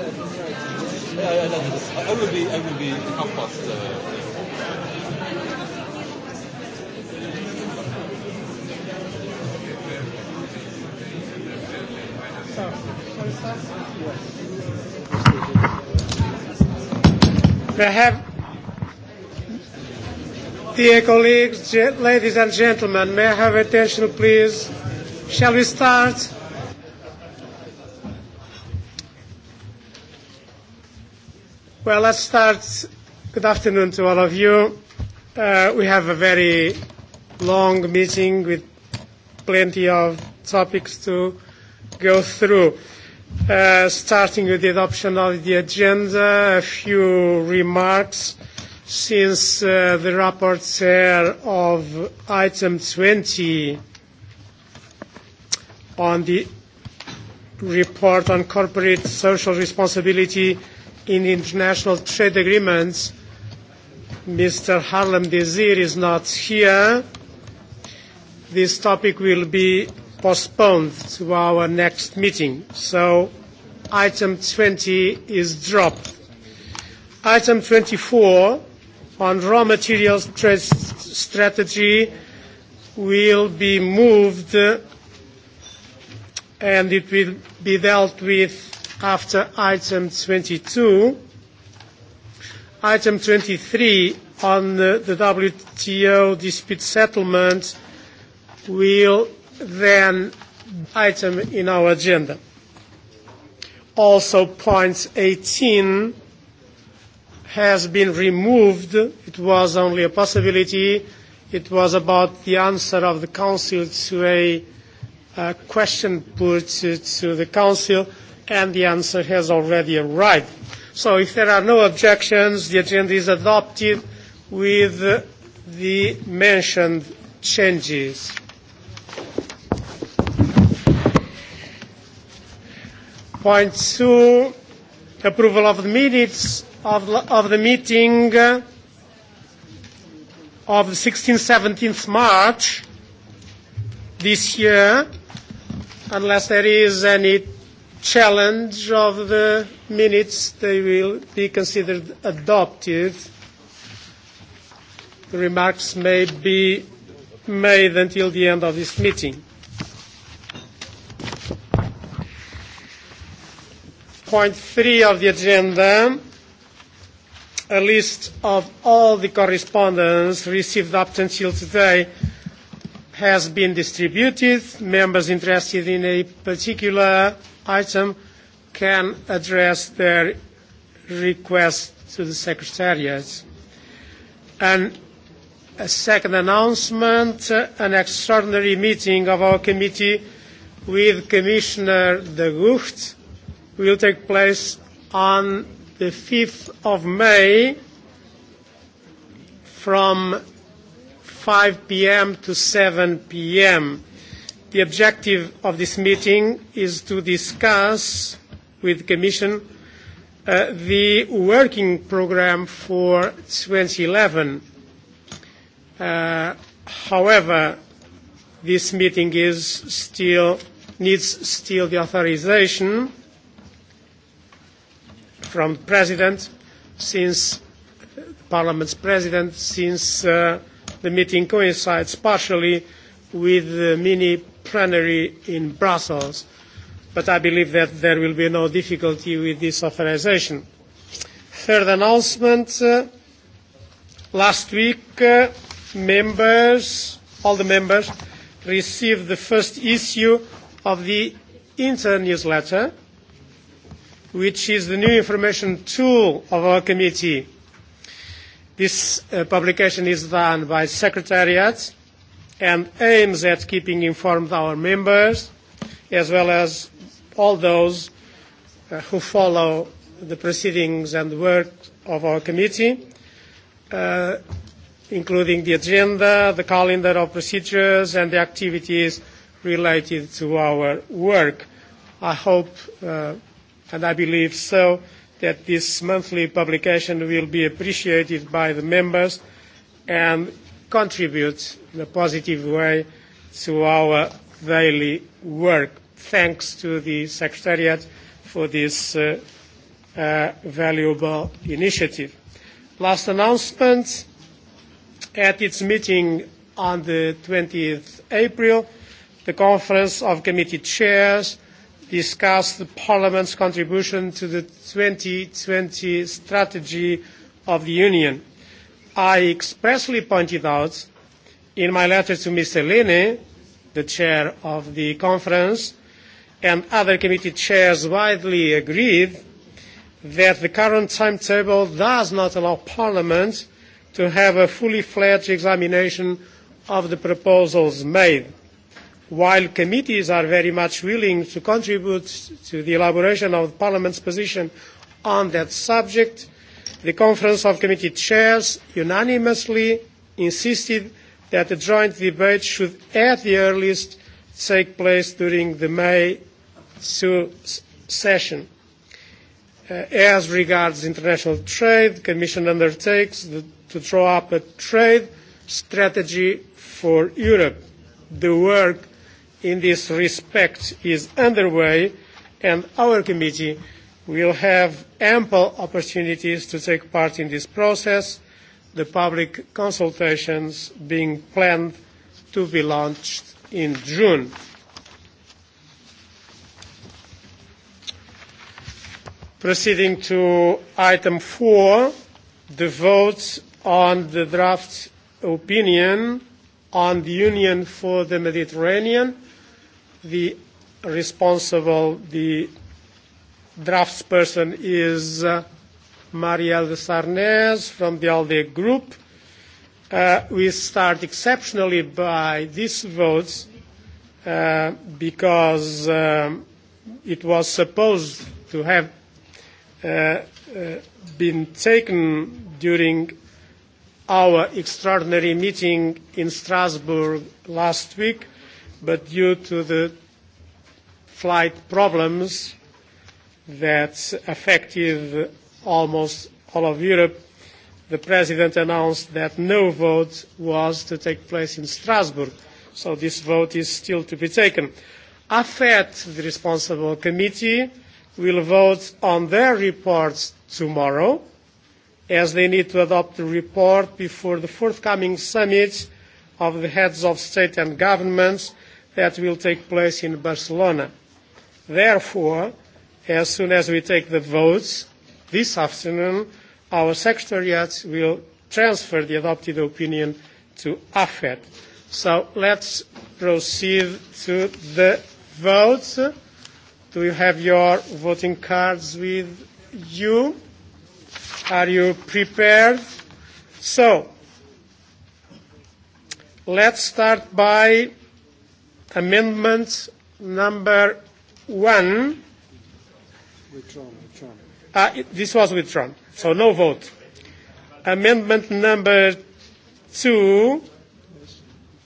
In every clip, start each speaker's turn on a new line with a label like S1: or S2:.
S1: Yeah, yeah, I will be, I will be half past. Uh,
S2: Perhaps, dear colleagues, ladies and gentlemen, may I have attention, please? Shall we start? Well, let's start. Good afternoon to all of you. Uh, we have a very long meeting with plenty of topics to go through. Uh, starting with the adoption of the agenda, a few remarks. Since uh, the rapporteur of item 20 on the report on corporate social responsibility in international trade agreements. Mr. Harlem Desir is not here. This topic will be postponed to our next meeting. So item 20 is dropped. Item 24 on raw materials trade strategy will be moved and it will be dealt with after item 22. Item 23 on the WTO dispute settlement will then item in our agenda. Also, point 18 has been removed. It was only a possibility. It was about the answer of the Council to a a question put to, to the Council and the answer has already arrived. So if there are no objections, the agenda is adopted with the mentioned changes. Point two, approval of the minutes of, of the meeting of the 16th, 17th March this year, unless there is any challenge of the minutes, they will be considered adopted. The remarks may be made until the end of this meeting. Point three of the agenda, a list of all the correspondence received up until today has been distributed. Members interested in a particular item can address their request to the Secretariat. And a second announcement, an extraordinary meeting of our committee with Commissioner De Gucht will take place on the 5th of May from 5 p.m. to 7 p.m. The objective of this meeting is to discuss with the Commission uh, the working programme for 2011. Uh, however, this meeting is still needs still the authorization from the President since Parliament's President since uh, the meeting coincides partially with the mini plenary in Brussels, but I believe that there will be no difficulty with this authorization. Third announcement, last week, members, all the members, received the first issue of the Inter newsletter, which is the new information tool of our committee. This publication is done by Secretariat and aims at keeping informed our members as well as all those who follow the proceedings and work of our committee, including the agenda, the calendar of procedures, and the activities related to our work. I hope, and I believe so, that this monthly publication will be appreciated by the members and contribute in a positive way to our daily work. Thanks to the Secretariat for this uh, uh, valuable initiative. Last announcement. At its meeting on the 20th April, the Conference of Committee Chairs discussed the Parliament's contribution to the 2020 strategy of the Union. I expressly pointed out in my letter to Mr. Lene, the chair of the conference, and other committee chairs widely agreed that the current timetable does not allow Parliament to have a fully fledged examination of the proposals made. While committees are very much willing to contribute to the elaboration of Parliament's position on that subject, The Conference of Committee Chairs unanimously insisted that a joint debate should at the earliest take place during the May session. As regards international trade, the Commission undertakes to draw up a trade strategy for Europe. The work in this respect is underway, and our committee will have ample opportunities to take part in this process, the public consultations being planned to be launched in June. Proceeding to item four, the vote on the draft opinion on the Union for the Mediterranean. The responsible, the draftsperson is Marielle de Sarnez from the ALDE group. Uh, we start exceptionally by these votes uh, because um, it was supposed to have uh, uh, been taken during our extraordinary meeting in Strasbourg last week, but due to the flight problems, that affected almost all of Europe, the President announced that no vote was to take place in Strasbourg. So this vote is still to be taken. AFET, the responsible committee, will vote on their reports tomorrow, as they need to adopt the report before the forthcoming summit of the heads of state and governments that will take place in Barcelona. Therefore, As soon as we take the votes this afternoon, our secretariat will transfer the adopted opinion to AFET. So let's proceed to the votes. Do you have your voting cards with you? Are you prepared? So let's start by amendment number one Withdrawn. Ah, it, this was withdrawn. So no vote. Amendment number two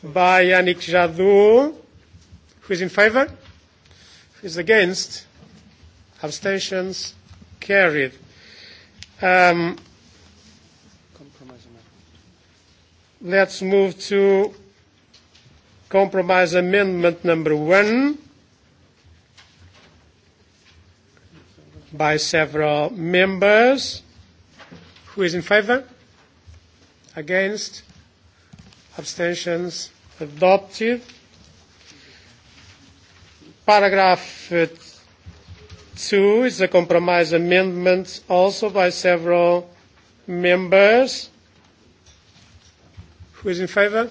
S2: by Yannick Jadot. Who is in favour? Who is against? Abstentions carried. Um, let's move to compromise amendment number one. by several members. Who is in favor? Against? Abstentions? Adopted. Paragraph two is a compromise amendment also by several members. Who is in favor?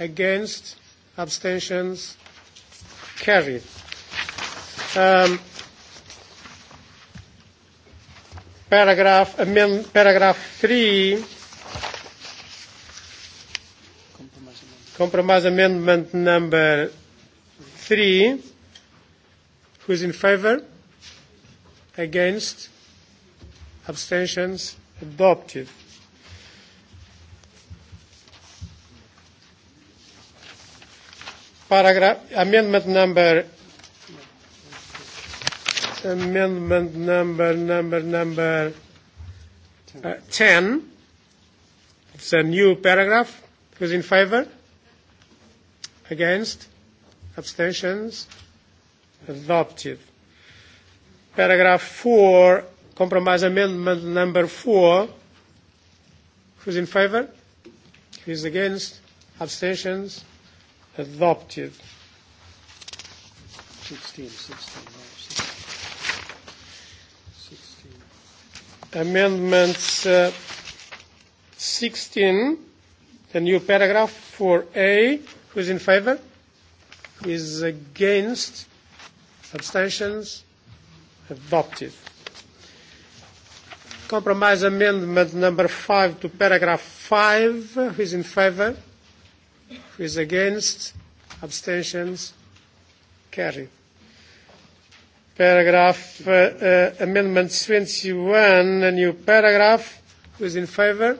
S2: Against? Abstentions? Carried. Um, paragraph, amend, paragraph 3, compromise amendment number 3, is in favor? Against? Abstentions? Adopted. Paragraph, amendment number amendment number number number uh, 10. It's a new paragraph. Who's in favor? Against? Abstentions? Adopted. Paragraph 4, compromise amendment number 4. Who's in favor? Who's against? Abstentions? Adopted. 16,
S3: 16, 16.
S2: amendments uh, 16, the new paragraph 4A. Who is in favor? Who is against? Abstentions? Adopted. Compromise amendment number 5 to paragraph 5. Who is in favor? Who is against? Abstentions? Carried. Paragraph, uh, uh, amendment 21, a new paragraph. Who is in favor?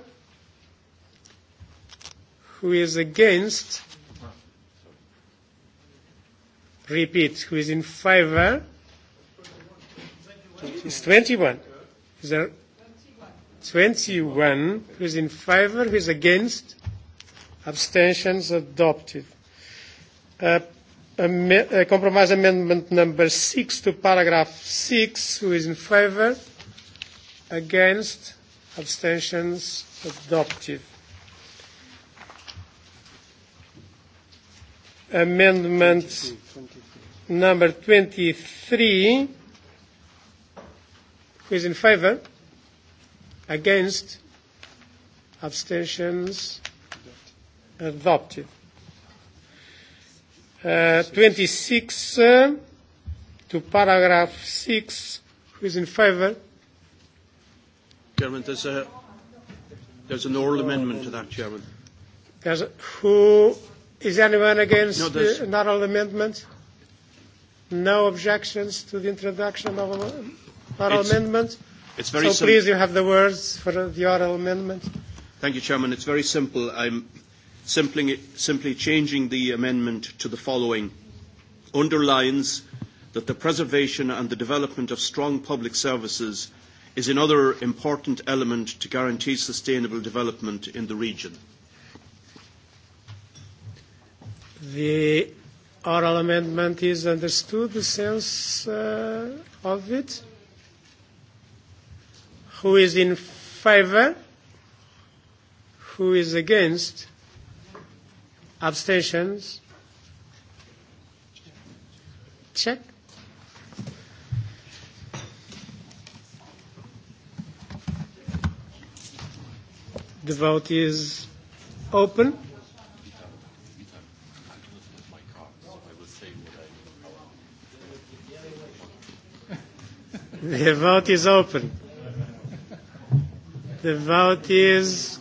S2: Who is against? Repeat. Who is in favor? It's 21. Is there 21? Who is in favor? Who is against? Abstentions adopted. Uh, Compromise amendment number six to paragraph six. Who is in favour? Against? Abstentions? Adopted. Amendment number twenty three. Who is in favour? Against? Abstentions? Adopted. Uh, 26 uh, to paragraph 6. Who is in favour?
S4: Chairman, there's, a, there's an oral amendment to that, Chairman.
S2: There's a, who is anyone against no, the, an oral amendment? No objections to the introduction of an oral it's, amendment? It's very so please, you have the words for the oral amendment.
S4: Thank you, Chairman. It's very simple. I'm simply, simply changing the amendment to the following underlines that the preservation and the development of strong public services is another important element to guarantee sustainable development in the region.
S2: The oral amendment is understood, the sense uh, of it. Who is in favour? Who is against? Abstentions? Check. The vote is open. The vote is open. The vote is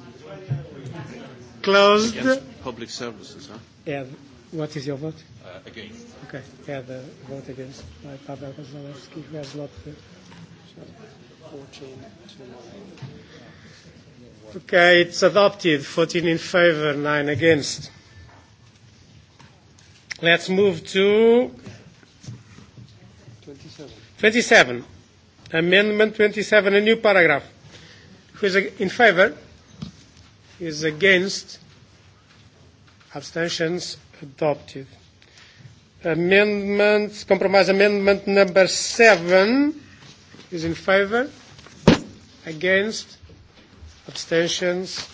S4: closed public services, huh?
S2: Yeah. What is your vote? Uh, against. Okay. Yeah, the vote against by Pavel Kozlovsky, who has not. The, Okay, it's adopted. 14 in favor, 9 against. Let's move to 27. 27. Amendment 27, a new paragraph. Who is in favor? Is against? Abstentions? Adopted. Amendment, compromise amendment number seven is in favor. Against? Abstentions?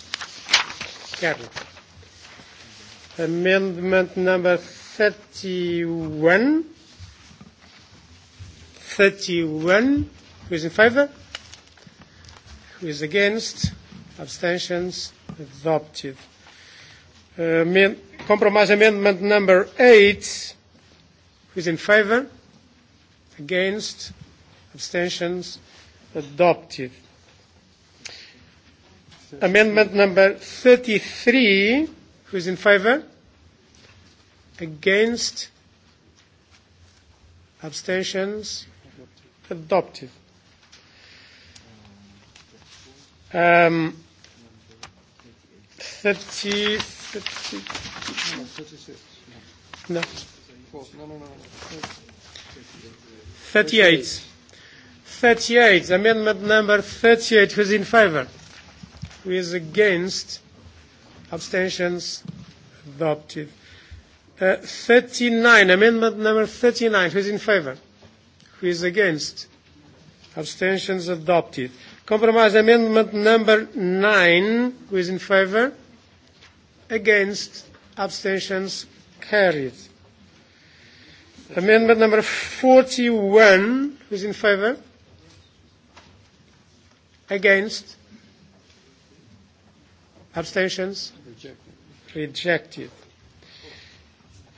S2: Carried. Amendment number 31. 31. Who is in favor? Who is against? Abstentions? Adopted compromise amendment number eight. is in favour? Against? Abstentions? Adopted. Amendment number 33. Who is in favour? Against? Abstentions? Adopted. Um, 30, 36. No. 38. Amendment number 38. Who's in favor? Who is against? Abstentions? Adopted. Uh, 39. Amendment number 39. is in favor? Who is against? Abstentions adopted. Compromise amendment number 9. Who is in favor? Against? Abstentions? Carried. Amendment number 41. Who's in favour? Against? Abstentions? Rejected. Rejected.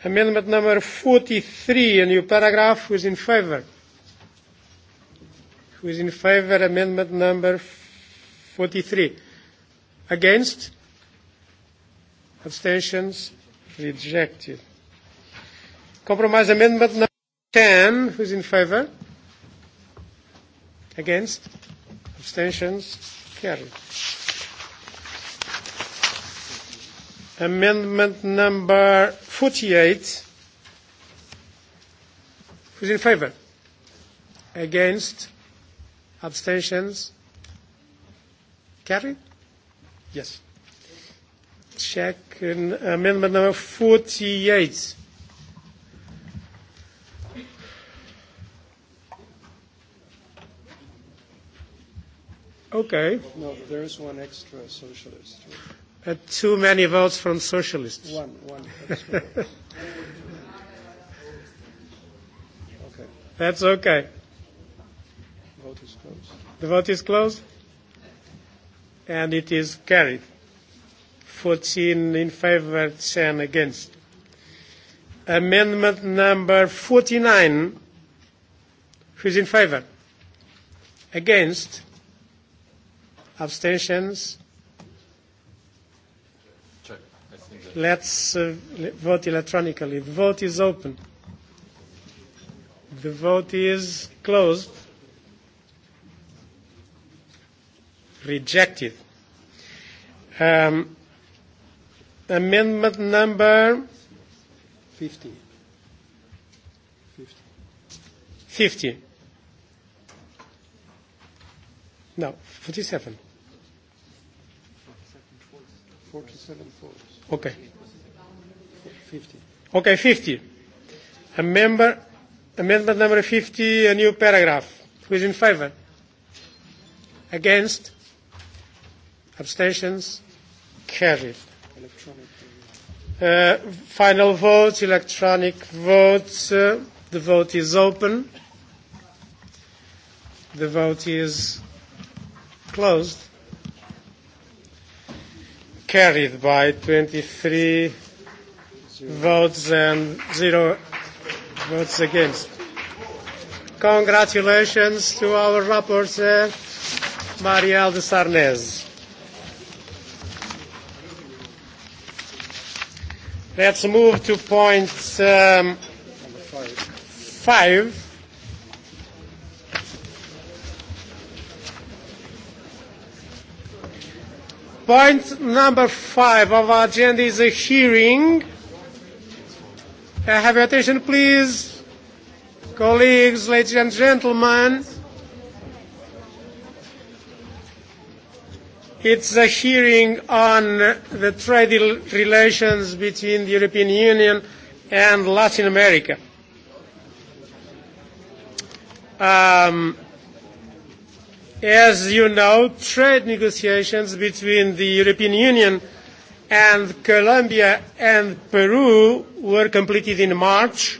S2: Amendment number 43, a new paragraph. Who's in favour? Who is in favour? Amendment number 43. Against? Abstentions? Rejected. Compromise amendment number 10. Who's in favor? Against? Abstentions? Carried. Amendment number 48. Who's in favor? Against? Abstentions? Carried? Yes check in amendment number 48.
S3: Okay. No, there is one extra socialist.
S2: Uh, too many votes from socialists. One, one. Extra. okay. That's okay. Vote is closed. The vote is closed, and it is carried. 14 in favour, 10 against. Amendment number 49. Who's in favor? Against? Abstentions? Let's uh, vote electronically. The vote is open. The vote is closed. Rejected. Um, Amendment number 50. 50. 50. No, 47.
S3: 47 falls. Okay. 50.
S2: Okay, 50. A member, amendment number 50, a new paragraph. Who is in favor? Against? Abstentions? Carried. Uh, final vote, electronic vote. Uh, the vote is open. The vote is closed. Carried by 23 votes and zero votes against. Congratulations to our rapporteur, Marielle de Sarnez. Let's move to point um, five. Point number five of our agenda is a hearing. Uh, have your attention, please. Colleagues, ladies and gentlemen. It's a hearing on the trade relations between the European Union and Latin America. Um, as you know, trade negotiations between the European Union and Colombia and Peru were completed in March.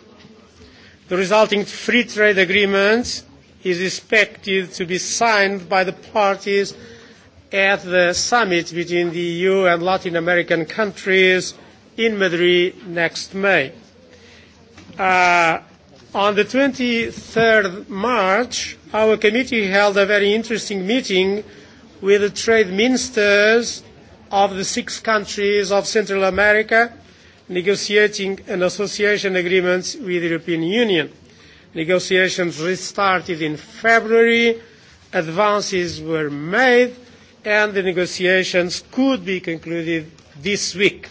S2: The resulting free trade agreement is expected to be signed by the parties at the summit between the EU and Latin American countries in Madrid next May. Uh, on the 23rd March, our committee held a very interesting meeting with the trade ministers of the six countries of Central America negotiating an association agreement with the European Union. Negotiations restarted in February, advances were made, and the negotiations could be concluded this week.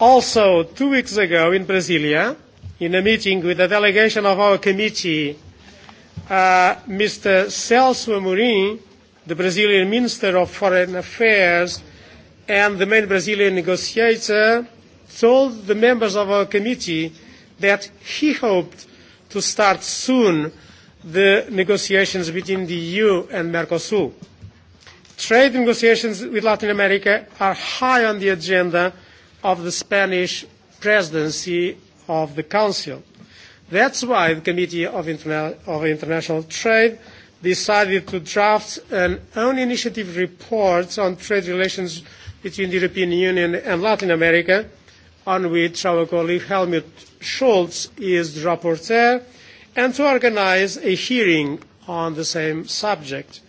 S2: Also, two weeks ago in Brasilia, in a meeting with a delegation of our committee, uh, Mr. Celso Amorim, the Brazilian Minister of Foreign Affairs and the main Brazilian negotiator, told the members of our committee that he hoped to start soon the negotiations between the EU and Mercosur. Trade negotiations with Latin America are high on the agenda of the Spanish presidency of the Council. That's why the Committee of, Interna- of International Trade decided to draft an own initiative report on trade relations between the European Union and Latin America, on which our colleague Helmut Schulz is the rapporteur, and to organise a hearing on the same subject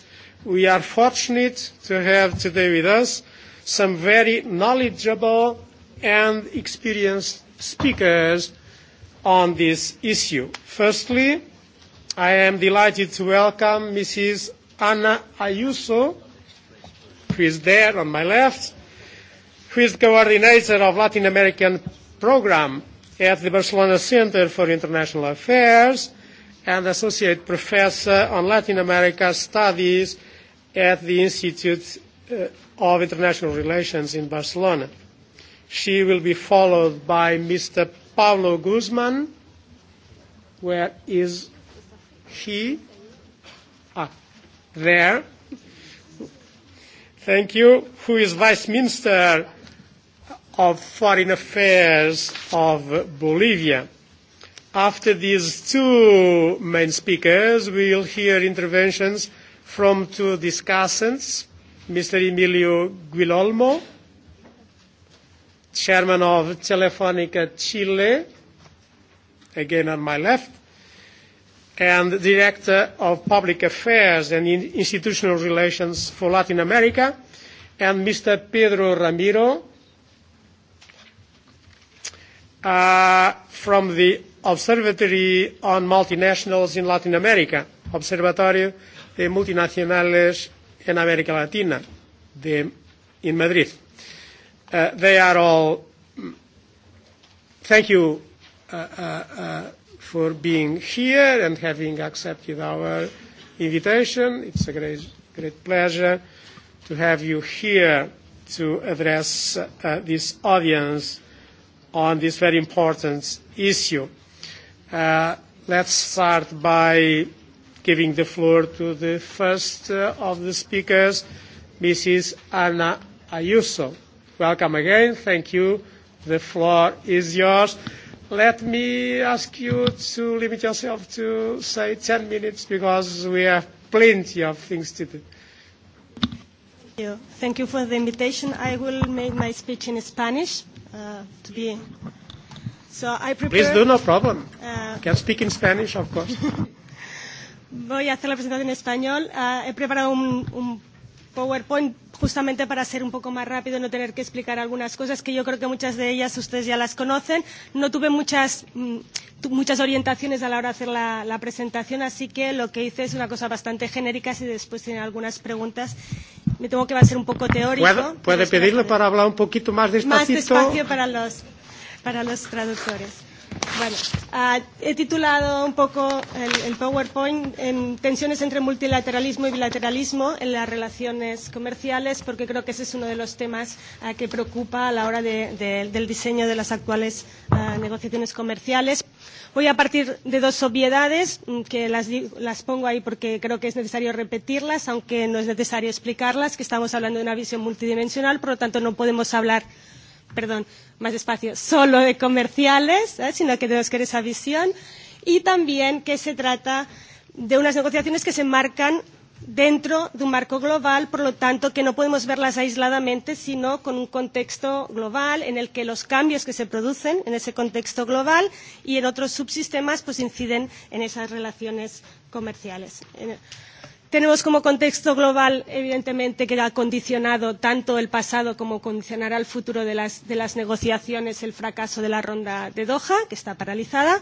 S2: we are fortunate to have today with us some very knowledgeable and experienced speakers on this issue. Firstly, I am delighted to welcome Mrs. Ana Ayuso, who is there on my left, who is the coordinator of Latin American program at the Barcelona Center for International Affairs and associate professor on Latin America Studies at the Institute of International Relations in Barcelona. She will be followed by Mr. Pablo Guzman. Where is he? Ah, there. Thank you. Who is Vice Minister of Foreign Affairs of Bolivia? After these two main speakers, we will hear interventions from two discussants, Mr. Emilio Guilolmo, chairman of Telefonica Chile, again on my left, and Director of Public Affairs and Institutional Relations for Latin America, and Mr. Pedro Ramiro uh, from the Observatory on Multinationals in Latin America, Observatorio eh, multinacionales in America Latina, de, in Madrid. Uh, they are all. Thank you uh, uh, uh, for being here and having accepted our invitation. It's a great, great pleasure to have you here to address uh, this audience on this very important issue. Uh, let's start by giving the floor to the first of the speakers, Mrs. Ana Ayuso. Welcome again. Thank you. The floor is yours. Let me ask you to limit yourself to, say, 10 minutes because we have plenty of things to do.
S5: Thank you for the invitation. I will make my speech in Spanish uh, to be. So I prepared Please do, no problem. Uh,
S2: Can speak in Spanish, of course
S5: voy a hacer la presentación en español. Uh, he preparado un, un PowerPoint justamente para ser un poco más rápido y no tener que explicar algunas cosas que yo creo que muchas de ellas ustedes ya las conocen. No tuve muchas, muchas orientaciones a la hora de hacer la, la presentación, así que lo que hice es una cosa bastante genérica. Si después tienen algunas preguntas, me temo que va a ser un poco teórico. ¿Puede,
S2: puede pedirle para hablar un poquito más despacito? Más despacio
S5: para los, para los traductores. Bueno, uh, he titulado un poco el, el PowerPoint en tensiones entre multilateralismo y bilateralismo en las relaciones comerciales, porque creo que ese es uno de los temas uh, que preocupa a la hora de, de, del diseño de las actuales uh, negociaciones comerciales. Voy a partir de dos obviedades, que las, las pongo ahí porque creo que es necesario repetirlas, aunque no es necesario explicarlas, que estamos hablando de una visión multidimensional, por lo tanto no podemos hablar perdón, más espacio, solo de comerciales, ¿eh? sino que tenemos que tener esa visión, y también que se trata de unas negociaciones que se marcan dentro de un marco global, por lo tanto, que no podemos verlas aisladamente, sino con un contexto global en el que los cambios que se producen en ese contexto global y en otros subsistemas pues inciden en esas relaciones comerciales. Tenemos como contexto global, evidentemente, que ha condicionado tanto el pasado como condicionará el futuro de las, de las negociaciones el fracaso de la ronda de Doha, que está paralizada.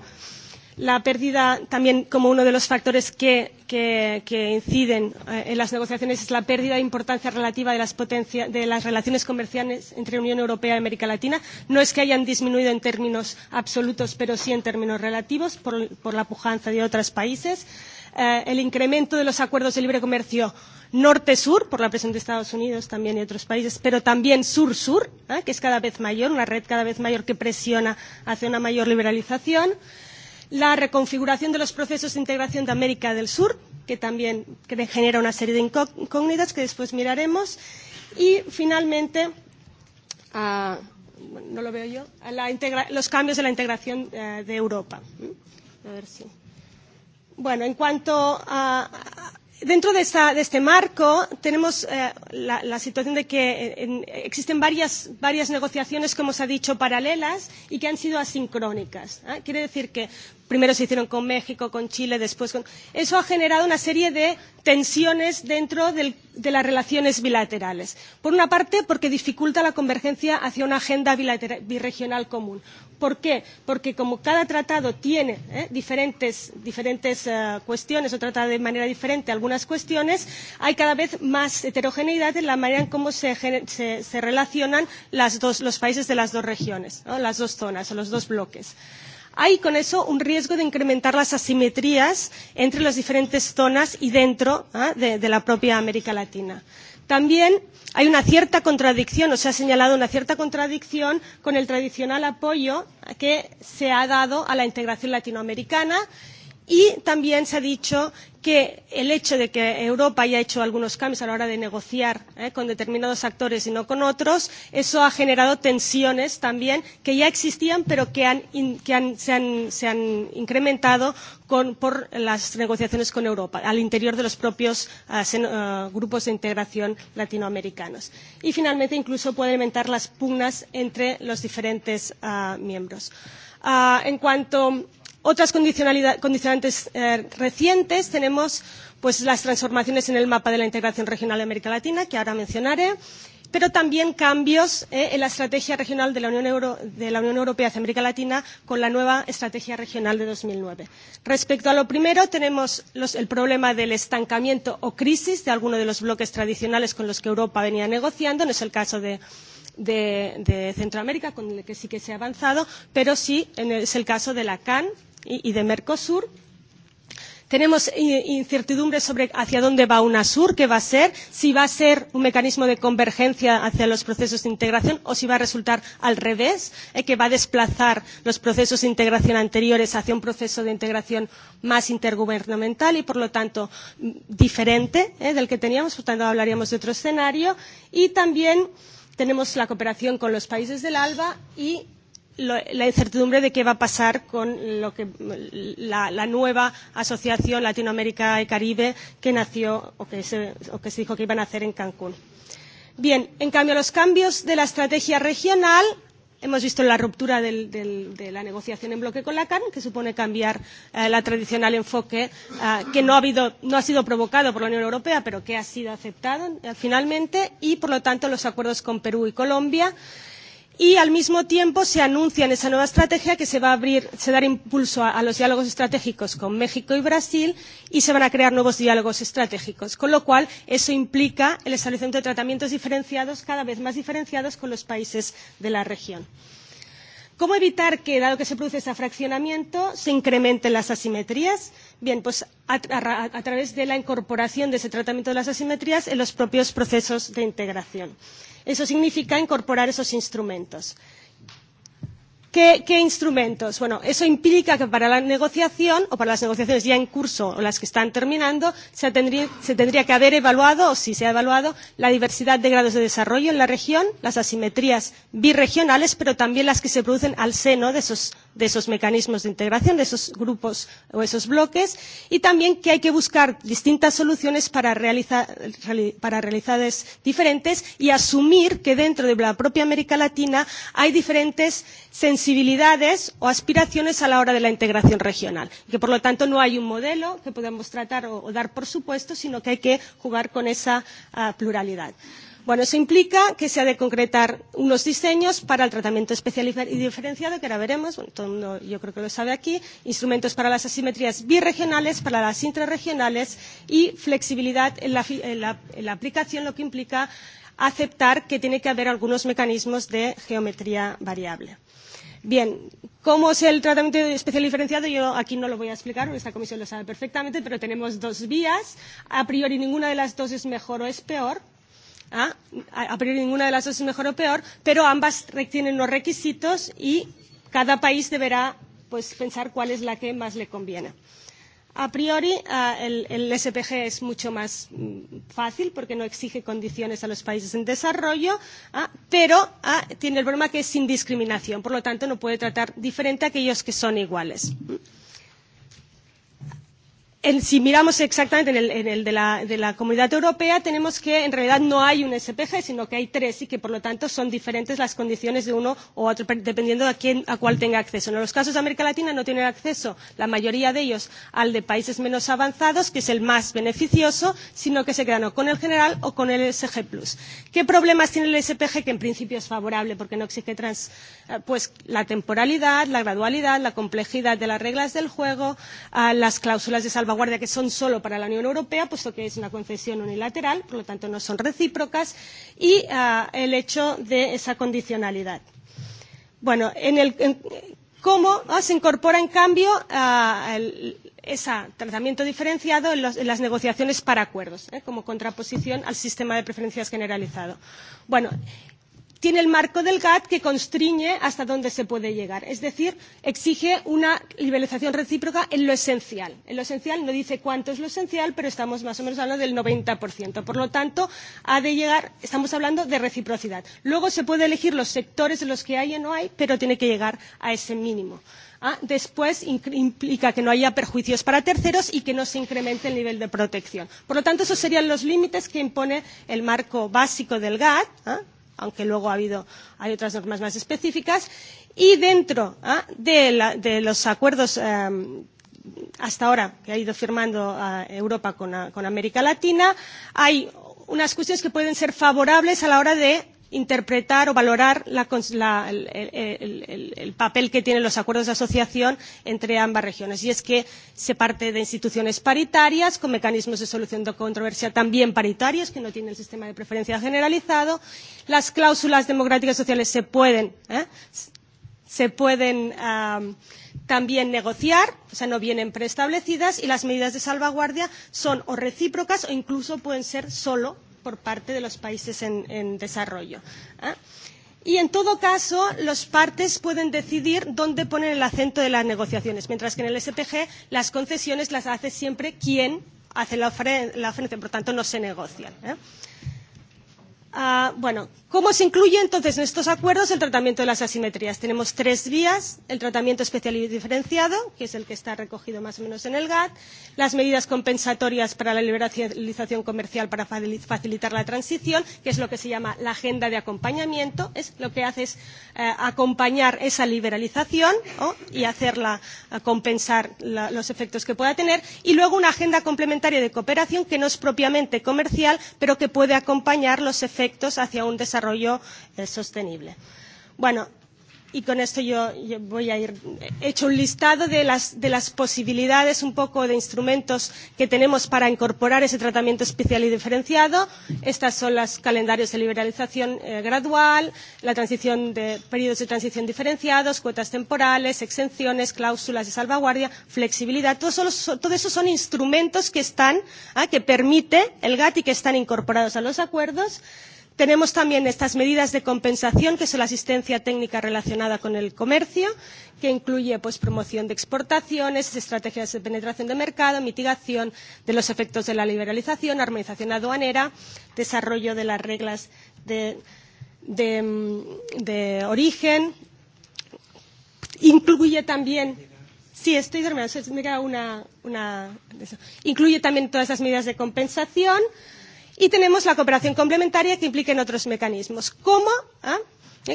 S5: La pérdida, también como uno de los factores que, que, que inciden en las negociaciones, es la pérdida de importancia relativa de las, potencia, de las relaciones comerciales entre Unión Europea y América Latina. No es que hayan disminuido en términos absolutos, pero sí en términos relativos por, por la pujanza de otros países eh, el incremento de los acuerdos de libre comercio norte-sur, por la presión de Estados Unidos también y otros países, pero también sur-sur, ¿eh? que es cada vez mayor, una red cada vez mayor que presiona hacia una mayor liberalización. La reconfiguración de los procesos de integración de América del Sur, que también genera una serie de incógnitas que después miraremos. Y finalmente, no lo veo yo, la los cambios de la integración de Europa. A ver si. Bueno, en cuanto a. Dentro de, esta, de este marco tenemos eh, la, la situación de que en, existen varias, varias negociaciones, como se ha dicho, paralelas y que han sido asincrónicas. ¿eh? Quiere decir que primero se hicieron con México, con Chile, después con. Eso ha generado una serie de tensiones dentro del, de las relaciones bilaterales. Por una parte, porque dificulta la convergencia hacia una agenda birregional común. ¿Por qué? Porque como cada tratado tiene ¿eh? diferentes, diferentes uh, cuestiones o trata de manera diferente algunas cuestiones, hay cada vez más heterogeneidad en la manera en cómo se, se, se relacionan las dos, los países de las dos regiones, ¿no? las dos zonas o los dos bloques. Hay con eso un riesgo de incrementar las asimetrías entre las diferentes zonas y dentro ¿eh? de, de la propia América Latina. También hay una cierta contradicción, o se ha señalado una cierta contradicción con el tradicional apoyo que se ha dado a la integración latinoamericana Y también se ha dicho que el hecho de que Europa haya hecho algunos cambios a la hora de negociar con determinados actores y no con otros, eso ha generado tensiones también que ya existían pero que, se, han, incrementado por las negociaciones con Europa al interior de los propios grupos de integración latinoamericanos. Y finalmente incluso puede aumentar las pugnas entre los diferentes miembros. en cuanto a Otras condicionantes eh, recientes tenemos pues, las transformaciones en el mapa de la integración regional de América Latina, que ahora mencionaré, pero también cambios eh, en la estrategia regional de la, Unión Euro, de la Unión Europea hacia América Latina con la nueva estrategia regional de 2009. Respecto a lo primero, tenemos los, el problema del estancamiento o crisis de alguno de los bloques tradicionales con los que Europa venía negociando, no es el caso de, de, de Centroamérica, con el que sí que se ha avanzado, pero sí en el, es el caso de la CAN, y de Mercosur. Tenemos incertidumbre sobre hacia dónde va UNASUR, qué va a ser, si va a ser un mecanismo de convergencia hacia los procesos de integración o si va a resultar al revés, que va a desplazar los procesos de integración anteriores hacia un proceso de integración más intergubernamental y, por lo tanto, diferente del que teníamos. Por tanto, hablaríamos de otro escenario. Y también tenemos la cooperación con los países del ALBA y la incertidumbre de qué va a pasar con lo que, la, la nueva asociación Latinoamérica y Caribe que nació o que, se, o que se dijo que iban a hacer en Cancún. Bien, en cambio, los cambios de la estrategia regional Hemos visto la ruptura del, del, de la negociación en bloque con la CAN, que supone cambiar eh, la tradicional enfoque eh, que no ha, habido, no ha sido provocado por la Unión Europea, pero que ha sido aceptado eh, finalmente, y por lo tanto los acuerdos con Perú y Colombia. Y al mismo tiempo se anuncia en esa nueva estrategia que se va a abrir, se dará impulso a, a los diálogos estratégicos con México y Brasil y se van a crear nuevos diálogos estratégicos. Con lo cual, eso implica el establecimiento de tratamientos diferenciados, cada vez más diferenciados con los países de la región. ¿Cómo evitar que, dado que se produce ese fraccionamiento, se incrementen las asimetrías? Bien, pues a, a, a través de la incorporación de ese tratamiento de las asimetrías en los propios procesos de integración. Eso significa incorporar esos instrumentos. ¿Qué, ¿Qué instrumentos? Bueno, eso implica que para la negociación o para las negociaciones ya en curso o las que están terminando, se tendría, se tendría que haber evaluado, o si se ha evaluado, la diversidad de grados de desarrollo en la región, las asimetrías birregionales, pero también las que se producen al seno de esos, de esos mecanismos de integración, de esos grupos o esos bloques, y también que hay que buscar distintas soluciones para, realizar, para realidades diferentes y asumir que dentro de la propia América Latina hay diferentes sensibilidades sensibilidades o aspiraciones a la hora de la integración regional. Que por lo tanto no hay un modelo que podemos tratar o, o dar por supuesto, sino que hay que jugar con esa uh, pluralidad. Bueno, eso implica que se ha de concretar unos diseños para el tratamiento especial y diferenciado, que ahora veremos, bueno, todo el mundo yo creo que lo sabe aquí, instrumentos para las asimetrías birregionales, para las intrarregionales y flexibilidad en la, en la, en la aplicación, lo que implica aceptar que tiene que haber algunos mecanismos de geometría variable. Bien, ¿cómo es el tratamiento especial diferenciado? Yo aquí no lo voy a explicar, esta comisión lo sabe perfectamente, pero tenemos dos vías. A priori ninguna de las dos es mejor o es peor. ¿ah? A priori ninguna de las dos es mejor o peor, pero ambas tienen los requisitos y cada país deberá pues, pensar cuál es la que más le conviene. A priori, el, SPG es mucho más fácil porque no exige condiciones a los países en desarrollo, pero tiene el problema que es sin discriminación. Por lo tanto, no puede tratar diferente a aquellos que son iguales en, si miramos exactamente en el, en el de, la, de la Comunidad Europea, tenemos que en realidad no hay un SPG, sino que hay tres y que por lo tanto son diferentes las condiciones de uno o otro, dependiendo de quién, a cuál tenga acceso. En los casos de América Latina no tienen acceso, la mayoría de ellos, al de países menos avanzados, que es el más beneficioso, sino que se quedan o con el general o con el SG. ¿Qué problemas tiene el SPG? Que en principio es favorable porque no exige trans, pues, la temporalidad, la gradualidad, la complejidad de las reglas del juego, las cláusulas de salvaguardia salvaguardia que son solo para la Unión Europea, puesto que es una concesión unilateral, por lo tanto no son recíprocas, y el hecho de esa condicionalidad. Bueno, en el, en, cómo se incorpora, en cambio, ese tratamiento diferenciado en, las negociaciones para acuerdos, como contraposición al sistema de preferencias generalizado. Bueno, tiene el marco del GATT que constriñe hasta dónde se puede llegar. Es decir, exige una liberalización recíproca en lo esencial. En lo esencial no dice cuánto es lo esencial, pero estamos más o menos hablando del 90%. Por lo tanto, ha de llegar, estamos hablando de reciprocidad. Luego se puede elegir los sectores en los que hay o no hay, pero tiene que llegar a ese mínimo. Ah, después implica que no haya perjuicios para terceros y que no se incremente el nivel de protección. Por lo tanto, esos serían los límites que impone el marco básico del GATT, aunque luego ha habido, hay otras normas más específicas. Y dentro ¿eh? de, la, de los acuerdos eh, hasta ahora que ha ido firmando eh, Europa con, con América Latina, hay unas cuestiones que pueden ser favorables a la hora de interpretar o valorar la, la, el, el, el, papel que tienen los acuerdos de asociación entre ambas regiones. Y es que se parte de instituciones paritarias, con mecanismos de solución de controversia también paritarios, que no tiene el sistema de preferencia generalizado. Las cláusulas democráticas sociales se pueden, ¿eh? se pueden um, también negociar, o sea, no vienen preestablecidas, y las medidas de salvaguardia son o recíprocas o incluso pueden ser solo por parte de los países en, en desarrollo. ¿eh? Y en todo caso, las partes pueden decidir dónde poner el acento de las negociaciones, mientras que en el SPG las concesiones las hace siempre quien hace la, ofre la ofrenda, por tanto no se negocian. ¿eh? bueno, ¿cómo se incluye entonces en estos acuerdos el tratamiento de las asimetrías? Tenemos tres vías, el tratamiento especial y diferenciado, que es el que está recogido más o menos en el GATT, las medidas compensatorias para la liberalización comercial para facilitar la transición, que es lo que se llama la agenda de acompañamiento, es lo que hace es acompañar esa liberalización ¿no? y hacerla compensar la, los efectos que pueda tener, y luego una agenda complementaria de cooperación que no es propiamente comercial, pero que puede acompañar los efectos efectos hacia un desarrollo eh, sostenible. Bueno, y con esto yo, yo voy a ir he hecho un listado de las, de las posibilidades un poco de instrumentos que tenemos para incorporar ese tratamiento especial y diferenciado estas son los calendarios de liberalización eh, gradual la transición de periodos de transición diferenciados cuotas temporales exenciones cláusulas de salvaguardia flexibilidad todo, solo, todo eso son instrumentos que están ¿eh? que permite el GATT y que están incorporados a los acuerdos Tenemos también estas medidas de compensación, que son la asistencia técnica relacionada con el comercio, que incluye promoción de exportaciones, estrategias de penetración de mercado, mitigación de los efectos de la liberalización, armonización aduanera, desarrollo de las reglas de, origen. Incluye también Sí, estoy terminando. Incluye también todas esas medidas de compensación, Y tenemos la cooperación complementaria que implica en otros mecanismos. ¿Cómo? ¿Ah?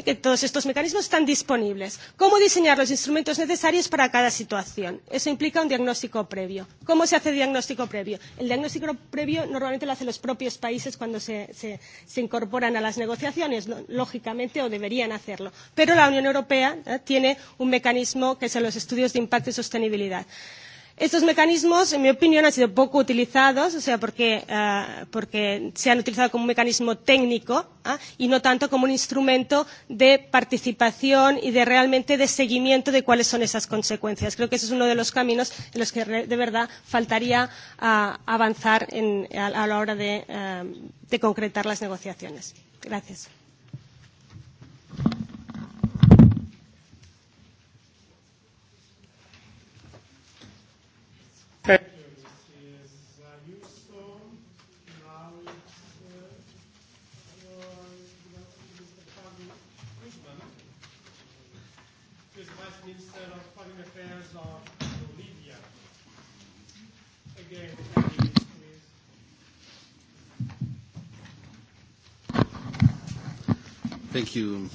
S5: que todos estos mecanismos están disponibles. Cómo diseñar los instrumentos necesarios para cada situación. Eso implica un diagnóstico previo. ¿Cómo se hace diagnóstico previo? El diagnóstico previo normalmente lo hacen los propios países cuando se, se, se incorporan a las negociaciones, lógicamente, o deberían hacerlo. Pero la Unión Europea ¿eh? tiene un mecanismo que son los estudios de impacto y sostenibilidad. Eh, Estos mecanismos, en mi opinión, han sido poco utilizados, o sea, porque, uh, porque se han utilizado como un mecanismo técnico ¿eh? y no tanto como un instrumento de participación y de realmente de seguimiento de cuáles son esas consecuencias. Creo que ese es uno de los caminos en los que de verdad faltaría uh, avanzar en, a, a la hora de, uh, de concretar las negociaciones. Gracias.
S2: Again, please.
S6: Thank you.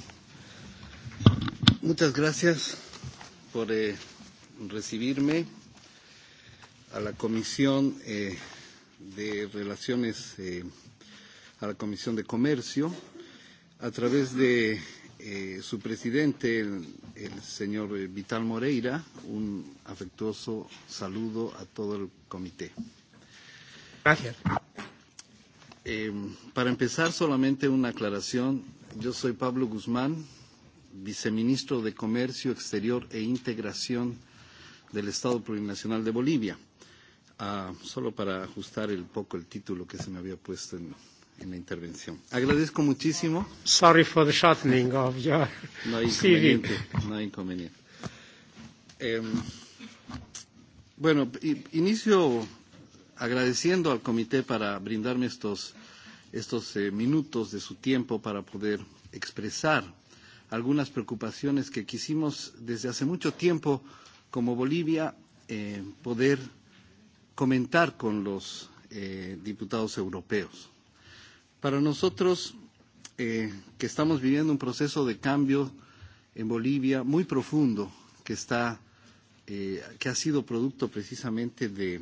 S6: Muchas gracias por eh, recibirme a la Comisión eh, de Relaciones, eh, a la Comisión de Comercio, a través de eh, su presidente, el, el señor Vital Moreira, un afectuoso saludo a todo el comité. Gracias. Eh, para empezar, solamente una aclaración. Yo soy Pablo Guzmán, viceministro de Comercio Exterior e Integración del Estado Plurinacional de Bolivia. Ah, solo para ajustar un poco el título que se me había puesto en, en la intervención. Agradezco
S2: muchísimo. Sorry for the shortening of your
S6: No hay inconveniente. No hay inconveniente. Eh, bueno, inicio agradeciendo al comité para brindarme estos, estos eh, minutos de su tiempo para poder expresar algunas preocupaciones que quisimos desde hace mucho tiempo eh, como Bolivia eh, poder comentar con los eh, diputados europeos. Para nosotros, eh, que estamos viviendo un proceso de cambio en Bolivia muy profundo, que, está, eh, que ha sido producto precisamente de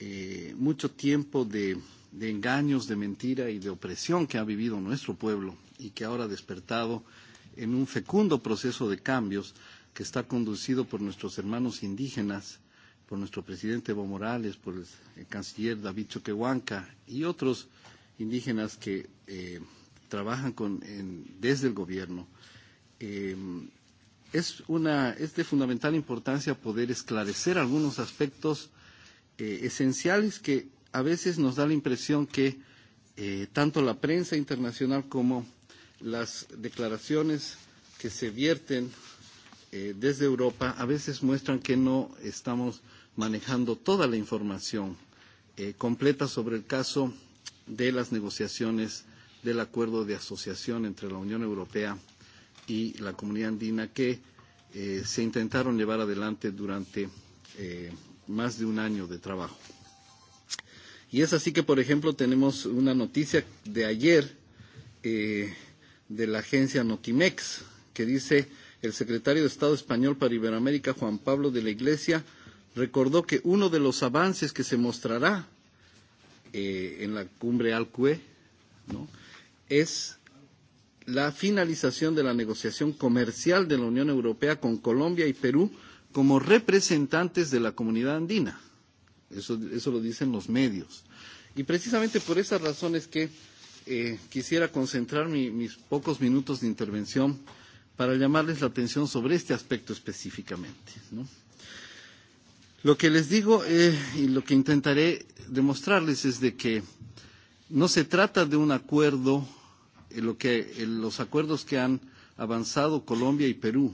S6: eh, mucho tiempo de, de engaños, de mentira y de opresión que ha vivido nuestro pueblo y que ahora ha despertado en un fecundo proceso de cambios, que está conducido por nuestros hermanos indígenas, por nuestro presidente Evo Morales, por el canciller David Choquehuanca y otros indígenas que eh, trabajan con, en, desde el gobierno. Eh, es, una, es de fundamental importancia poder esclarecer algunos aspectos eh, esenciales que a veces nos da la impresión que eh, tanto la prensa internacional como las declaraciones que se vierten eh, desde Europa a veces muestran que no estamos manejando toda la información eh, completa sobre el caso de las negociaciones del acuerdo de asociación entre la Unión Europea y la comunidad andina que eh, se intentaron llevar adelante durante eh, más de un año de trabajo. Y es así que, por ejemplo, tenemos una noticia de ayer eh, de la agencia Notimex que dice el secretario de Estado español para Iberoamérica, Juan Pablo de la Iglesia, recordó que uno de los avances que se mostrará eh, en la cumbre Alcue ¿no? es la finalización de la negociación comercial de la Unión Europea con Colombia y Perú como representantes de la comunidad andina. Eso, eso lo dicen los medios. Y precisamente por esas razones que eh, quisiera concentrar mi, mis pocos minutos de intervención para llamarles la atención sobre este aspecto específicamente. ¿no? Lo que les digo eh, y lo que intentaré demostrarles es de que no se trata de un acuerdo, eh, lo que, eh, los acuerdos que han avanzado Colombia y Perú,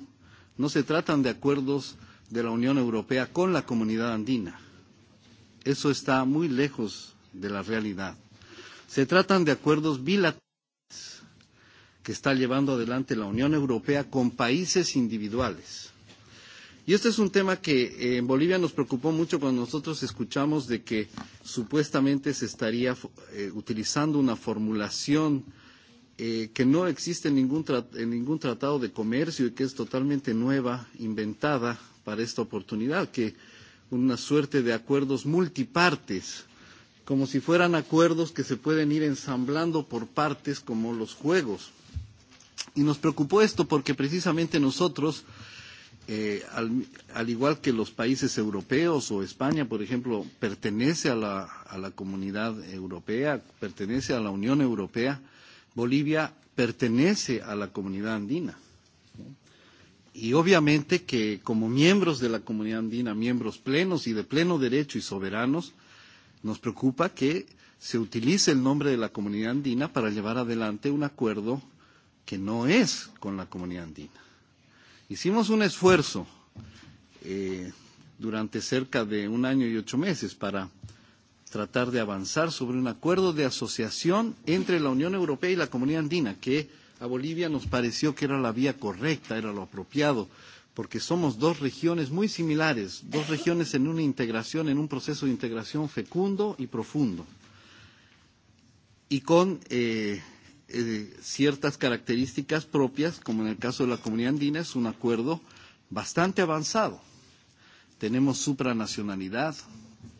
S6: no se tratan de acuerdos de la Unión Europea con la comunidad andina. Eso está muy lejos de la realidad. Se tratan de acuerdos bilaterales que está llevando adelante la Unión Europea con países individuales. Y este es un tema que en Bolivia nos preocupó mucho cuando nosotros escuchamos de que supuestamente se estaría eh, utilizando una formulación eh, que no existe en ningún, en ningún tratado de comercio y que es totalmente nueva, inventada para esta oportunidad, que una suerte de acuerdos multipartes, como si fueran acuerdos que se pueden ir ensamblando por partes como los juegos Y nos preocupó esto porque precisamente nosotros, eh, al, al igual que los países europeos o España, por ejemplo, pertenece a la, a la comunidad europea, pertenece a la Unión Europea, Bolivia pertenece a la comunidad andina. Y obviamente que como miembros de la comunidad andina, miembros plenos y de pleno derecho y soberanos, nos preocupa que se utilice el nombre de la comunidad andina para llevar adelante un acuerdo que no es con la comunidad andina. Hicimos un esfuerzo eh, durante cerca de un año y ocho meses para tratar de avanzar sobre un acuerdo de asociación entre la Unión Europea y la comunidad andina, que a Bolivia nos pareció que era la vía correcta, era lo apropiado, porque somos dos regiones muy similares, dos regiones en una integración, en un proceso de integración fecundo y profundo. Y con eh, eh, ciertas características propias, como en el caso de la comunidad andina, es un acuerdo bastante avanzado. Tenemos supranacionalidad,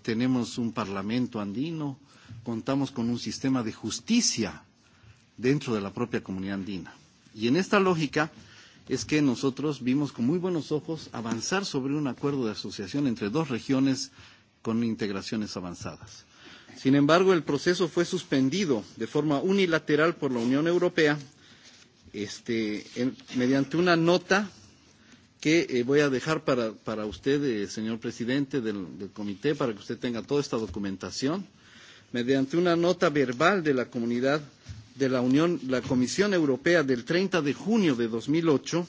S6: tenemos un parlamento andino, contamos con un sistema de justicia dentro de la propia comunidad andina. Y en esta lógica es que nosotros vimos con muy buenos ojos avanzar sobre un acuerdo de asociación entre dos regiones con integraciones avanzadas. Sin embargo, el proceso fue suspendido de forma unilateral por la Unión Europea este, en, mediante una nota que eh, voy a dejar para, para usted, eh, señor presidente del, del comité, para que usted tenga toda esta documentación, mediante una nota verbal de la comunidad de la Unión, la Comisión Europea del 30 de junio de 2008,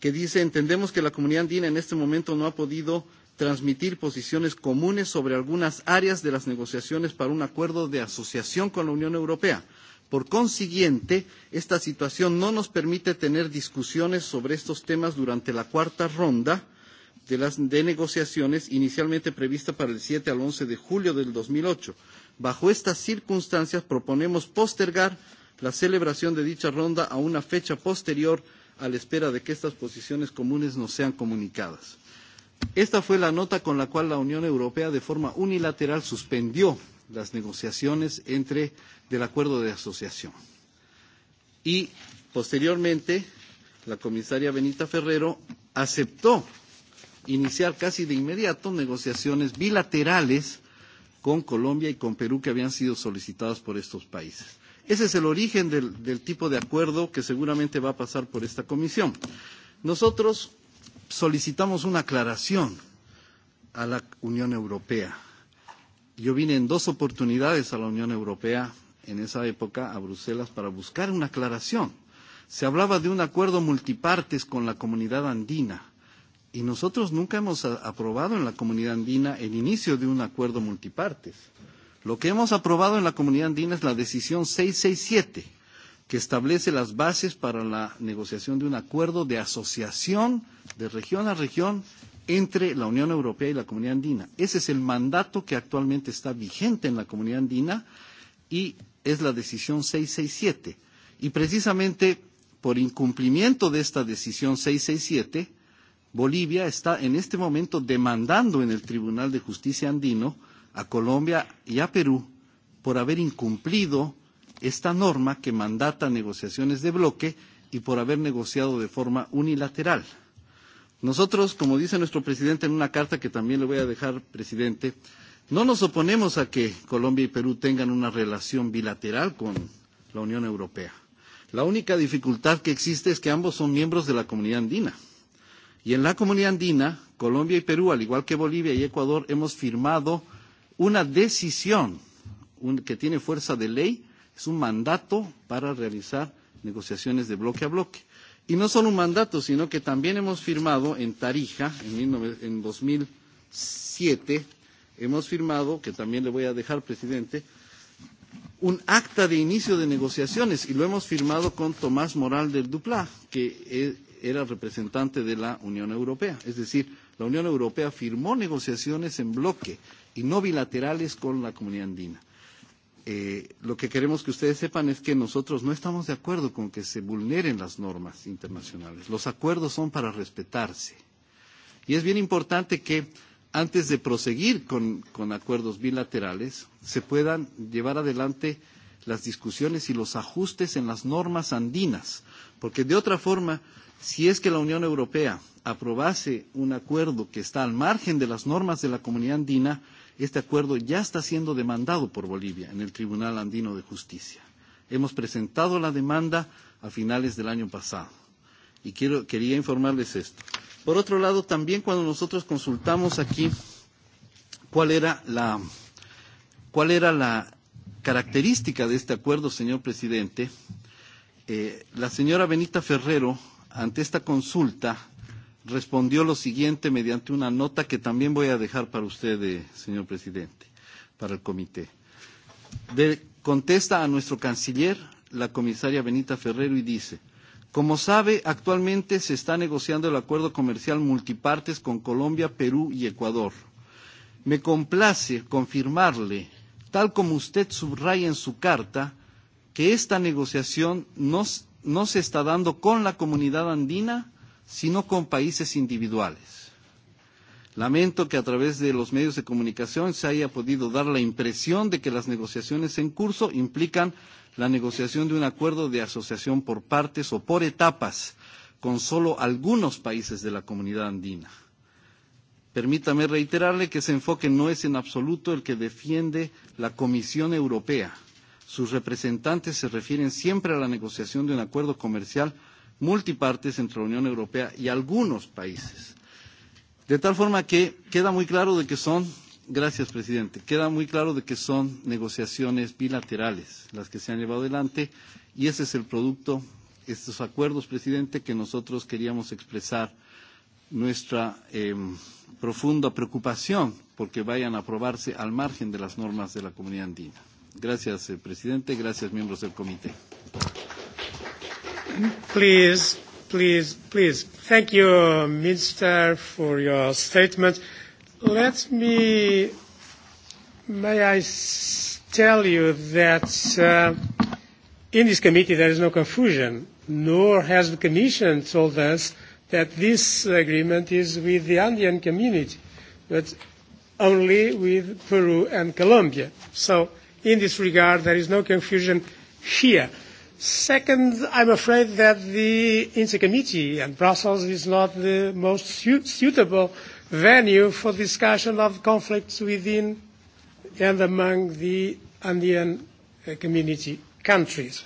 S6: que dice, entendemos que la comunidad andina en este momento no ha podido transmitir posiciones comunes sobre algunas áreas de las negociaciones para un acuerdo de asociación con la Unión Europea. Por consiguiente, esta situación no nos permite tener discusiones sobre estos temas durante la cuarta ronda de, las, de negociaciones inicialmente prevista para el 7 al 11 de julio del 2008. Bajo estas circunstancias, proponemos postergar la celebración de dicha ronda a una fecha posterior a la espera de que estas posiciones comunes nos sean comunicadas. Esta fue la nota con la cual la Unión Europea de forma unilateral suspendió las negociaciones entre del acuerdo de asociación. Y posteriormente la comisaria Benita Ferrero aceptó iniciar casi de inmediato negociaciones bilaterales con Colombia y con Perú que habían sido solicitadas por estos países. Ese es el origen del, tipo de acuerdo que seguramente va a pasar por esta comisión. Nosotros solicitamos una aclaración a la Unión Europea. Yo vine en dos oportunidades a la Unión Europea en esa época a Bruselas para buscar una aclaración. Se hablaba de un acuerdo multipartes con la comunidad andina y nosotros nunca hemos aprobado en la comunidad andina el inicio de un acuerdo multipartes. Lo que hemos aprobado en la comunidad andina es la decisión 667 que establece las bases para la negociación de un acuerdo de asociación de región a región entre la Unión Europea y la Comunidad Andina. Ese es el mandato que actualmente está vigente en la Comunidad Andina y es la decisión 667. Y precisamente por incumplimiento de esta decisión 667, Bolivia está en este momento demandando en el Tribunal de Justicia andino a Colombia y a Perú por haber incumplido esta norma que mandata negociaciones de bloque y por haber negociado de forma unilateral. Nosotros, como dice nuestro presidente en una carta que también le voy a dejar, presidente, no nos oponemos a que Colombia y Perú tengan una relación bilateral con la Unión Europea. La única dificultad que existe es que ambos son miembros de la comunidad andina. Y en la comunidad andina, Colombia y Perú, al igual que Bolivia y Ecuador, hemos firmado una decisión que tiene fuerza de ley Es un mandato para realizar negociaciones de bloque a bloque. Y no solo un mandato, sino que también hemos firmado en Tarija, en, en 2007, hemos firmado, que también le voy a dejar, presidente, un acta de inicio de negociaciones y lo hemos firmado con Tomás Moral del Duplá, que era representante de la Unión Europea. Es decir, la Unión Europea firmó negociaciones en bloque y no bilaterales con la comunidad andina eh, lo que queremos que ustedes sepan es que nosotros no estamos de acuerdo con que se vulneren las normas internacionales. Los acuerdos son para respetarse. Y es bien importante que antes de proseguir con, con acuerdos bilaterales, se puedan llevar adelante las discusiones y los ajustes en las normas andinas, porque de otra forma, si es que la Unión Europea aprobase un acuerdo que está al margen de las normas de la comunidad andina, Este acuerdo ya está siendo demandado por Bolivia en el Tribunal Andino de Justicia. Hemos presentado la demanda a finales del año pasado. Y quiero, quería informarles esto. Por otro lado, también cuando nosotros consultamos aquí cuál era la, cuál era la característica de este acuerdo, señor presidente, eh, la señora Benita Ferrero, ante esta consulta, respondió lo siguiente mediante una nota que también voy a dejar para usted, señor presidente, para el comité. De, contesta a nuestro canciller, la comisaria Benita Ferrero, y dice, como sabe, actualmente se está negociando el acuerdo comercial multipartes con Colombia, Perú y Ecuador. Me complace confirmarle, tal como usted subraya en su carta, que esta negociación no, no se está dando con la comunidad andina, sino con países individuales. Lamento que a través de los medios de comunicación se haya podido dar la impresión de que las negociaciones en curso implican la negociación de un acuerdo de asociación por partes o por etapas con solo algunos países de la comunidad andina. Permítame reiterarle que ese enfoque no es en absoluto el que defiende la Comisión Europea. Sus representantes se refieren siempre a la negociación de un acuerdo comercial multipartes entre la Unión Europea y algunos países. De tal forma que queda muy claro de que son, gracias presidente, queda muy claro de que son negociaciones bilaterales las que se han llevado adelante y ese es el producto, estos acuerdos, presidente, que nosotros queríamos expresar nuestra eh, profunda preocupación porque vayan a aprobarse al margen de las normas de la comunidad andina. Gracias, eh, presidente. Gracias, miembros del comité. Please,
S2: please, please. Thank you, Minister, for your statement. Let me, may I tell you that uh, in this committee there is no confusion, nor has the Commission told us that this agreement is with the Andean community, but only with Peru and Colombia. So in this regard, there is no confusion here. Second, I'm afraid that the INTA committee and Brussels is not the most su- suitable venue for discussion of conflicts within and among the Andean community countries.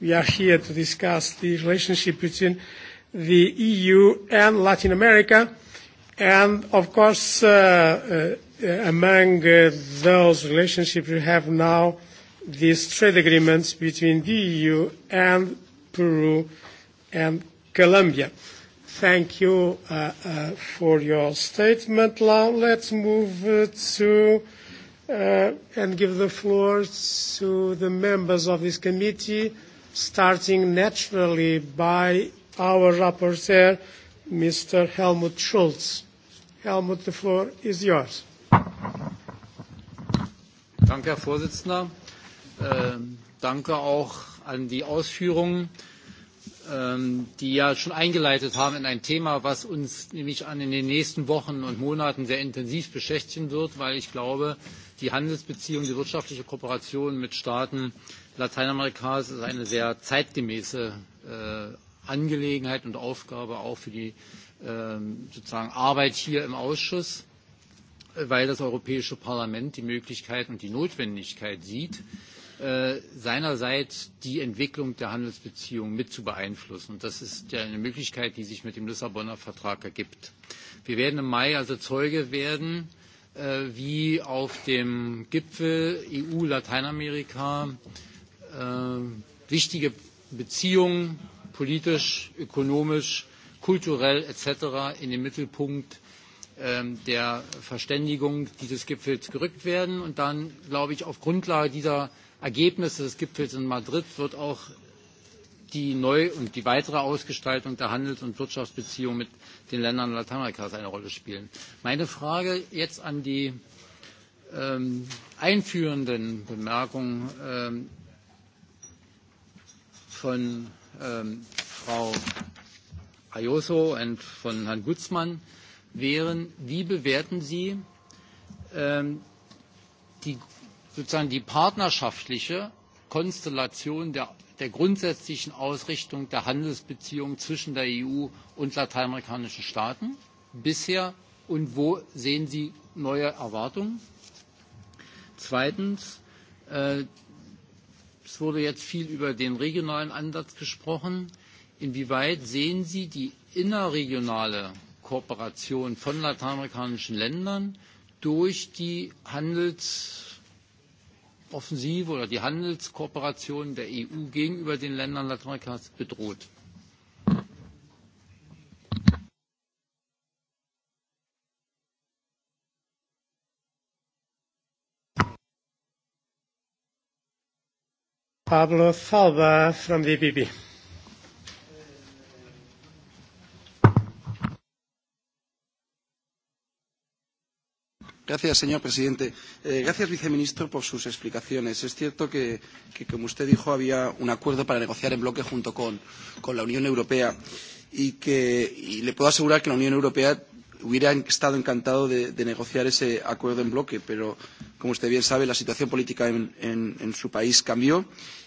S2: We are here to discuss the relationship between the EU and Latin America, and of course, uh, uh, among uh, those relationships we have now these trade agreements between the EU and Peru and Colombia. Thank you uh, uh, for your statement. Now let's move uh, to uh, and give the floor to the members of this committee, starting naturally by our rapporteur, Mr. Helmut Schulz. Helmut, the floor is yours.
S7: Danke, Herr Vorsitzender. Danke auch an die Ausführungen, die ja schon eingeleitet haben in ein Thema, was uns nämlich an in den nächsten Wochen und Monaten sehr intensiv beschäftigen wird, weil ich glaube, die Handelsbeziehungen, die wirtschaftliche Kooperation mit Staaten Lateinamerikas ist eine sehr zeitgemäße Angelegenheit und Aufgabe auch für die sozusagen Arbeit hier im Ausschuss, weil das Europäische Parlament die Möglichkeit und die Notwendigkeit sieht, seinerseits die Entwicklung der Handelsbeziehungen mit zu beeinflussen. Und das ist ja eine Möglichkeit, die sich mit dem Lissabonner Vertrag ergibt. Wir werden im Mai also Zeuge werden, wie auf dem Gipfel EU-Lateinamerika wichtige Beziehungen politisch, ökonomisch, kulturell etc. in den Mittelpunkt der Verständigung dieses Gipfels gerückt werden. Und dann, glaube ich, auf Grundlage dieser Ergebnisse des Gipfels in Madrid wird auch die Neu- und die weitere Ausgestaltung der Handels- und Wirtschaftsbeziehungen mit den Ländern Lateinamerikas eine Rolle spielen. Meine Frage jetzt an die einführenden Bemerkungen von Frau Ayuso und von Herrn Gutzmann wären, wie bewerten Sie die, sozusagen die partnerschaftliche Konstellation der, der grundsätzlichen Ausrichtung der Handelsbeziehungen zwischen der EU und lateinamerikanischen Staaten bisher und wo sehen Sie neue Erwartungen? Zweitens, es wurde jetzt viel über den regionalen Ansatz gesprochen. Inwieweit sehen Sie die innerregionale Kooperation von lateinamerikanischen Ländern durch die Handelsoffensive oder die Handelskooperation der EU gegenüber den Ländern Lateinamerikas bedroht.
S2: Pablo Salva from the
S8: señor presidente. gracias, viceministro, por sus explicaciones. Es cierto que, como usted dijo, había un acuerdo para negociar en bloque junto con, la Unión Europea y, que, y le puedo asegurar que la Unión Europea hubiera estado encantado de, negociar ese acuerdo en bloque, pero, como usted bien sabe, la situación política en, su país cambió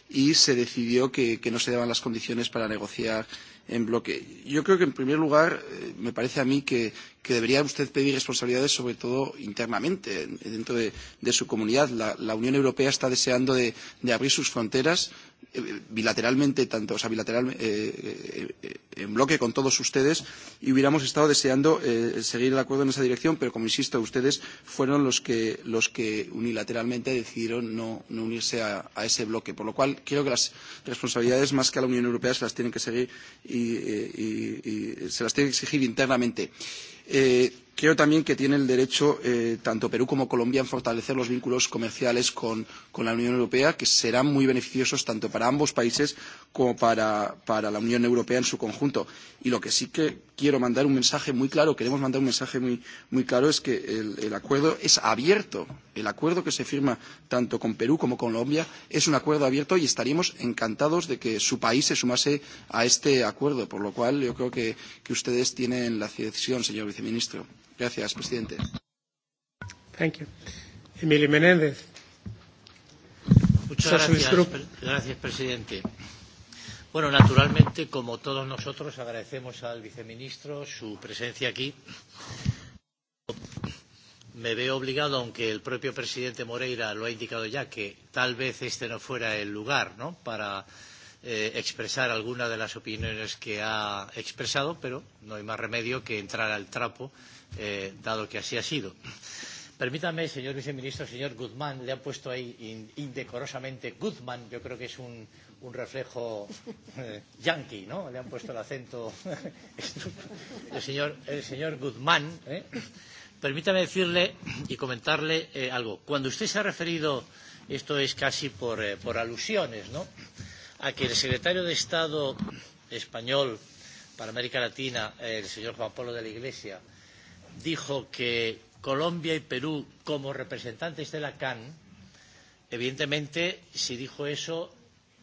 S8: y se decidió que, no se daban las condiciones para negociar en bloque. Yo creo que, en primer lugar, me parece a mí que que debería usted pedir responsabilidades, sobre todo internamente, dentro de, de su comunidad. La, la Unión Europea está deseando de, de abrir sus fronteras bilateralmente, tanto, o sea, bilateral, eh, eh, en bloque con todos ustedes, y hubiéramos estado deseando eh, seguir el acuerdo en esa dirección, pero como insisto, ustedes fueron los que, los que unilateralmente decidieron no, no unirse a, a ese bloque, por lo cual creo que las responsabilidades más que a la Unión Europea se las tienen que seguir y, y, y se las tienen que exigir internamente eh, Creo también que tiene el derecho, eh, tanto Perú como Colombia, en fortalecer los vínculos comerciales con, con la Unión Europea, que serán muy beneficiosos tanto para ambos países como para, para la Unión Europea en su conjunto. Y lo que sí que quiero mandar un mensaje muy claro, queremos mandar un mensaje muy, muy claro, es que el, el acuerdo es abierto. El acuerdo que se firma tanto con Perú como con Colombia es un acuerdo abierto y estaríamos encantados de que su país se sumase a este acuerdo, por lo cual yo creo que, que ustedes tienen la decisión, señor viceministro. Gracias, presidente.
S2: Thank you. Emilio Menéndez. Muchas gracias,
S9: gracias, presidente. Bueno, naturalmente, como todos nosotros, agradecemos al viceministro su presencia aquí. Me veo obligado, aunque el propio presidente Moreira lo ha indicado ya, que tal vez este no fuera el lugar ¿no? para eh, expresar alguna de las opiniones que ha expresado, pero no hay más remedio que entrar al trapo eh, dado que así ha sido. Permítame, señor viceministro, señor Guzmán, le han puesto ahí indecorosamente Guzmán, yo creo que es un, un reflejo eh, yanqui, ¿no? Le han puesto el acento el señor, el señor Guzmán. ¿eh? Permítame decirle y comentarle eh, algo. Cuando usted se ha referido, esto es casi por, eh, por alusiones, ¿no? A que el secretario de Estado español para América Latina, eh, el señor Juan Pablo de la Iglesia, dijo que Colombia y Perú como representantes de la CAN, evidentemente, si dijo eso,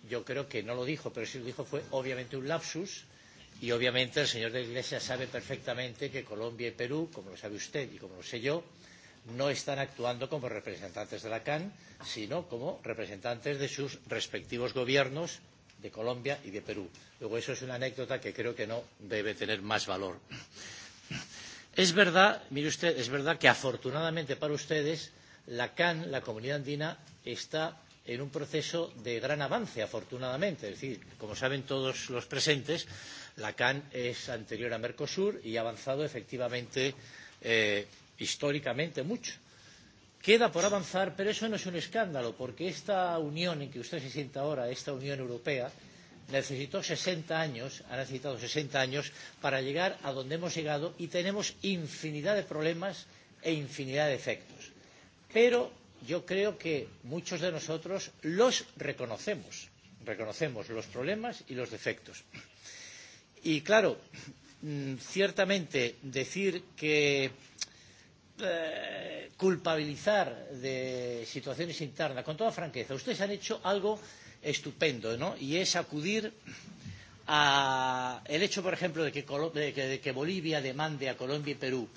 S9: yo creo que no lo dijo, pero si lo dijo fue obviamente un lapsus y obviamente el señor de Iglesias sabe perfectamente que Colombia y Perú, como lo sabe usted y como lo sé yo, no están actuando como representantes de la CAN, sino como representantes de sus respectivos gobiernos de Colombia y de Perú. Luego, eso es una anécdota que creo que no debe tener más valor. Es verdad, mire usted, es verdad que afortunadamente para ustedes la CAN, la comunidad andina, está en un proceso de gran avance, afortunadamente. Es decir, como saben todos los presentes, la CAN es anterior a Mercosur y ha avanzado efectivamente eh, históricamente mucho. Queda por avanzar, pero eso no es un escándalo, porque esta unión en que usted se sienta ahora, esta Unión Europea, necesitó 60 años, ha necesitado 60 años para llegar a donde hemos llegado y tenemos infinidad de problemas e infinidad de efectos. Pero yo creo que muchos de nosotros los reconocemos, reconocemos los problemas y los defectos. Y claro, ciertamente decir que culpabilizar de situaciones internas, con toda franqueza, ustedes han hecho algo estupendo, ¿no? Y es acudir a el hecho, por ejemplo, de que, de, que, de que Bolivia demande a Colombia y Perú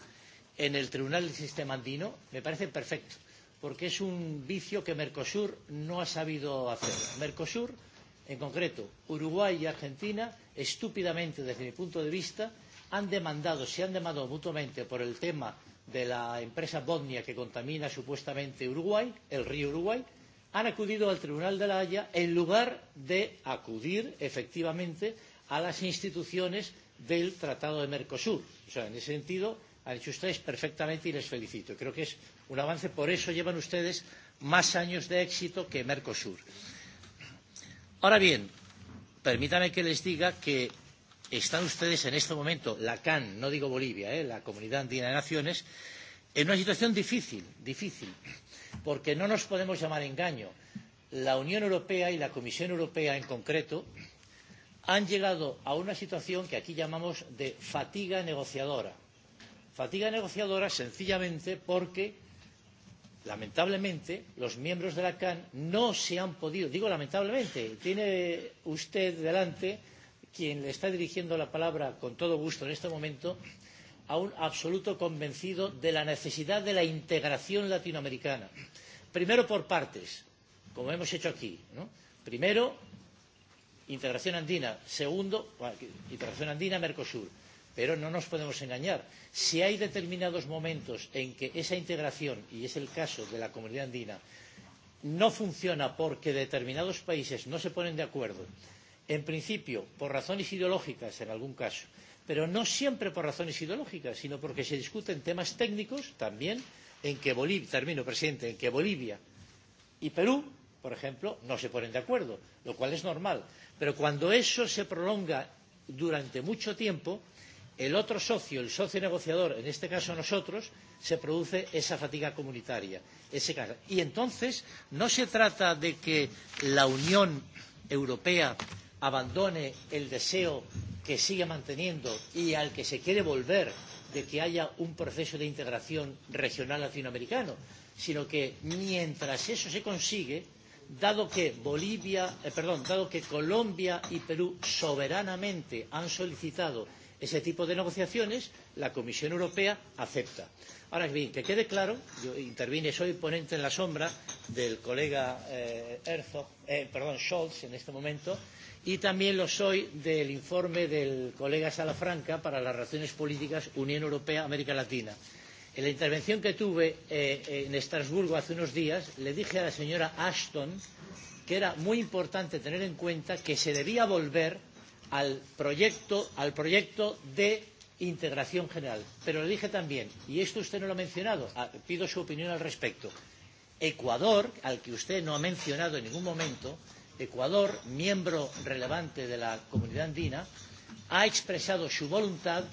S9: en el Tribunal del Sistema Andino, me parece perfecto, porque es un vicio que Mercosur no ha sabido hacer. Mercosur, en concreto, Uruguay y Argentina, estúpidamente desde mi punto de vista, han demandado, se han demandado mutuamente por el tema de la empresa Bosnia que contamina supuestamente Uruguay, el río Uruguay, han acudido al Tribunal de la Haya en lugar de acudir efectivamente a las instituciones del Tratado de Mercosur. O sea, en ese sentido han hecho ustedes perfectamente y les felicito. Creo que es un avance, por eso llevan ustedes más años de éxito que Mercosur. Ahora bien, permítanme que les diga que están ustedes en este momento, la CAN, no digo Bolivia, eh, la Comunidad Andina de Naciones, en una situación difícil, difícil porque no nos podemos llamar engaño. La Unión Europea y la Comisión Europea en concreto han llegado a una situación que aquí llamamos de fatiga negociadora. Fatiga negociadora sencillamente porque, lamentablemente, los miembros de la CAN no se han podido, digo lamentablemente, tiene usted delante quien le está dirigiendo la palabra con todo gusto en este momento, a un absoluto convencido de la necesidad de la integración latinoamericana. Primero por partes, como hemos hecho aquí. ¿no? Primero, integración andina. Segundo, integración andina, Mercosur. Pero no nos podemos engañar. Si hay determinados momentos en que esa integración, y es el caso de la comunidad andina, no funciona porque determinados países no se ponen de acuerdo, en principio por razones ideológicas en algún caso, pero no siempre por razones ideológicas, sino porque se discuten temas técnicos también en que Bolivia, termino presidente, en que Bolivia y Perú, por ejemplo, no se ponen de acuerdo, lo cual es normal. Pero cuando eso se prolonga durante mucho tiempo, el otro socio, el socio negociador, en este caso nosotros, se produce esa fatiga comunitaria. Ese caso. Y entonces no se trata de que la Unión Europea abandone el deseo que sigue manteniendo y al que se quiere volver de que haya un proceso de integración regional latinoamericano, sino que mientras eso se consigue, dado que Bolivia, eh, perdón, dado que Colombia y Perú soberanamente han solicitado ese tipo de negociaciones, la Comisión Europea acepta. Ahora bien, que quede claro, yo intervine, soy ponente en la sombra del colega eh, Herzog, eh, perdón, Scholz en este momento, Y también lo soy del informe del colega Salafranca para las relaciones políticas Unión Europea-América Latina. En la intervención que tuve eh, en Estrasburgo hace unos días, le dije a la señora Ashton que era muy importante tener en cuenta que se debía volver al proyecto, al proyecto de integración general. Pero le dije también, y esto usted no lo ha mencionado, pido su opinión al respecto, Ecuador, al que usted no ha mencionado en ningún momento, Ecuador, miembro relevante de la comunidad andina, ha expresado su voluntad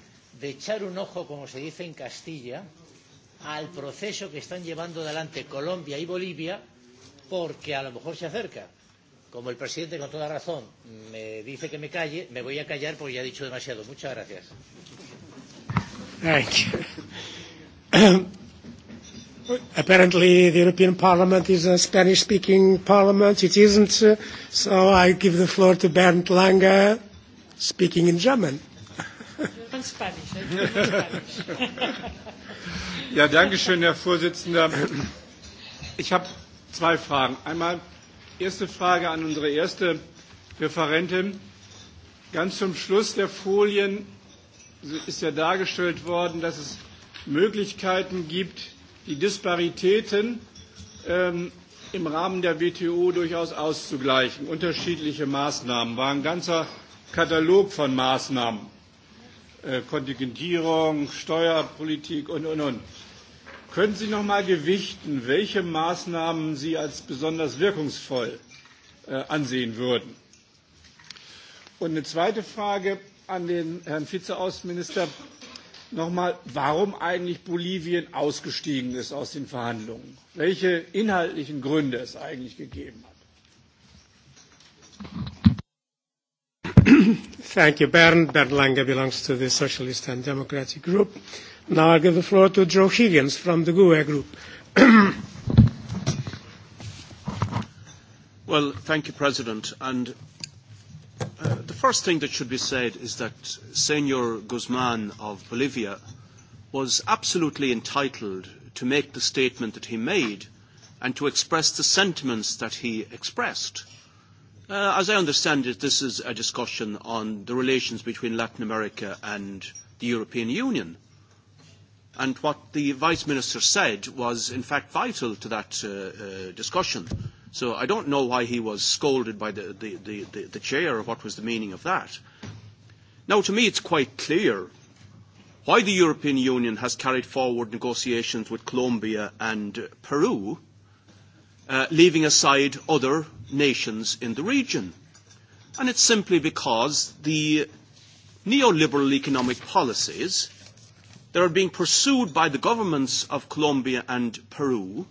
S9: de echar un ojo, como se dice en Castilla, al proceso que están llevando adelante Colombia y Bolivia, porque a lo mejor se acerca. Como el presidente, con toda razón, me dice que me calle, me voy a callar porque ya he dicho demasiado. Muchas gracias.
S2: Thank you apparently the European Parliament is a Spanish-speaking parliament. It isn't, so I give the floor to Bernd Lange, speaking in German.
S3: Ja, danke schön, Herr Vorsitzender. Ich habe zwei Fragen. Einmal erste Frage an unsere erste Referentin. Ganz zum Schluss der Folien ist ja dargestellt worden, dass es Möglichkeiten gibt, die Disparitäten im Rahmen der WTO durchaus auszugleichen. Unterschiedliche Maßnahmen war ein ganzer Katalog von Maßnahmen. Kontingentierung, Steuerpolitik und, und, und. Können Sie noch mal gewichten, welche Maßnahmen Sie als besonders wirkungsvoll ansehen würden? Und eine zweite Frage an den Herrn Vizeaußenminister nochmal, warum eigentlich Bolivien ausgestiegen ist aus den Verhandlungen. Welche inhaltlichen Gründe es eigentlich gegeben hat.
S2: Thank you, Bernd. Bernd Lange belongs to the Socialist and Democratic Group. Now I give the floor to Joe Higgins from the GUE Group.
S4: well, thank you, President. And the first thing that should be said is that Senor Guzman of Bolivia was absolutely entitled to make the statement that he made and to express the sentiments that he expressed. as I understand it, this is a discussion on the relations between Latin America and the European Union. And what the Vice Minister said was, in fact, vital to that discussion So I don't know why he was scolded by the, the, the, the, the chair or what was the meaning of that. Now, to me, it's quite clear why the European Union has carried forward negotiations with Colombia and Peru, uh, leaving aside other nations in the region. And it's simply because the neoliberal economic policies that are being pursued by the governments of Colombia and Peru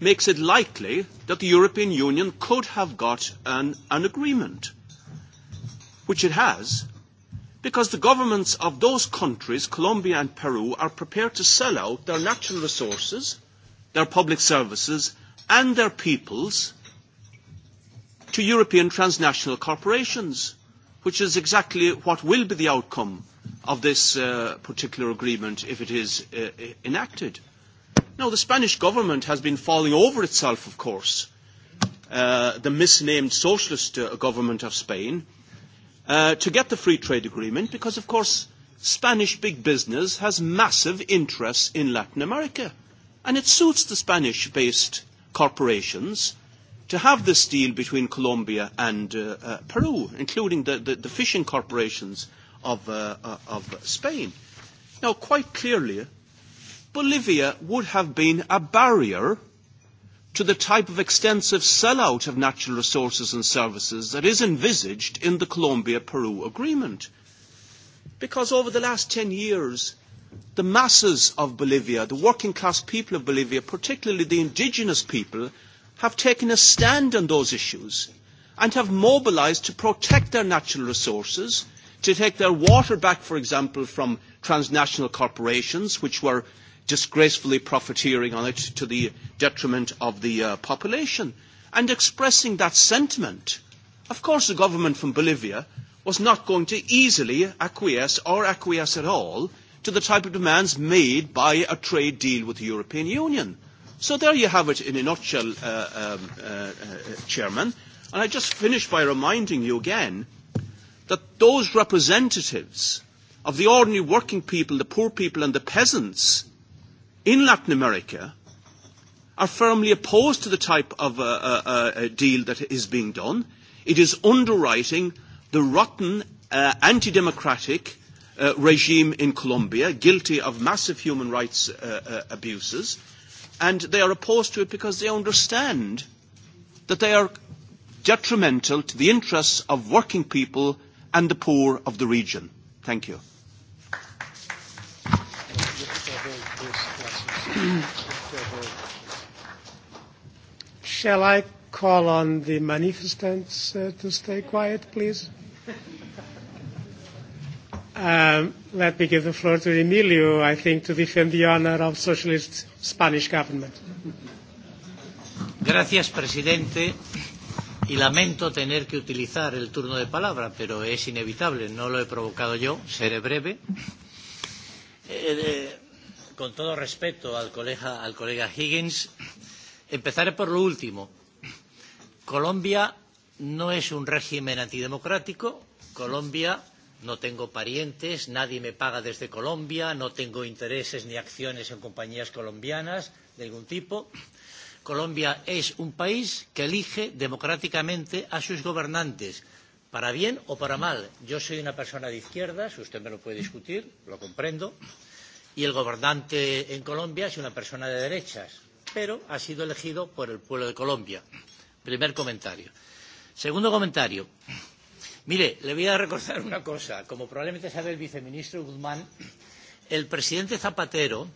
S4: makes it likely that the European Union could have got an, an agreement, which it has, because the governments of those countries, Colombia and Peru, are prepared to sell out their natural resources, their public services, and their peoples to European transnational corporations, which is exactly what will be the outcome of this particular agreement if it is enacted. Now, the Spanish government has been falling over itself, of course. Uh, the misnamed socialist uh, government of Spain, uh, to get the free trade agreement because, of course, Spanish big business has massive interests in Latin America. And it suits the Spanish based corporations to have this deal between Colombia and uh, uh, Peru, including the, the, the fishing corporations of, uh, uh, of Spain. Now, quite clearly, Bolivia would have been a barrier to the type of extensive sellout of natural resources and services that is envisaged in the Colombia-Peru agreement. Because over the last 10 years, the masses of Bolivia, the working class people of Bolivia, particularly the indigenous people, have taken a stand on those issues and have mobilised to protect their natural resources, to take their water back, for example, from transnational corporations, which were disgracefully profiteering on it to the detriment of the uh, population and expressing that sentiment. Of course, the government from Bolivia was not going to easily acquiesce or acquiesce at all to the type of demands made by a trade deal with the European Union. So there you have it in a nutshell, uh, um, uh, uh, Chairman. And I just finish by reminding you again that those representatives of the ordinary working people, the poor people and the peasants in Latin America are firmly opposed to the type of uh, uh, uh, deal that is being done. It is underwriting the rotten, uh, anti democratic uh, regime in Colombia, guilty of massive human rights uh, uh, abuses, and they are opposed to it because they understand that they are detrimental to the interests of working people and the poor of the region. Thank you.
S2: Shall I call on the manifestants uh, to stay quiet, please? Um, let me give the floor to Emilio, I think, to defend the honor of socialist Spanish government.
S9: Gracias, presidente. Y lamento tener que utilizar el turno de palabra, pero es inevitable, no lo he provocado yo, seré breve. Eh, eh, con todo respeto al colega, al colega Higgins, empezaré por lo último. Colombia no es un régimen antidemocrático. Colombia no tengo parientes, nadie me paga desde Colombia, no tengo intereses ni acciones en compañías colombianas de ningún tipo. Colombia es un país que elige democráticamente a sus gobernantes, para bien o para mal. Yo soy una persona de izquierdas, usted me lo puede discutir, lo comprendo y el gobernante en Colombia es una persona de derechas, pero ha sido elegido por el pueblo de Colombia. Primer comentario. Segundo comentario. Mire, le voy a recordar una cosa. Como probablemente sabe el viceministro Guzmán, el presidente Zapatero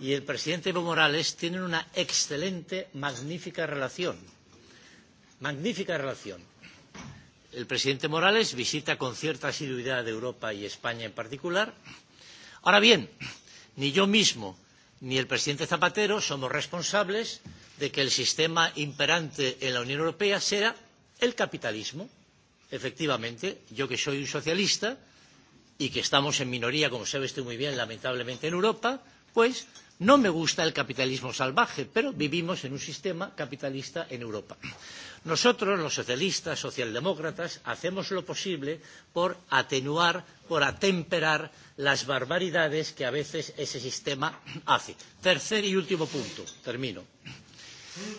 S9: y el presidente Evo Morales tienen una excelente, magnífica relación. Magnífica relación. El presidente Morales visita con cierta asiduidad de Europa y España en particular. Ahora bien, Ni yo mismo ni el presidente Zapatero somos responsables de que el sistema imperante en la Unión Europea sea el capitalismo. Efectivamente, yo que soy un socialista y que estamos en minoría, como sabe usted muy bien, lamentablemente en Europa, pues No me gusta el capitalismo salvaje, pero vivimos en un sistema capitalista en Europa. Nosotros, los socialistas, socialdemócratas, hacemos lo posible por atenuar, por atemperar las barbaridades que a veces ese sistema hace. Tercer y último punto, termino.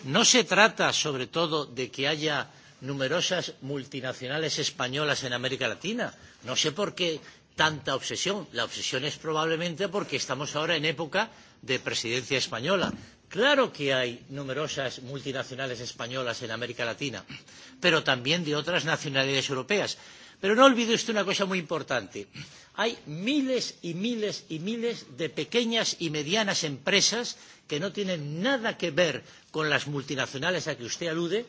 S9: No se trata, sobre todo, de que haya numerosas multinacionales españolas en América Latina. No sé por qué tanta obsesión. La obsesión es probablemente porque estamos ahora en época de presidencia española. Claro que hay numerosas multinacionales españolas en América Latina, pero también de otras nacionalidades europeas. Pero no olvide usted una cosa muy importante. Hay miles y miles y miles de pequeñas y medianas empresas que no tienen nada que ver con las multinacionales a que usted alude,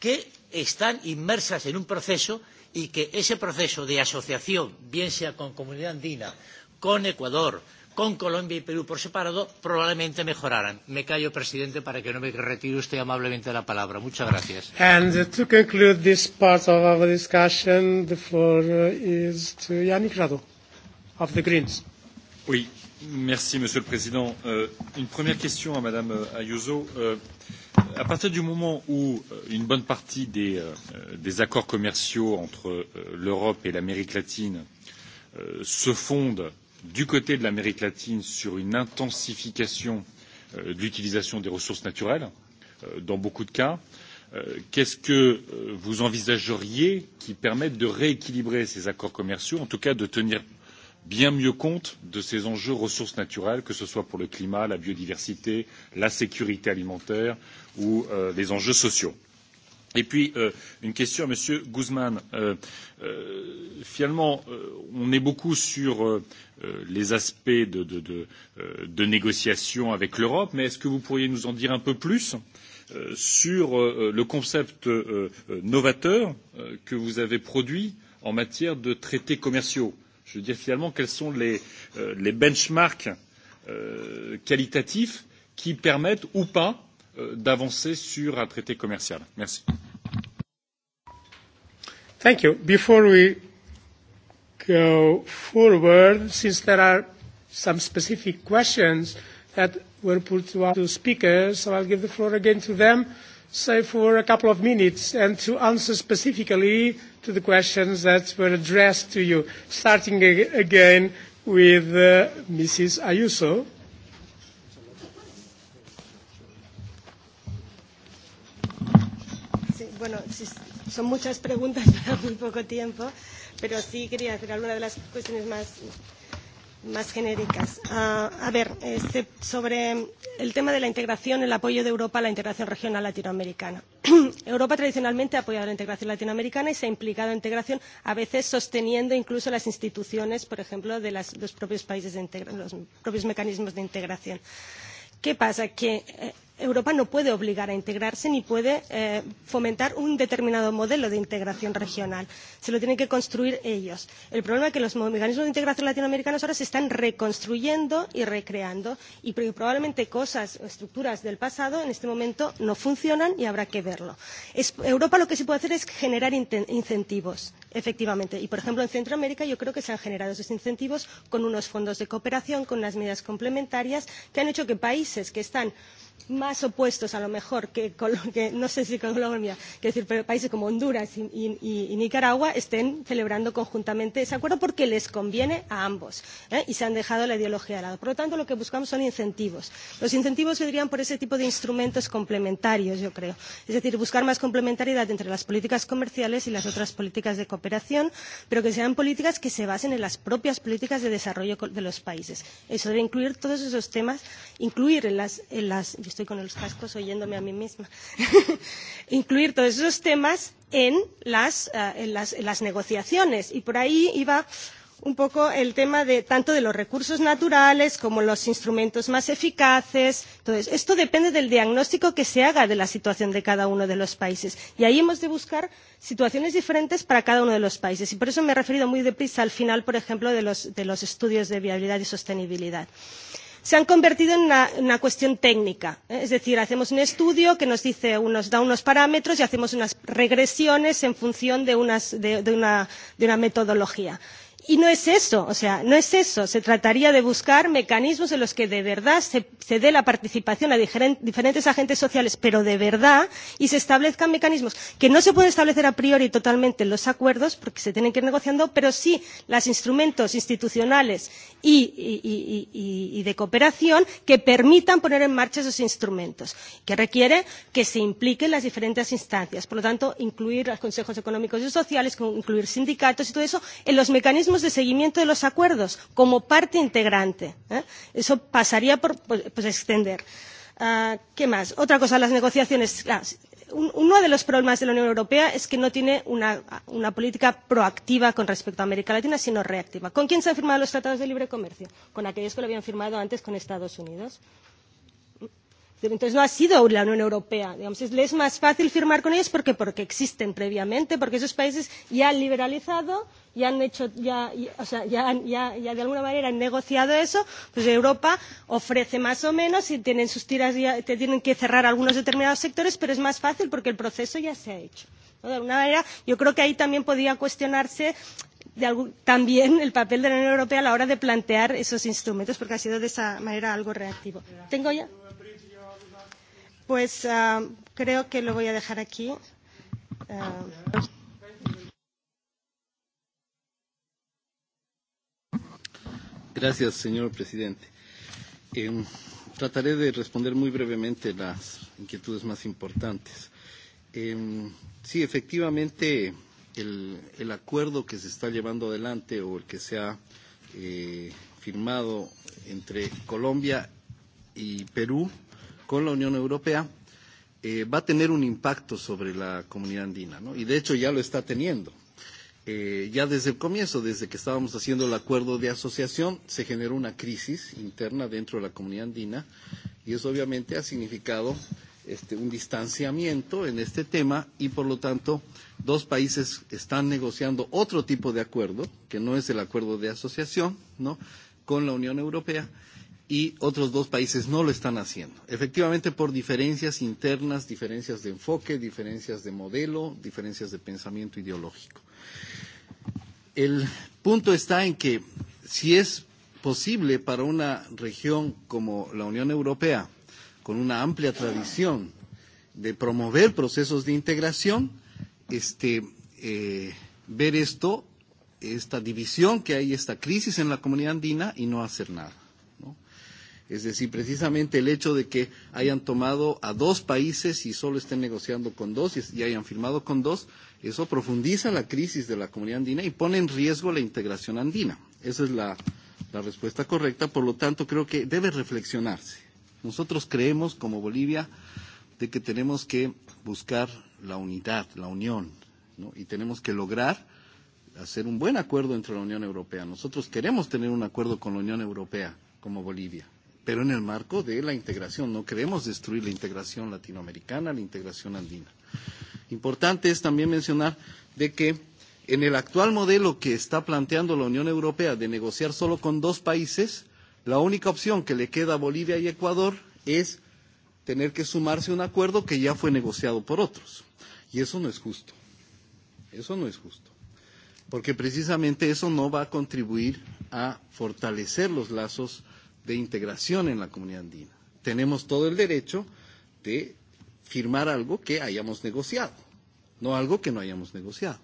S9: que están inmersas en un proceso y que ese proceso de asociación, bien sea con Comunidad Andina, con Ecuador, con Colombia y Perú por separado, probablemente mejoraran. Me callo, presidente, para que no me retire usted amablemente la palabra. Muchas gracias. And
S2: to conclude this part of our discussion, the floor is to Yannick Rado of the Greens.
S10: Oui, merci, Monsieur le Président. Euh, une première question à Madame Ayuso. Euh, à partir du moment où une bonne partie des, euh, des accords commerciaux entre euh, l'Europe et l'Amérique latine euh, se fondent du côté de l'Amérique latine sur une intensification de l'utilisation des ressources naturelles dans beaucoup de cas. Qu'est ce que vous envisageriez qui permette de rééquilibrer ces accords commerciaux, en tout cas de tenir bien mieux compte de ces enjeux ressources naturelles, que ce soit pour le climat, la biodiversité, la sécurité alimentaire ou les enjeux sociaux. Et puis, une question à M. Guzman. finalement, on est beaucoup sur les aspects de, négociation avec l'Europe, mais est-ce que vous pourriez nous en dire un peu plus sur le concept novateur que vous avez produit en matière de traités commerciaux Je veux dire, finalement, quels sont les, benchmarks qualitatifs qui permettent ou pas d'avancer sur un traité commercial. Merci.
S2: Thank you. Before we go forward, since there are some specific questions that were put to our speakers, so I'll give the floor again to them, say for a couple of minutes, and to answer specifically to the questions that were addressed to you, starting again with uh, Mrs. Ayuso
S5: bueno, son muchas preguntas para muy poco tiempo, pero sí quería hacer alguna de las cuestiones más, más genéricas. Uh, a ver, este, sobre el tema de la integración, el apoyo de Europa a la integración regional latinoamericana. Europa tradicionalmente ha apoyado la integración latinoamericana y se ha implicado en integración, a veces sosteniendo incluso las instituciones, por ejemplo, de las, los propios países, de los propios mecanismos de integración. ¿Qué pasa? Que Europa no puede obligar a integrarse ni puede eh, fomentar un determinado modelo de integración regional. Se lo tienen que construir ellos. El problema es que los mecanismos de integración latinoamericanos ahora se están reconstruyendo y recreando y probablemente cosas o estructuras del pasado en este momento no funcionan y habrá que verlo. Es, Europa lo que sí puede hacer es generar incentivos, efectivamente. Y, por ejemplo, en Centroamérica yo creo que se han generado esos incentivos con unos fondos de cooperación, con unas medidas complementarias que han hecho que países que están más opuestos a lo mejor que, que no sé si Colombia, que decir, pero países como Honduras y, y, y Nicaragua estén celebrando conjuntamente ese acuerdo porque les conviene a ambos ¿eh? y se han dejado la ideología de lado. Por lo tanto, lo que buscamos son incentivos. Los incentivos vendrían por ese tipo de instrumentos complementarios, yo creo. Es decir, buscar más complementariedad entre las políticas comerciales y las otras políticas de cooperación, pero que sean políticas que se basen en las propias políticas de desarrollo de los países. Eso debe incluir todos esos temas, incluir en las, en las yo estoy con los cascos oyéndome a mí misma, incluir todos esos temas en las, uh, en, las, en las negociaciones. Y por ahí iba un poco el tema de tanto de los recursos naturales como los instrumentos más eficaces. Entonces, esto depende del diagnóstico que se haga de la situación de cada uno de los países. Y ahí hemos de buscar situaciones diferentes para cada uno de los países. Y por eso me he referido muy deprisa al final, por ejemplo, de los, de los estudios de viabilidad y sostenibilidad. Eh, se han convertido en una, una cuestión técnica. ¿eh? Es decir, hacemos un estudio que nos dice, nos da unos parámetros y hacemos unas regresiones en función de, unas, de, de, una, de una metodología. Y no es eso, o sea, no es eso. Se trataría de buscar mecanismos en los que de verdad se, se dé la participación a diferentes agentes sociales, pero de verdad, y se establezcan mecanismos que no se pueden establecer a priori totalmente en los acuerdos, porque se tienen que ir negociando, pero sí los instrumentos institucionales y, y, y, y de cooperación que permitan poner en marcha esos instrumentos, que requiere que se impliquen las diferentes instancias. Por lo tanto, incluir los consejos económicos y sociales, incluir sindicatos y todo eso en los mecanismos mecanismos de seguimiento de los acuerdos como parte integrante. ¿eh? Eso pasaría por pues, extender. Uh, ¿Qué más? Otra cosa, las negociaciones. uno de los problemas de la Unión Europea es que no tiene una, una política proactiva con respecto a América Latina, sino reactiva. ¿Con quién se han firmado los tratados de libre comercio? Con aquellos que lo habían firmado antes con Estados Unidos entonces no ha sido la Unión Europea. Digamos, es, más fácil firmar con ellos porque, porque existen previamente, porque esos países ya han liberalizado, ya han hecho, ya, ya, o sea, ya, ya, ya de alguna manera han negociado eso, pues Europa ofrece más o menos y tienen sus tiras, ya, te tienen que cerrar algunos determinados sectores, pero es más fácil porque el proceso ya se ha hecho. ¿no? De alguna manera, yo creo que ahí también podía cuestionarse de algún, también el papel de la Unión Europea a la hora de plantear esos instrumentos, porque ha sido de esa manera algo reactivo. ¿Tengo ya? Pues uh, creo que lo voy a dejar aquí. Uh...
S6: Gracias, señor presidente. Eh, trataré de responder muy brevemente las inquietudes más importantes. Eh, sí, efectivamente, el, el acuerdo que se está llevando adelante o el que se ha eh, firmado entre Colombia y Perú con la Unión Europea eh, va a tener un impacto sobre la comunidad andina, ¿no? y de hecho ya lo está teniendo. Eh, ya desde el comienzo, desde que estábamos haciendo el acuerdo de asociación, se generó una crisis interna dentro de la comunidad andina y eso obviamente ha significado este, un distanciamiento en este tema y por lo tanto dos países están negociando otro tipo de acuerdo, que no es el acuerdo de asociación, ¿no? con la Unión Europea y otros dos países no lo están haciendo. Efectivamente, por diferencias internas, diferencias de enfoque, diferencias de modelo, diferencias de pensamiento ideológico. El punto está en que si es posible para una región como la Unión Europea, con una amplia tradición de promover procesos de integración, este, eh, ver esto, esta división que hay, esta crisis en la comunidad andina y no hacer nada. Es decir, precisamente el hecho de que hayan tomado a dos países y solo estén negociando con dos y, hayan firmado con dos, eso profundiza la crisis de la comunidad andina y pone en riesgo la integración andina. Esa es la, la respuesta correcta. Por lo tanto, creo que debe reflexionarse. Nosotros creemos, como Bolivia, de que tenemos que buscar la unidad, la unión, ¿no? y tenemos que lograr hacer un buen acuerdo entre la Unión Europea. Nosotros queremos tener un acuerdo con la Unión Europea como Bolivia pero en el marco de la integración. No queremos destruir la integración latinoamericana, la integración andina. Importante es también mencionar de que en el actual modelo que está planteando la Unión Europea de negociar solo con dos países, la única opción que le queda a Bolivia y Ecuador es tener que sumarse a un acuerdo que ya fue negociado por otros. Y eso no es justo. Eso no es justo. Porque precisamente eso no va a contribuir a fortalecer los lazos de integración en la comunidad andina. Tenemos todo el derecho de firmar algo que hayamos negociado, no algo que no hayamos negociado.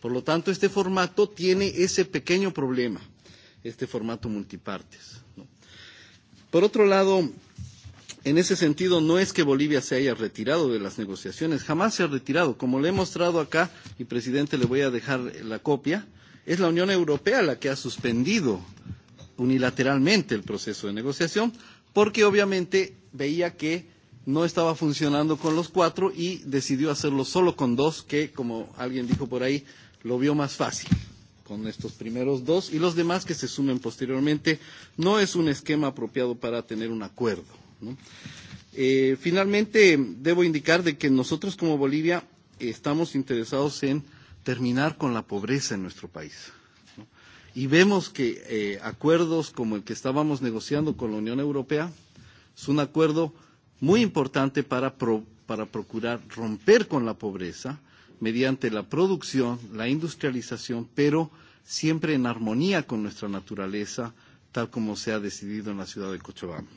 S6: Por lo tanto, este formato tiene ese pequeño problema, este formato multipartes. ¿no? Por otro lado, en ese sentido, no es que Bolivia se haya retirado de las negociaciones, jamás se ha retirado. Como le he mostrado acá, y presidente, le voy a dejar la copia, es la Unión Europea la que ha suspendido unilateralmente el proceso de negociación, porque obviamente veía que no estaba funcionando con los cuatro y decidió hacerlo solo con dos, que como alguien dijo por ahí, lo vio más fácil con estos primeros dos y los demás que se sumen posteriormente. No es un esquema apropiado para tener un acuerdo. ¿no? Eh, finalmente, debo indicar de que nosotros como Bolivia estamos interesados en terminar con la pobreza en nuestro país y vemos que eh, acuerdos como el que estábamos negociando con la Unión Europea es un acuerdo muy importante para, pro, para procurar romper con la pobreza mediante la producción, la industrialización, pero siempre en armonía con nuestra naturaleza, tal como se ha decidido en la ciudad de Cochabamba.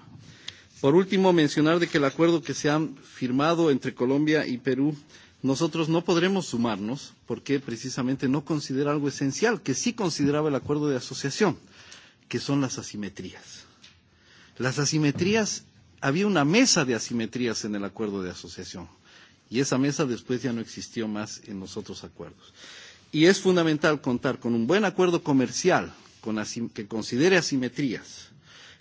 S6: Por último, mencionar de que el acuerdo que se ha firmado entre Colombia y Perú eh, nosotros no podremos sumarnos porque precisamente no considera algo esencial, que sí consideraba el acuerdo de asociación, que son las asimetrías. Las asimetrías, había una mesa de asimetrías en el acuerdo de asociación y esa mesa después ya no existió más en los otros acuerdos. Y es fundamental contar con un buen acuerdo comercial con que considere asimetrías,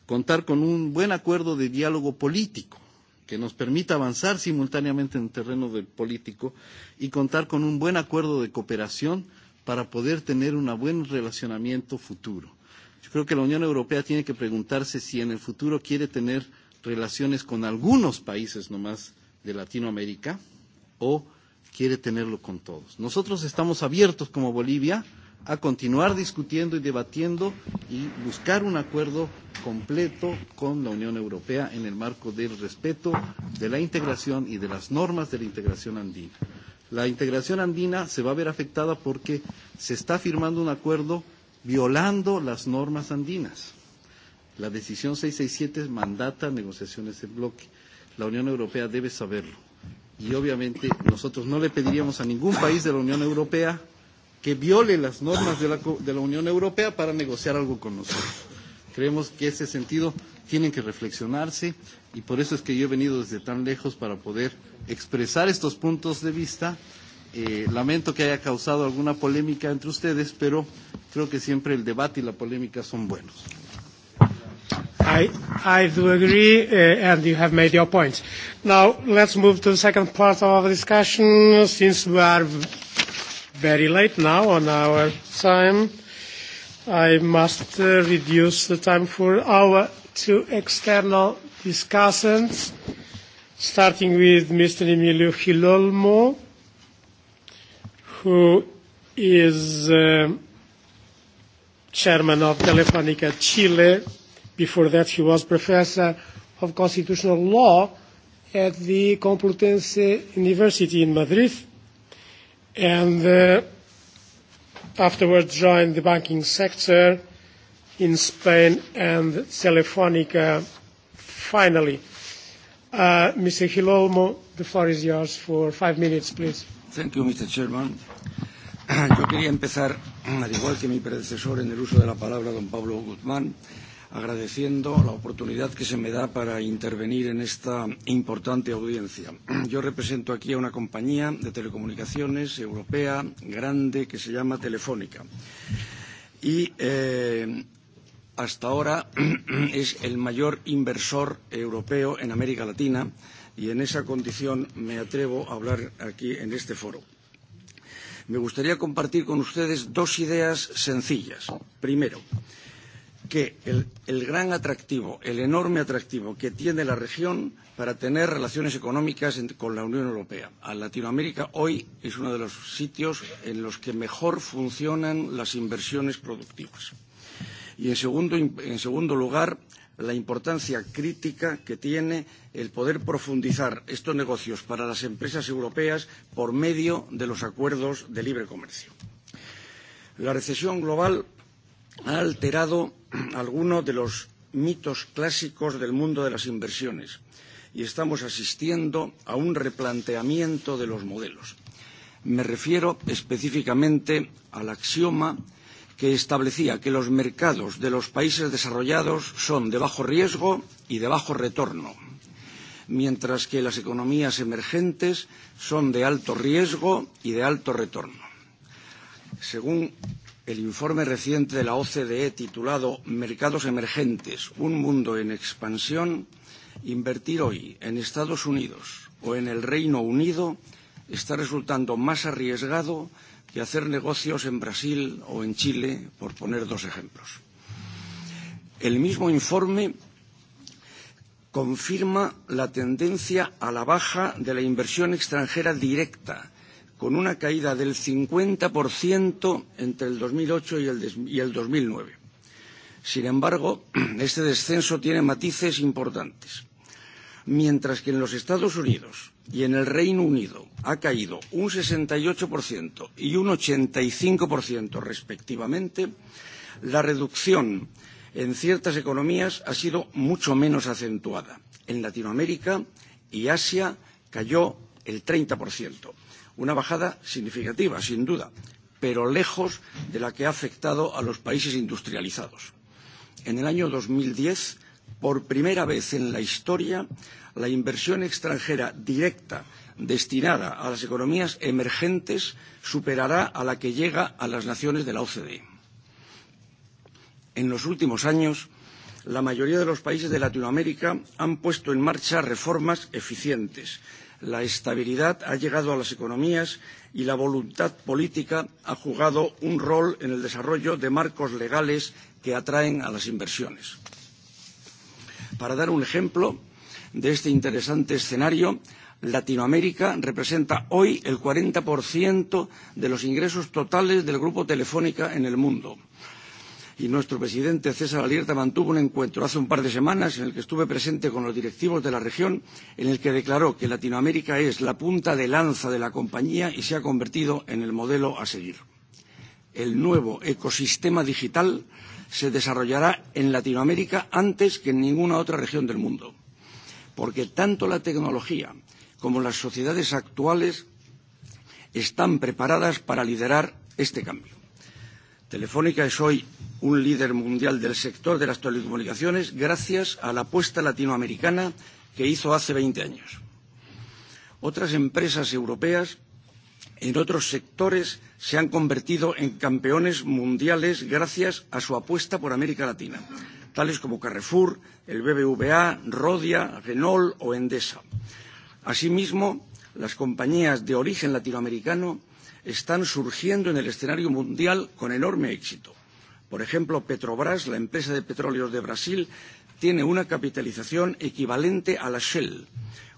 S6: contar con un buen acuerdo de diálogo político, que nos permita avanzar simultáneamente en el terreno del político y contar con un buen acuerdo de cooperación para poder tener un buen relacionamiento futuro. Yo creo que la Unión Europea tiene que preguntarse si en el futuro quiere tener relaciones con algunos países nomás de Latinoamérica o quiere tenerlo con todos. Nosotros estamos abiertos como Bolivia a continuar discutiendo y debatiendo y buscar un acuerdo completo con la Unión Europea en el marco del respeto de la integración y de las normas de la integración andina. La integración andina se va a ver afectada porque se está firmando un acuerdo violando las normas andinas. La decisión 667 mandata negociaciones en bloque. La Unión Europea debe saberlo. Y obviamente nosotros no le pediríamos a ningún país de la Unión Europea que viole las normas de la, de la Unión Europea para negociar algo con nosotros. Creemos que ese sentido tiene que reflexionarse y por eso es que yo he venido desde tan lejos para poder expresar estos puntos de vista. Eh, lamento que haya causado alguna polémica entre ustedes, pero creo que siempre el debate y la polémica son buenos.
S2: I, I do agree, uh, and you have made your point. Now, let's move to the second part of our discussion, since we are very late now on our time. I must uh, reduce the time for our two external discussants, starting with Mr. Emilio Hilolmo, who is uh, chairman of Telefonica Chile. Before that, he was professor of constitutional law at the Complutense University in Madrid and uh, afterwards joined the banking sector in Spain and Telefonica finally. Uh, Mr. Hilolmo, the floor is yours for five minutes, please.
S11: Thank you, Mr. Chairman. Yo quería empezar, al igual que mi predecesor en el uso de la palabra, don Pablo Guzmán, agradeciendo la oportunidad que se me da para intervenir en esta importante audiencia. Yo represento aquí a una compañía de telecomunicaciones europea grande que se llama Telefónica. Y hasta ahora es el mayor inversor europeo en América Latina y en esa condición me atrevo a hablar aquí en este foro. Me gustaría compartir con ustedes dos ideas sencillas. Primero, que el, el gran atractivo, el enorme atractivo que tiene la región para tener relaciones económicas en, con la Unión Europea. A Latinoamérica hoy es uno de los sitios en los que mejor funcionan las inversiones productivas. Y en segundo, en segundo lugar, la importancia crítica que tiene el poder profundizar estos negocios para las empresas europeas por medio de los acuerdos de libre comercio. La recesión global ha alterado algunos de los mitos clásicos del mundo de las inversiones y estamos asistiendo a un replanteamiento de los modelos. Me refiero específicamente al axioma que establecía que los mercados de los países desarrollados son de bajo riesgo y de bajo retorno, mientras que las economías emergentes son de alto riesgo y de alto retorno. Según el informe reciente de la OCDE titulado Mercados Emergentes, un mundo en expansión, invertir hoy en Estados Unidos o en el Reino Unido está resultando más arriesgado que hacer negocios en Brasil o en Chile, por poner dos ejemplos. El mismo informe confirma la tendencia a la baja de la inversión extranjera directa con una caída del 50% entre el 2008 y el, y el 2009. Sin embargo, este descenso tiene matices importantes. Mientras que en los Estados Unidos y en el Reino Unido ha caído un 68% y un 85% respectivamente, la reducción en ciertas economías ha sido mucho menos acentuada. En Latinoamérica y Asia cayó el Una bajada significativa, sin duda, pero lejos de la que ha afectado a los países industrializados. En el año dos mil diez, por primera vez en la historia, la inversión extranjera directa destinada a las economías emergentes superará a la que llega a las naciones de la OCDE. En los últimos años, la mayoría de los países de Latinoamérica han puesto en marcha reformas eficientes La estabilidad ha llegado a las economías y la voluntad política ha jugado un rol en el desarrollo de marcos legales que atraen a las inversiones. Para dar un ejemplo de este interesante escenario, Latinoamérica representa hoy el 40% de los ingresos totales del grupo Telefónica en el mundo, y nuestro presidente César Alierta mantuvo un encuentro hace un par de semanas en el que estuve presente con los directivos de la región, en el que declaró que Latinoamérica es la punta de lanza de la compañía y se ha convertido en el modelo a seguir. El nuevo ecosistema digital se desarrollará en Latinoamérica antes que en ninguna otra región del mundo, porque tanto la tecnología como las sociedades actuales están preparadas para liderar este cambio. Telefónica es hoy un líder mundial del sector de las telecomunicaciones gracias a la apuesta latinoamericana que hizo hace 20 años. Otras empresas europeas en otros sectores se han convertido en campeones mundiales gracias a su apuesta por América Latina, tales como Carrefour, el BBVA, Rodia, Renault o Endesa. Asimismo, las compañías de origen latinoamericano están surgiendo en el escenario mundial con enorme éxito. Por ejemplo, Petrobras, la empresa de petróleos de Brasil, tiene una capitalización equivalente a la Shell,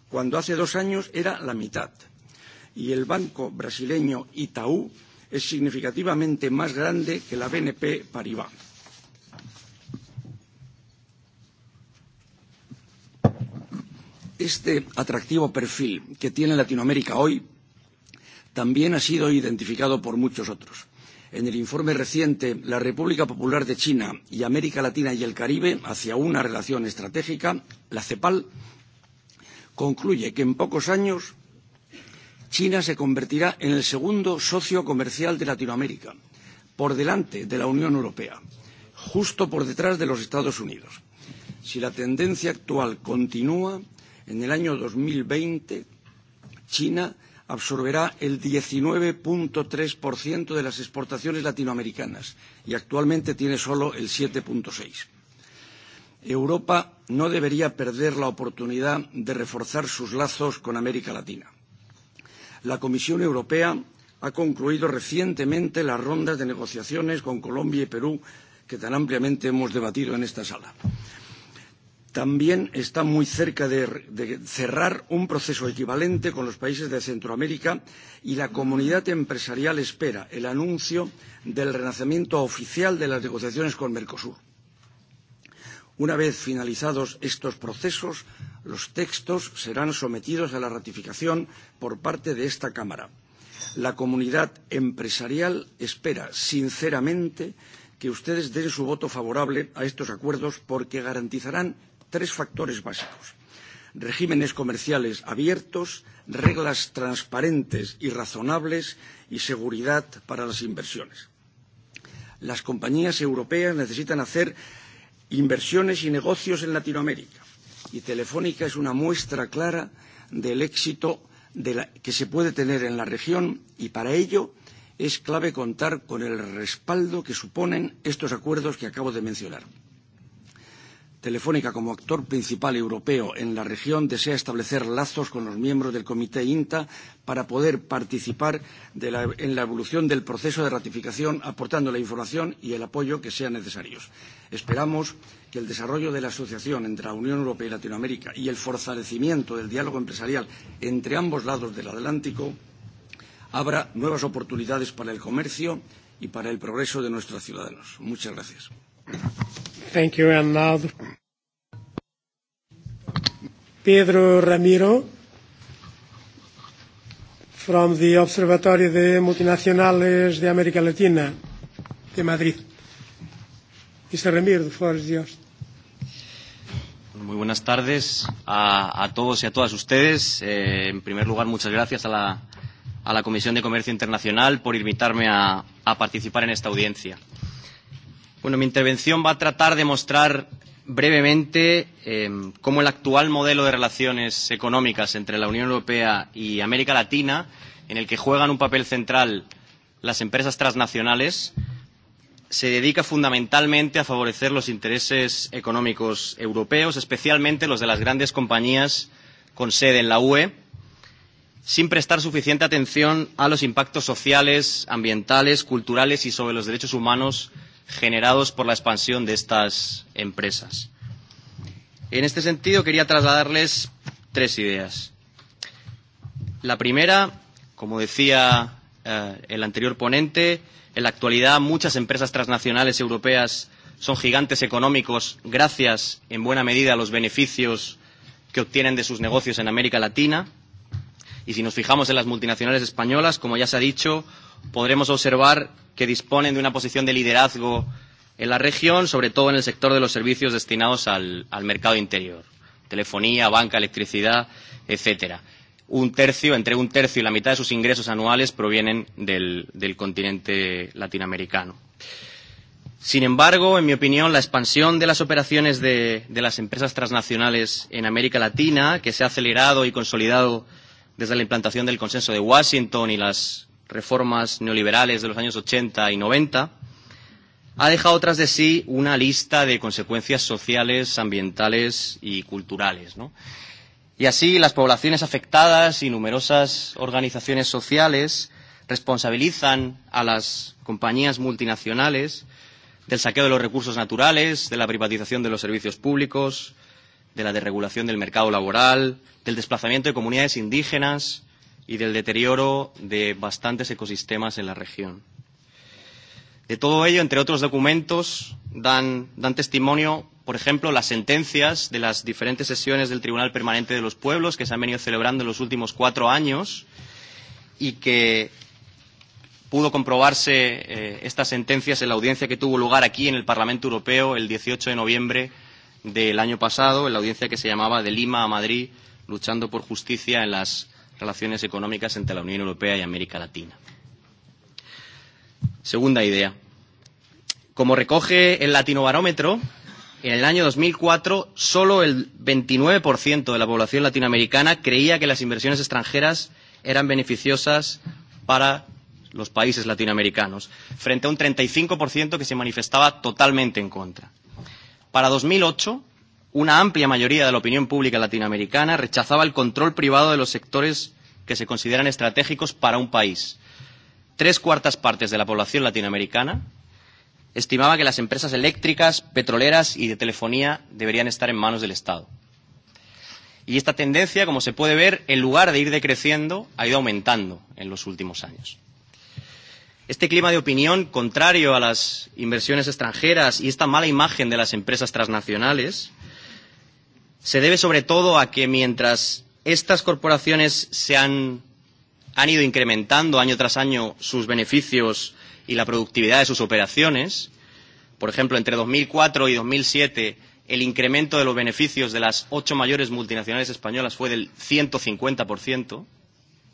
S11: cuando hace dos años era la mitad. Y el banco brasileño Itaú es significativamente más grande que la BNP Paribas. Este atractivo perfil que tiene Latinoamérica hoy también ha sido identificado por muchos otros. En el informe reciente La República Popular de China y América Latina y el Caribe hacia una relación estratégica, la CEPAL, concluye que en pocos años China se convertirá en el segundo socio comercial de Latinoamérica, por delante de la Unión Europea, justo por detrás de los Estados Unidos. Si la tendencia actual continúa, en el año dos mil veinte China absorberá el 19.3% de las exportaciones latinoamericanas y actualmente tiene solo el 7.6%. Europa no debería perder la oportunidad de reforzar sus lazos con América Latina. La Comisión Europea ha concluido recientemente las rondas de negociaciones con Colombia y Perú que tan ampliamente hemos debatido en esta sala también está muy cerca de, cerrar un proceso equivalente con los países de Centroamérica y la comunidad empresarial espera el anuncio del renacimiento oficial de las negociaciones con Mercosur. Una vez finalizados estos procesos, los textos serán sometidos a la ratificación por parte de esta Cámara. La comunidad empresarial espera sinceramente que ustedes den su voto favorable a estos acuerdos porque garantizarán tres factores básicos regímenes comerciales abiertos, reglas transparentes y razonables y seguridad para las inversiones. Las compañías europeas necesitan hacer inversiones y negocios en Latinoamérica y Telefónica es una muestra clara del éxito de la, que se puede tener en la región y para ello es clave contar con el respaldo que suponen estos acuerdos que acabo de mencionar. Telefónica como actor principal europeo en la región desea establecer lazos con los miembros del Comité INTA para poder participar de la, en la evolución del proceso de ratificación, aportando la información y el apoyo que sean necesarios. Esperamos que el desarrollo de la asociación entre la Unión Europea y Latinoamérica y el fortalecimiento del diálogo empresarial entre ambos lados del Atlántico abra nuevas oportunidades para el comercio y para el progreso de nuestros ciudadanos. Muchas gracias.
S2: Thank you. And now Pedro Ramiro from the Observatorio de Multinacionales de América Latina de Madrid. Mr. Ramiro, the floor is yours.
S12: Muy buenas tardes a, a todos y a todas ustedes. Eh, en primer lugar, muchas gracias a la, a la Comisión de Comercio Internacional por invitarme a, a participar en esta audiencia. Eh, Bueno, mi intervención va a tratar de mostrar brevemente eh, cómo el actual modelo de relaciones económicas entre la Unión Europea y América Latina, en el que juegan un papel central las empresas transnacionales, se dedica fundamentalmente a favorecer los intereses económicos europeos, especialmente los de las grandes compañías con sede en la UE, sin prestar suficiente atención a los impactos sociales, ambientales, culturales y sobre los derechos humanos generados por la expansión de estas empresas. En este sentido, quería trasladarles tres ideas. La primera, como decía eh, el anterior ponente, en la actualidad muchas empresas transnacionales europeas son gigantes económicos gracias, en buena medida, a los beneficios que obtienen de sus negocios en América Latina. Y si nos fijamos en las multinacionales españolas, como ya se ha dicho, podremos observar que disponen de una posición de liderazgo en la región, sobre todo en el sector de los servicios destinados al, al mercado interior, telefonía, banca, electricidad, etcétera. Un tercio, entre un tercio y la mitad de sus ingresos anuales provienen del, del continente latinoamericano. Sin embargo, en mi opinión, la expansión de las operaciones de, de las empresas transnacionales en América Latina, que se ha acelerado y consolidado desde la implantación del consenso de Washington y las reformas neoliberales de los años 80 y 90, ha dejado tras de sí una lista de consecuencias sociales, ambientales y culturales. ¿no? Y así las poblaciones afectadas y numerosas organizaciones sociales responsabilizan a las compañías multinacionales del saqueo de los recursos naturales, de la privatización de los servicios públicos, de la desregulación del mercado laboral, del desplazamiento de comunidades indígenas y del deterioro de bastantes ecosistemas en la región. De todo ello, entre otros documentos, dan, dan testimonio, por ejemplo, las sentencias de las diferentes sesiones del Tribunal Permanente de los Pueblos que se han venido celebrando en los últimos cuatro años y que pudo comprobarse eh, estas sentencias en la audiencia que tuvo lugar aquí en el Parlamento Europeo el 18 de noviembre del año pasado, en la audiencia que se llamaba De Lima a Madrid, luchando por justicia en las relaciones económicas entre la Unión Europea y América Latina. Segunda idea. Como recoge el Latinobarómetro, en el año 2004 solo el 29% de la población latinoamericana creía que las inversiones extranjeras eran beneficiosas para los países latinoamericanos, frente a un 35% que se manifestaba totalmente en contra. Para 2008, una amplia mayoría de la opinión pública latinoamericana rechazaba el control privado de los sectores que se consideran estratégicos para un país. Tres cuartas partes de la población latinoamericana estimaba que las empresas eléctricas, petroleras y de telefonía deberían estar en manos del Estado. Y esta tendencia, como se puede ver, en lugar de ir decreciendo, ha ido aumentando en los últimos años. Este clima de opinión, contrario a las inversiones extranjeras y esta mala imagen de las empresas transnacionales, se debe sobre todo a que mientras estas corporaciones se han, han ido incrementando año tras año sus beneficios y la productividad de sus operaciones, por ejemplo, entre 2004 y 2007 el incremento de los beneficios de las ocho mayores multinacionales españolas fue del 150%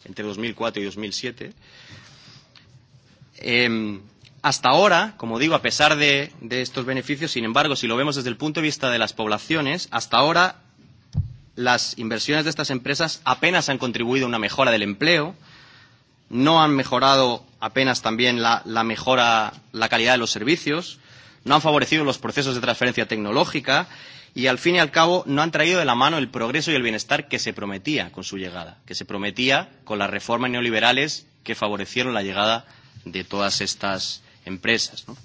S12: entre 2004 y 2007. Eh, hasta ahora, como digo, a pesar de, de estos beneficios, sin embargo, si lo vemos desde el punto de vista de las poblaciones, hasta ahora las inversiones de estas empresas apenas han contribuido a una mejora del empleo, no han mejorado apenas también la, la mejora, la calidad de los servicios, no han favorecido los procesos de transferencia tecnológica y al fin y al cabo no han traído de la mano el progreso y el bienestar que se prometía con su llegada, que se prometía con las reformas neoliberales que favorecieron la llegada de todas estas empresas. ¿no?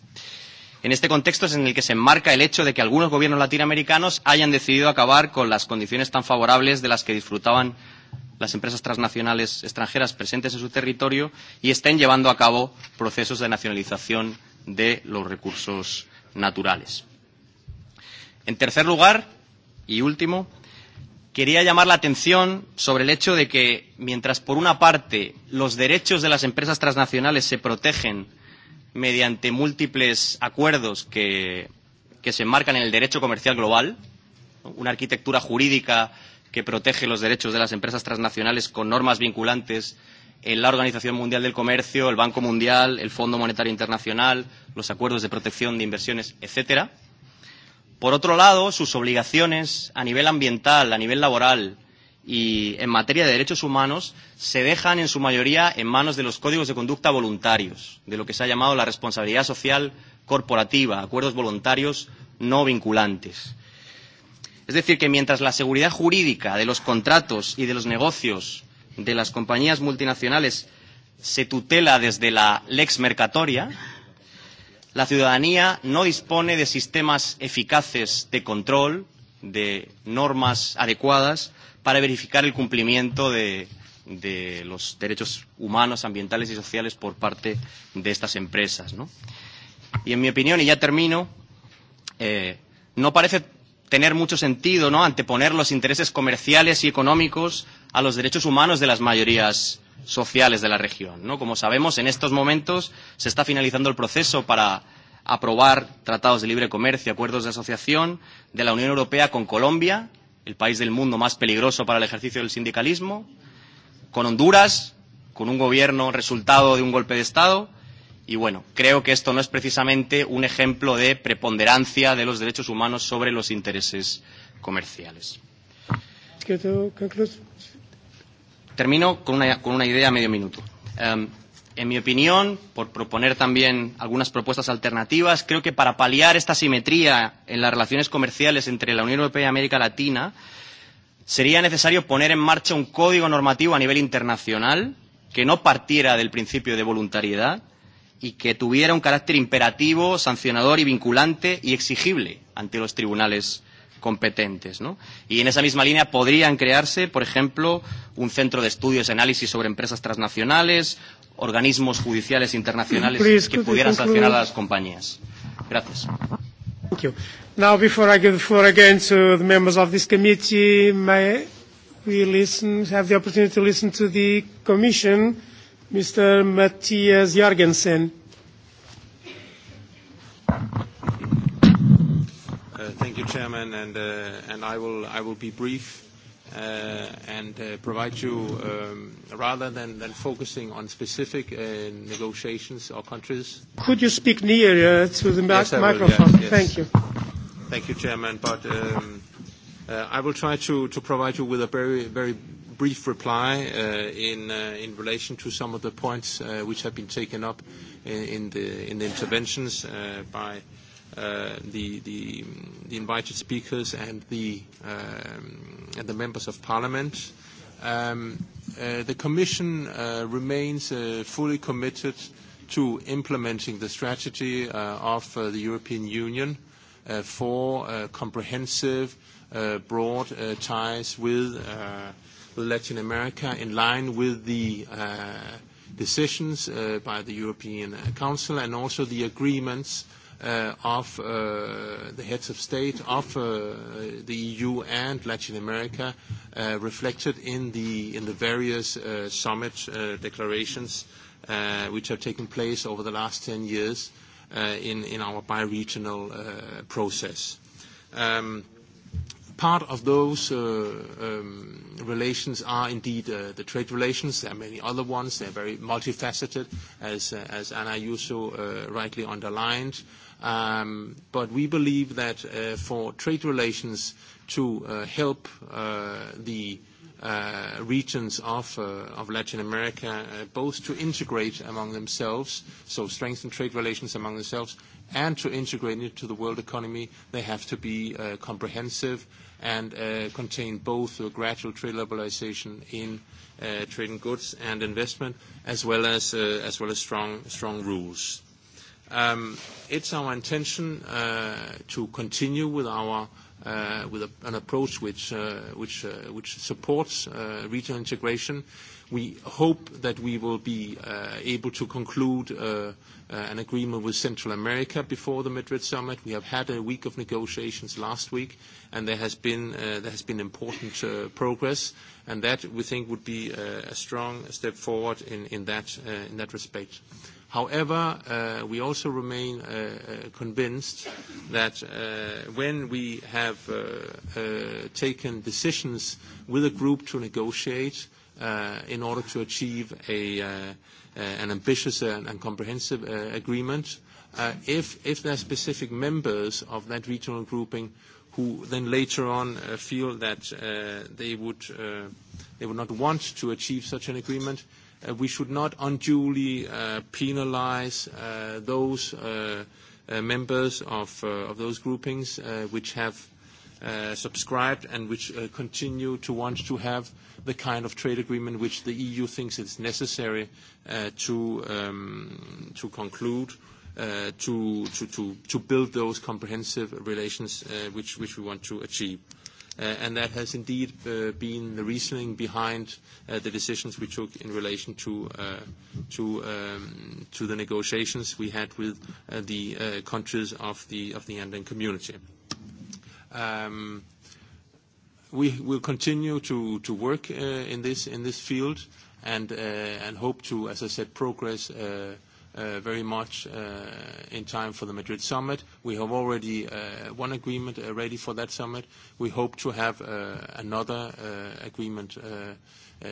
S12: En este contexto es en el que se enmarca el hecho de que algunos gobiernos latinoamericanos hayan decidido acabar con las condiciones tan favorables de las que disfrutaban las empresas transnacionales extranjeras presentes en su territorio y estén llevando a cabo procesos de nacionalización de los recursos naturales. En tercer lugar, y último, quería llamar la atención sobre el hecho de que, mientras por una parte los derechos de las empresas transnacionales se protegen mediante múltiples acuerdos que, que se enmarcan en el derecho comercial global, una arquitectura jurídica que protege los derechos de las empresas transnacionales con normas vinculantes en la Organización Mundial del Comercio, el Banco Mundial, el Fondo Monetario Internacional, los acuerdos de protección de inversiones, etcétera. Por otro lado, sus obligaciones a nivel ambiental, a nivel laboral y en materia de derechos humanos se dejan en su mayoría en manos de los códigos de conducta voluntarios, de lo que se ha llamado la responsabilidad social corporativa, acuerdos voluntarios no vinculantes. Es decir, que mientras la seguridad jurídica de los contratos y de los negocios de las compañías multinacionales se tutela desde la lex mercatoria, la ciudadanía no dispone de sistemas eficaces de control, de normas adecuadas para verificar el cumplimiento de, de los derechos humanos, ambientales y sociales por parte de estas empresas. ¿no? Y en mi opinión, y ya termino, eh, no parece tener mucho sentido ¿no? anteponer los intereses comerciales y económicos a los derechos humanos de las mayorías sociales de la región. ¿no? Como sabemos, en estos momentos se está finalizando el proceso para aprobar tratados de libre comercio, acuerdos de asociación de la Unión Europea con Colombia, el país del mundo más peligroso para el ejercicio del sindicalismo, con Honduras, con un gobierno resultado de un golpe de Estado. Y bueno, creo que esto no es precisamente un ejemplo de preponderancia de los derechos humanos sobre los intereses comerciales. Termino con una, con una idea a medio minuto. Um, en mi opinión, por proponer también algunas propuestas alternativas, creo que para paliar esta simetría en las relaciones comerciales entre la Unión Europea y América Latina, sería necesario poner en marcha un código normativo a nivel internacional que no partiera del principio de voluntariedad y que tuviera un carácter imperativo, sancionador y vinculante y exigible ante los tribunales competentes. ¿no? Y en esa misma línea podrían crearse, por ejemplo, un centro de estudios y análisis sobre empresas transnacionales, organismos judiciales internacionales Please, que pudieran sancionar a las compañías. Gracias.
S2: Thank you. Now, before I give the floor again to the members of this committee, may we listen, have the opportunity to listen to the Commission, Mr. Matthias Jorgensen.
S13: Thank you,
S14: Chairman, and I will be brief and provide you, rather than focusing on specific negotiations or countries.
S2: Could you speak nearer to the microphone? Yes, Yes. I will. Thank you.
S14: Thank you, Chairman. But I will try to provide you with a very, very brief reply in relation to some of the points which have been taken up in the interventions by the, the, the invited speakers and the, um, and the members of parliament. Um, uh, the Commission uh, remains uh, fully committed to implementing the strategy uh, of uh, the European Union uh, for uh, comprehensive, uh, broad uh, ties with uh, Latin America in line with the uh, decisions uh, by the European Council and also the agreements uh, of the heads of state of the EU and Latin America reflected in the various summit declarations which have taken place over the last 10 years in our bi-regional process. Part of those relations are indeed the trade relations. There are many other ones. They're very multifaceted, as Anna Ayuso rightly underlined. But we believe that for trade relations to help the regions of Latin America both to integrate among themselves, so strengthen trade relations among themselves, and to integrate into the world economy, they have to be comprehensive and contain both a gradual trade liberalization in trading goods and investment, as well as strong rules it's our intention to continue with our with an approach which which which supports regional integration. We hope that we will be able to conclude an agreement with Central America before the Madrid summit. We have had a week of negotiations last week, and there has been important progress, and that we think would be a strong step forward in that respect. However, we also remain convinced that when we have taken decisions with a group to negotiate in order to achieve an ambitious and comprehensive agreement, if there are specific members of that regional grouping who then later on feel that they would not want to achieve such an agreement, we should not unduly penalize those members of those groupings which have subscribed and which continue to want to have the kind of trade agreement which the EU thinks is necessary to conclude to build those comprehensive relations which we want to achieve and that has indeed been the reasoning behind the decisions we took in relation to the negotiations we had with the countries of the Andean Community. We will continue to work in this field and hope to, as I said, progress very much in time for the Madrid summit. We have already one agreement ready for that summit. We hope to have another agreement,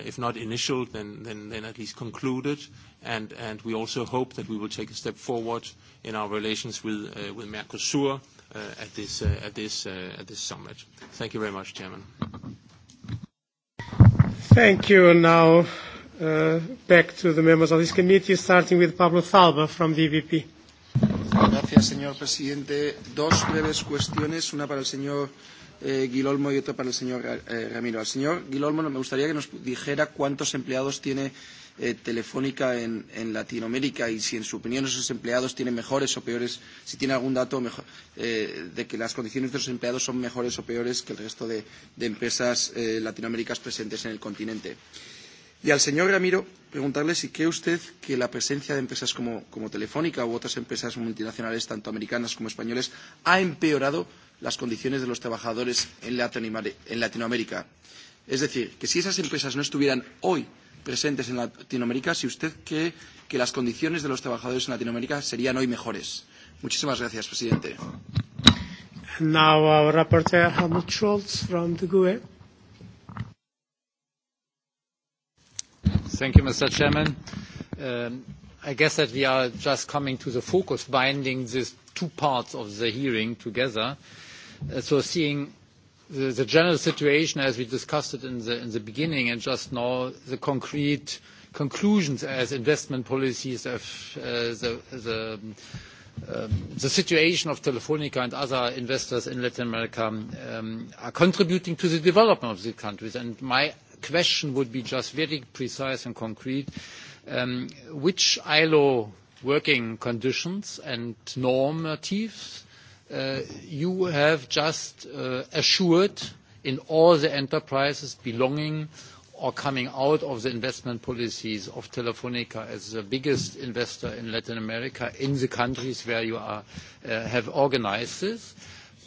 S14: if not initial, then at least concluded. And we also hope that we will take a step forward in our relations with Mercosur at this summit. Thank you very much, Chairman.
S2: Thank you. Now back to the members of this committee, starting with Pablo Zalba from
S8: Gracias, señor presidente. Dos breves cuestiones, una para el señor eh, Guilolmo y otra para el señor eh, Ramiro. Al señor Guilolmo me gustaría que nos dijera cuántos empleados tiene eh, Telefónica en, en Latinoamérica y si en su opinión esos empleados tienen mejores o peores, si tiene algún dato mejor, eh, de que las condiciones de los empleados son mejores o peores que el resto de, de empresas eh, latinoaméricas presentes en el continente. Y al señor Ramiro, preguntarle si cree usted que la presencia de empresas como, como Telefónica u otras empresas multinacionales, tanto americanas como españoles, ha empeorado las condiciones de los trabajadores en, en Latinoamérica. Es decir, que si esas empresas no estuvieran hoy presentes en Latinoamérica, si usted cree que las condiciones de los trabajadores en Latinoamérica serían hoy mejores. Muchísimas gracias, presidente.
S2: Now our Helmut from the GUE.
S7: Mr. Chairman. I guess that we are just coming to the focus, binding these two parts of the hearing together. So seeing the general situation as we discussed it in the beginning and just now, the concrete conclusions as investment policies, the situation of Telefónica and other investors in Latin America are contributing to the development of the countries. And My question would be just very precise and concrete. Which ILO working conditions and normatives you have just assured in all the enterprises belonging or coming out of the investment policies of Telefónica as the biggest investor in Latin America in the countries where you have organized this?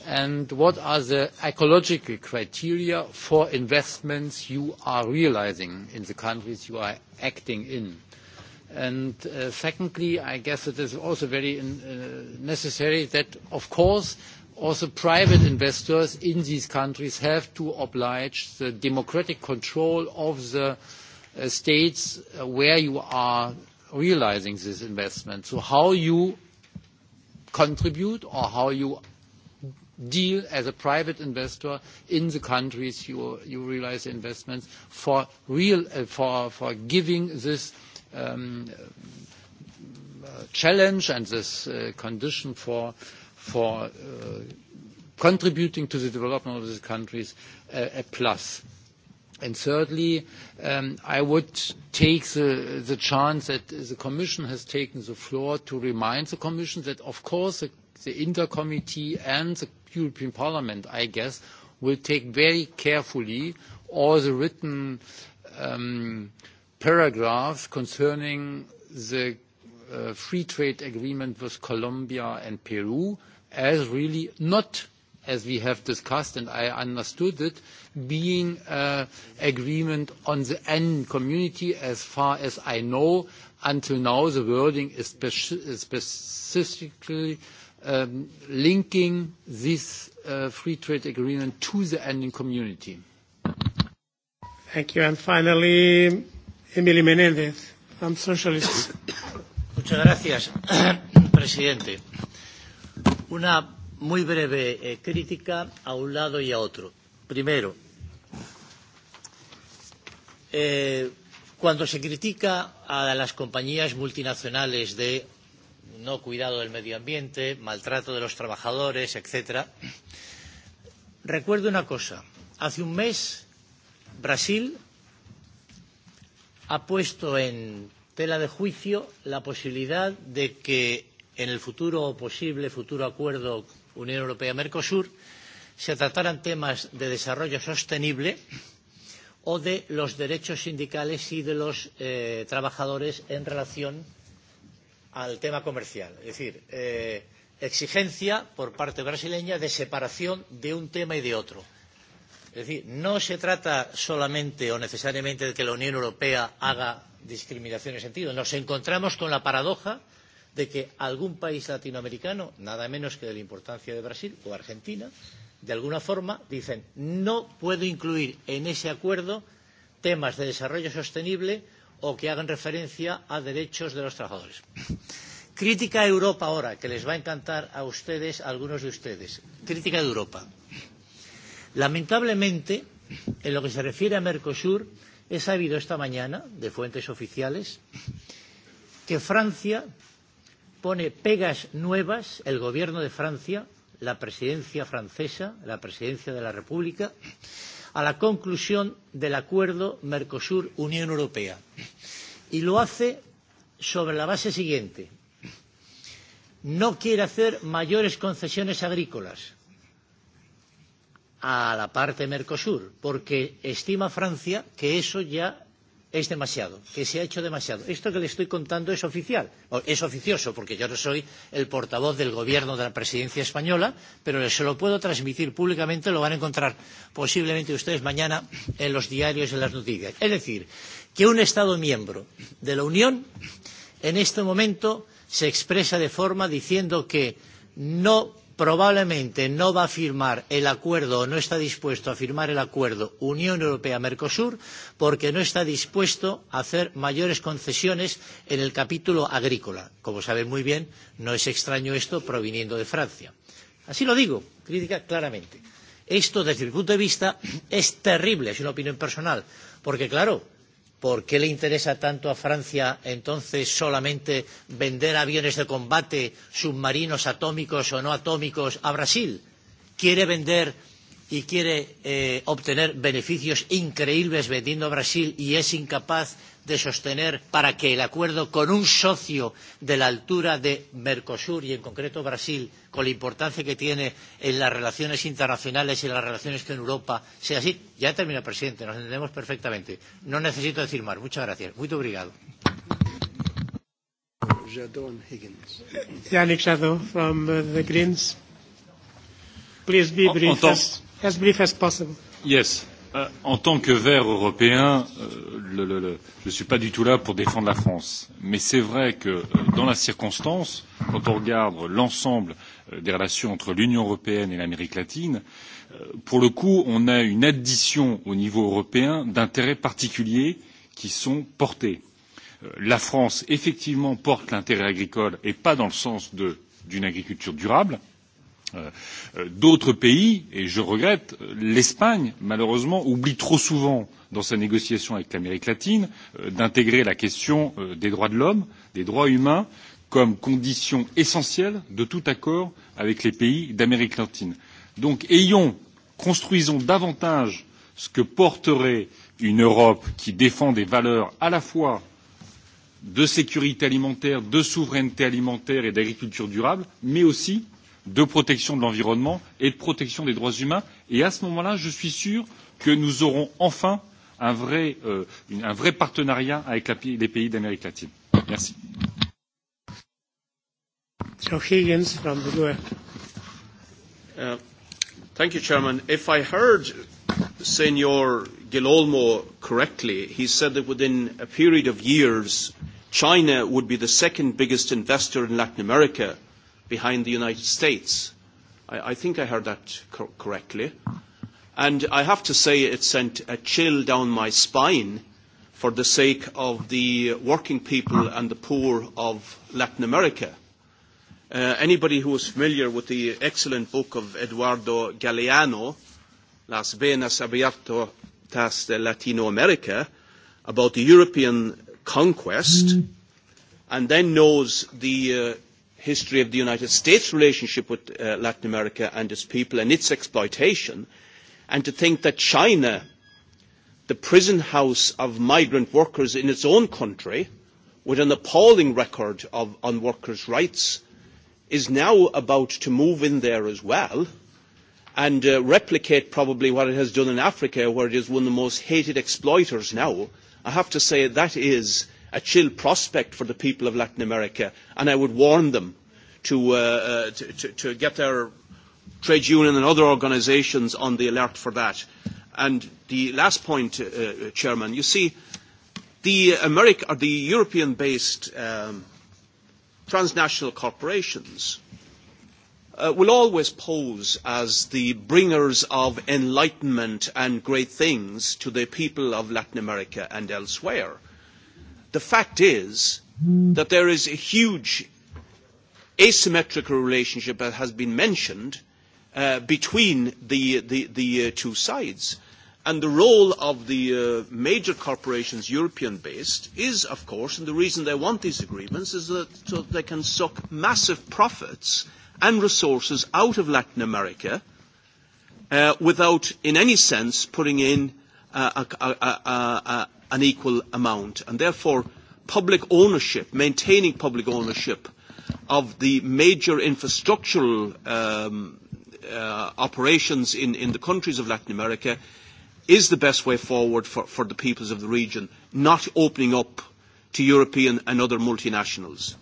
S7: and what are the ecological criteria for investments you are realising in the countries you are acting in? Secondly, I guess it is also very necessary that, of course, also private investors in these countries have to oblige the democratic control of the states where you are realising this investment. So How you contribute or how you deal as a private investor in the countries you realise the investments for giving this challenge and this condition for contributing to the development of these countries a plus. And Thirdly, I would take the chance that the Commission has taken the floor to remind the Commission that, of course, the Inter Committee and the European Parliament, I guess, will take very carefully all the written paragraphs concerning the free trade agreement with Colombia and Peru as really not, as we have discussed and I understood it, being an agreement on the N community as far as I know. Until now, the wording is specifically linking this free trade
S2: agreement to the ending community. Thank you. finally, Menéndez, socialist.
S9: Muchas gracias, presidente. Una muy breve crítica a un lado y a otro. Primero, cuando se critica a las compañías multinacionales de no cuidado del medio ambiente, maltrato de los trabajadores, etc. Recuerdo una cosa. Hace un mes, Brasil ha puesto en tela de juicio la posibilidad de que en el futuro o posible futuro acuerdo Unión Europea-Mercosur se trataran temas de desarrollo sostenible o de los derechos sindicales y de los eh, trabajadores en relación al tema comercial. Es decir, eh, exigencia por parte brasileña de separación de un tema y de otro. Es decir, no se trata solamente o necesariamente de que la Unión Europea haga discriminación en sentido. Nos encontramos con la paradoja de que algún país latinoamericano, nada menos que de la importancia de Brasil o Argentina, de alguna forma dicen no puedo incluir en ese acuerdo temas de desarrollo sostenible o que hagan referencia a derechos de los trabajadores. Crítica a Europa ahora, que les va a encantar a ustedes, a algunos de ustedes. Crítica de Europa. Lamentablemente, en lo que se refiere a Mercosur, he sabido esta mañana, de fuentes oficiales, que Francia pone pegas nuevas, el gobierno de Francia, la presidencia francesa, la presidencia de la República, a la conclusión del acuerdo Mercosur-Unión Europea. Y lo hace sobre la base siguiente. No quiere hacer mayores concesiones agrícolas a la parte Mercosur, porque estima Francia que eso ya es demasiado, que se ha hecho demasiado. Esto que le estoy contando es oficial, es oficioso, porque yo no soy el portavoz del gobierno de la presidencia española, pero se lo puedo transmitir públicamente, lo van a encontrar posiblemente ustedes mañana en los diarios y en las noticias. Es decir, que un Estado miembro de la Unión en este momento se expresa de forma diciendo que no probablemente no va a firmar el acuerdo o no está dispuesto a firmar el acuerdo Unión Europea-Mercosur porque no está dispuesto a hacer mayores concesiones en el capítulo agrícola. Como saben muy bien, no es extraño esto proviniendo de Francia. Así lo digo, crítica claramente. Esto, desde mi punto de vista, es terrible, es una opinión personal, porque claro, ¿Por qué le interesa tanto a Francia entonces solamente vender aviones de combate, submarinos atómicos o no atómicos a Brasil? Quiere vender y quiere eh, obtener beneficios increíbles vendiendo a Brasil y es incapaz de sostener para que el acuerdo con un socio de la altura de Mercosur y en concreto Brasil, con la importancia que tiene en las relaciones internacionales y en las relaciones con Europa, sea así. Ya termina, presidente, nos entendemos perfectamente. No necesito decir más. Muchas gracias. Muy obrigado.
S3: Jadon Higgins.
S2: Yannick Jadot from uh, the Greens. Please be brief, as, as brief as possible.
S10: Yes en tant que vert européen, je ne suis pas du tout là pour défendre la France. Mais c'est vrai que dans la circonstance, quand on regarde l'ensemble des relations entre l'Union européenne et l'Amérique latine, pour le coup, on a une addition au niveau européen d'intérêts particuliers qui sont portés. La France, effectivement, porte l'intérêt agricole et pas dans le sens d'une agriculture durable, D'autres pays, et je regrette, l'Espagne, malheureusement, oublie trop souvent, dans sa négociation avec l'Amérique latine, d'intégrer la question des droits de l'homme, des droits humains, comme condition essentielle de tout accord avec les pays d'Amérique latine. Donc, ayons, construisons davantage ce que porterait une Europe qui défend des valeurs à la fois de sécurité alimentaire, de souveraineté alimentaire et d'agriculture durable, mais aussi de protection de l'environnement et de protection des droits humains et à ce moment là je suis sûr que nous aurons enfin un vrai, partenariat avec les pays d'amérique latine. merci. if
S4: i heard senor gilolmo correctly he said that within a period of years china would be the second biggest investor in latin america behind the United States. I, I think I heard that cor- correctly. And I have to say it sent a chill down my spine for the sake of the working people and the poor of Latin America. Uh, anybody who is familiar with the excellent book of Eduardo Galeano, Las Venas Abiertas de Latinoamerica about the European conquest, and then knows the history of the United States' relationship with Latin America and its people and its exploitation, and to think that China, the prison house of migrant workers in its own country, with an appalling record on workers' rights, is now about to move in there as well and replicate probably what it has done in Africa, where it is one of the most hated exploiters now. I have to say that is a chill prospect for the people of Latin America, and I would warn them to, uh, to, to, to get their trade union and other organisations on the alert for that. And the last point, uh, Chairman, you see, the, America, or the European-based um, transnational corporations uh, will always pose as the bringers of enlightenment and great things to the people of Latin America and elsewhere The fact is that there is a huge asymmetrical relationship that has been mentioned between the, two sides. And the role of the major corporations, European-based, is, of course, and the reason they want these agreements is that so they can suck massive profits and resources out of Latin America without, in any sense, putting in a, an equal amount. And therefore, public ownership, maintaining public ownership of the major infrastructural um, uh, operations in, in the countries of Latin America is the best way forward for, for the peoples of the region, not opening up to European and other multinationals.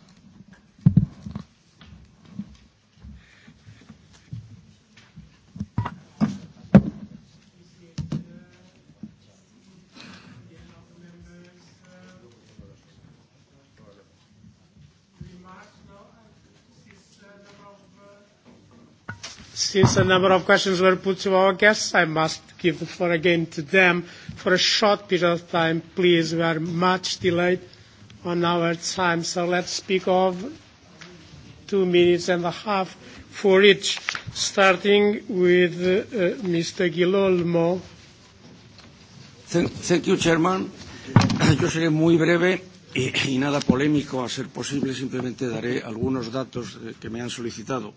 S2: since a number of questions were put to our guests, I must give the floor again to them for a short period of time. Please, we are much delayed on our time, so let's speak of two minutes and a half for each, starting with uh, Mr.
S11: Gilolmo. Thank, thank you, Chairman. Yo seré muy breve y, y nada polémico a ser posible, simplemente daré algunos datos que me han solicitado.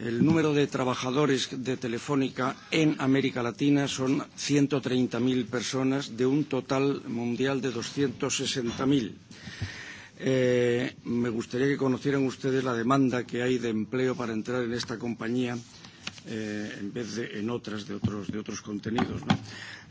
S11: El número de trabajadores de Telefónica en América Latina son ciento 130.000 personas de un total mundial de doscientos 260.000. Eh, me gustaría que conocieran ustedes la demanda que hay de empleo para entrar en esta compañía eh, en vez de en otras de otros, de otros contenidos. ¿no?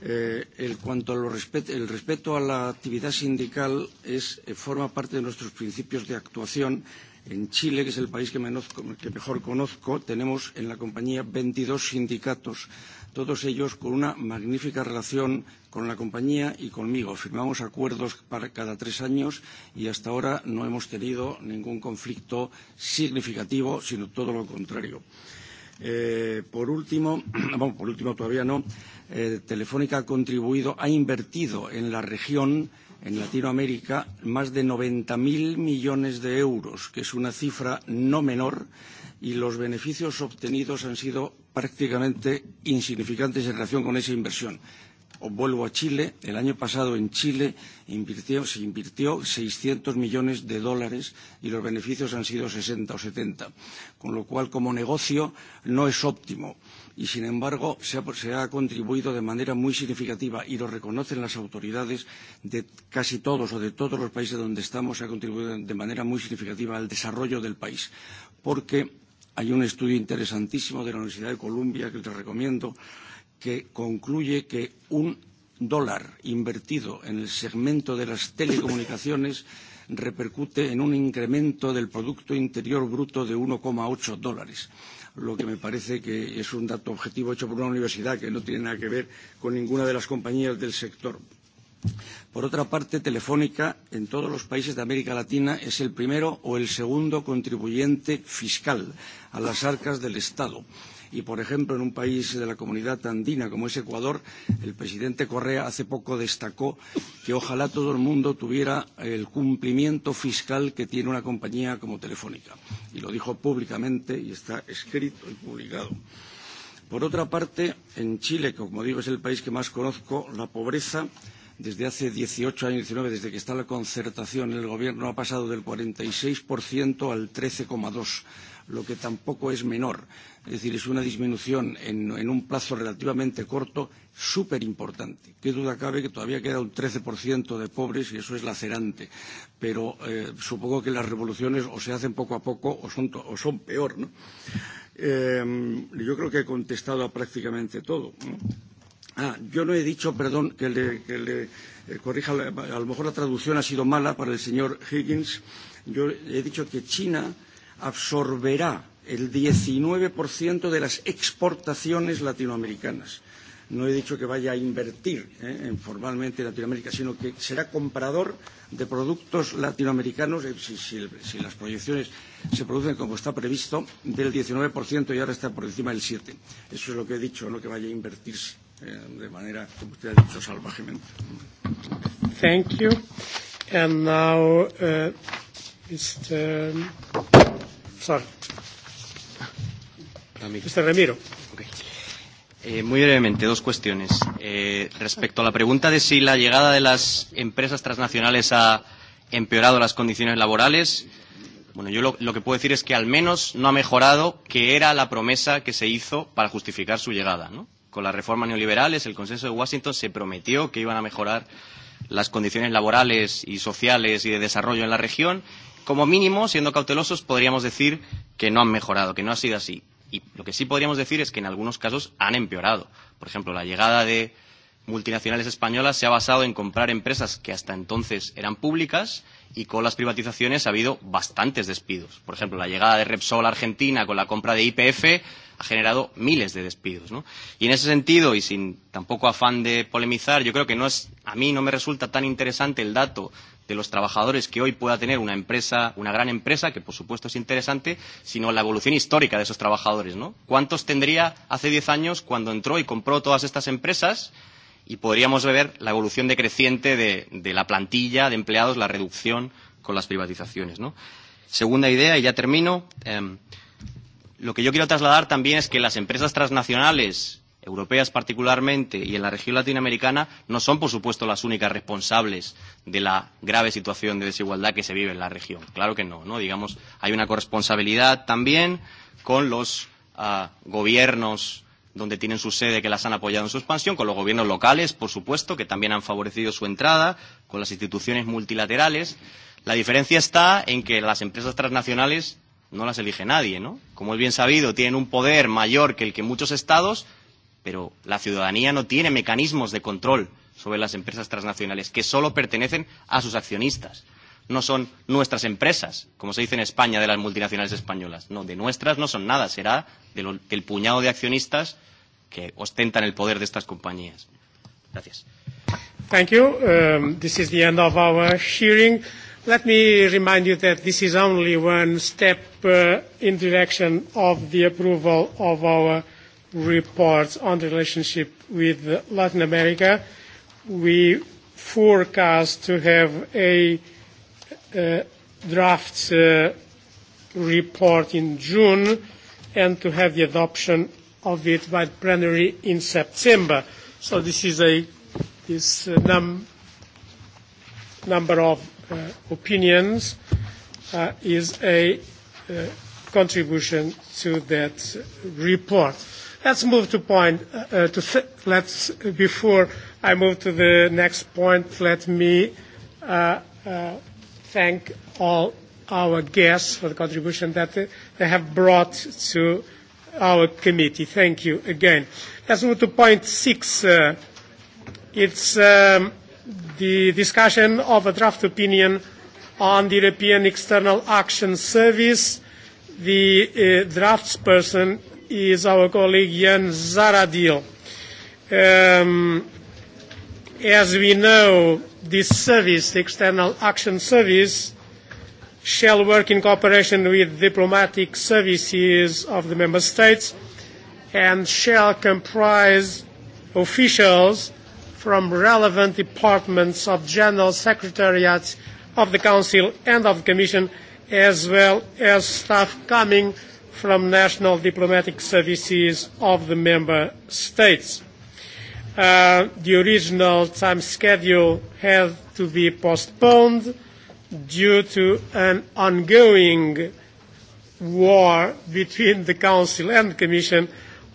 S11: Eh, el, cuanto a lo respet el respeto a la actividad sindical es, eh, forma parte de nuestros principios de actuación En Chile, que es el país que, mejor conozco, tenemos en la compañía veintidós sindicatos, todos ellos con una magnífica relación con la compañía y conmigo. Firmamos acuerdos para cada tres años y hasta ahora no hemos tenido ningún conflicto significativo, sino todo lo contrario. por último, bueno, por último todavía no, Telefónica ha contribuido, ha invertido en la región en Latinoamérica más de 90.000 millones de euros, que es una cifra no menor, y los beneficios obtenidos han sido prácticamente insignificantes en relación con esa inversión. Vuelvo a Chile. El año pasado en Chile se invirtió 600 millones de dólares y los beneficios han sido 60 o 70. Con lo cual, como negocio, no es óptimo y sin embargo se ha, contribuido de manera muy significativa y lo reconocen las autoridades de casi todos o de todos los países donde estamos se ha contribuido de manera muy significativa al desarrollo del país porque hay un estudio interesantísimo de la Universidad de Columbia que les recomiendo que concluye que un dólar invertido en el segmento de las telecomunicaciones repercute en un incremento del Producto Interior Bruto de 1,8 dólares lo que me parece que es un dato objetivo hecho por una universidad que no tiene nada que ver con ninguna de las compañías del sector. Por otra parte, Telefónica en todos los países de América Latina es el primero o el segundo contribuyente fiscal a las arcas del Estado. Eh, Y, por ejemplo, en un país de la comunidad andina como es Ecuador, el presidente Correa hace poco destacó que ojalá todo el mundo tuviera el cumplimiento fiscal que tiene una compañía como Telefónica. Y lo dijo públicamente y está escrito y publicado. Por otra parte, en Chile, que como digo es el país que más conozco, la pobreza desde hace 18 años, 19, desde que está la concertación en el gobierno, ha pasado del 46% al dos lo que tampoco es menor. Es decir, es una disminución en, en un plazo relativamente corto súper importante. Qué duda cabe que todavía queda un 13% de pobres y eso es lacerante. Pero eh, supongo que las revoluciones o se hacen poco a poco o son, o son peor. ¿no? Eh, yo creo que he contestado a prácticamente todo. ¿no? Ah, yo no he dicho, perdón, que le, que le eh, corrija, a lo mejor la traducción ha sido mala para el señor Higgins. Yo he dicho que China absorberá el 19% de las exportaciones latinoamericanas. No he dicho que vaya a invertir eh, formalmente en Latinoamérica, sino que será comprador de productos latinoamericanos, si, si, si las proyecciones se producen como está previsto, del 19% y ahora está por encima del 7%. Eso es lo que he dicho, no que vaya a invertirse eh, de manera, como usted ha dicho, salvajemente.
S2: Thank you. And now, uh, Mr. Sorry. Mr. Ramiro.
S12: Eh, muy brevemente, dos cuestiones. Eh, respecto a la pregunta de si la llegada de las empresas transnacionales ha empeorado las condiciones laborales, bueno, yo lo, lo que puedo decir es que al menos no ha mejorado, que era la promesa que se hizo para justificar su llegada. ¿no? Con las reformas neoliberales, el consenso de Washington se prometió que iban a mejorar las condiciones laborales y sociales y de desarrollo en la región como mínimo, siendo cautelosos, podríamos decir que no han mejorado, que no ha sido así. Y lo que sí podríamos decir es que en algunos casos han empeorado. Por ejemplo, la llegada de multinacionales españolas se ha basado en comprar empresas que hasta entonces eran públicas y con las privatizaciones ha habido bastantes despidos. Por ejemplo, la llegada de Repsol a Argentina con la compra de IPF ha generado miles de despidos. ¿no? Y en ese sentido, y sin tampoco afán de polemizar, yo creo que no es, a mí no me resulta tan interesante el dato de los trabajadores que hoy pueda tener una empresa, una gran empresa, que por supuesto es interesante, sino la evolución histórica de esos trabajadores, ¿no? ¿Cuántos tendría hace 10 años cuando entró y compró todas estas empresas? Y podríamos ver la evolución decreciente de, de la plantilla de empleados, la reducción con las privatizaciones, ¿no? Segunda idea, y ya termino. Eh, lo que yo quiero trasladar también es que las empresas transnacionales europeas particularmente y en la región latinoamericana no son, por supuesto, las únicas responsables de la grave situación de desigualdad que se vive en la región. Claro que no, ¿no? Digamos, hay una corresponsabilidad también con los uh, gobiernos donde tienen su sede que las han apoyado en su expansión, con los gobiernos locales, por supuesto, que también han favorecido su entrada, con las instituciones multilaterales. La diferencia está en que las empresas transnacionales no las elige nadie, ¿no? Como es bien sabido, tienen un poder mayor que el que muchos estados, pero la ciudadanía no tiene mecanismos de control sobre las empresas transnacionales, que solo pertenecen a sus accionistas. No son nuestras empresas, como se dice en España de las multinacionales españolas. No, de nuestras no son nada, será de lo, del puñado de accionistas que ostentan el poder de estas compañías. Gracias.
S2: Thank you. Um, this is the end of our hearing. Let me remind you that this is only one step uh, in direction of the approval of our reports on the relationship with Latin America. We forecast to have a draft report in June and to have the adoption of it by plenary in September. So this is a this num number of opinions is a contribution to that report. Let's move to point. Uh, to th- let's before I move to the next point, let me uh, uh, thank all our guests for the contribution that they have brought to our committee. Thank you again. Let's move to point six. Uh, it's um, the discussion of a draft opinion on the European External Action Service. The uh, draftsperson is our colleague Jan Zaradil. Um, as we know, this service, the External Action Service, shall work in cooperation with diplomatic services of the Member States and shall comprise officials from relevant departments of General Secretariats of the Council and of the Commission, as well as staff coming from national diplomatic services of the member states. Uh, the original time schedule had to be postponed due to an ongoing war between the Council and the Commission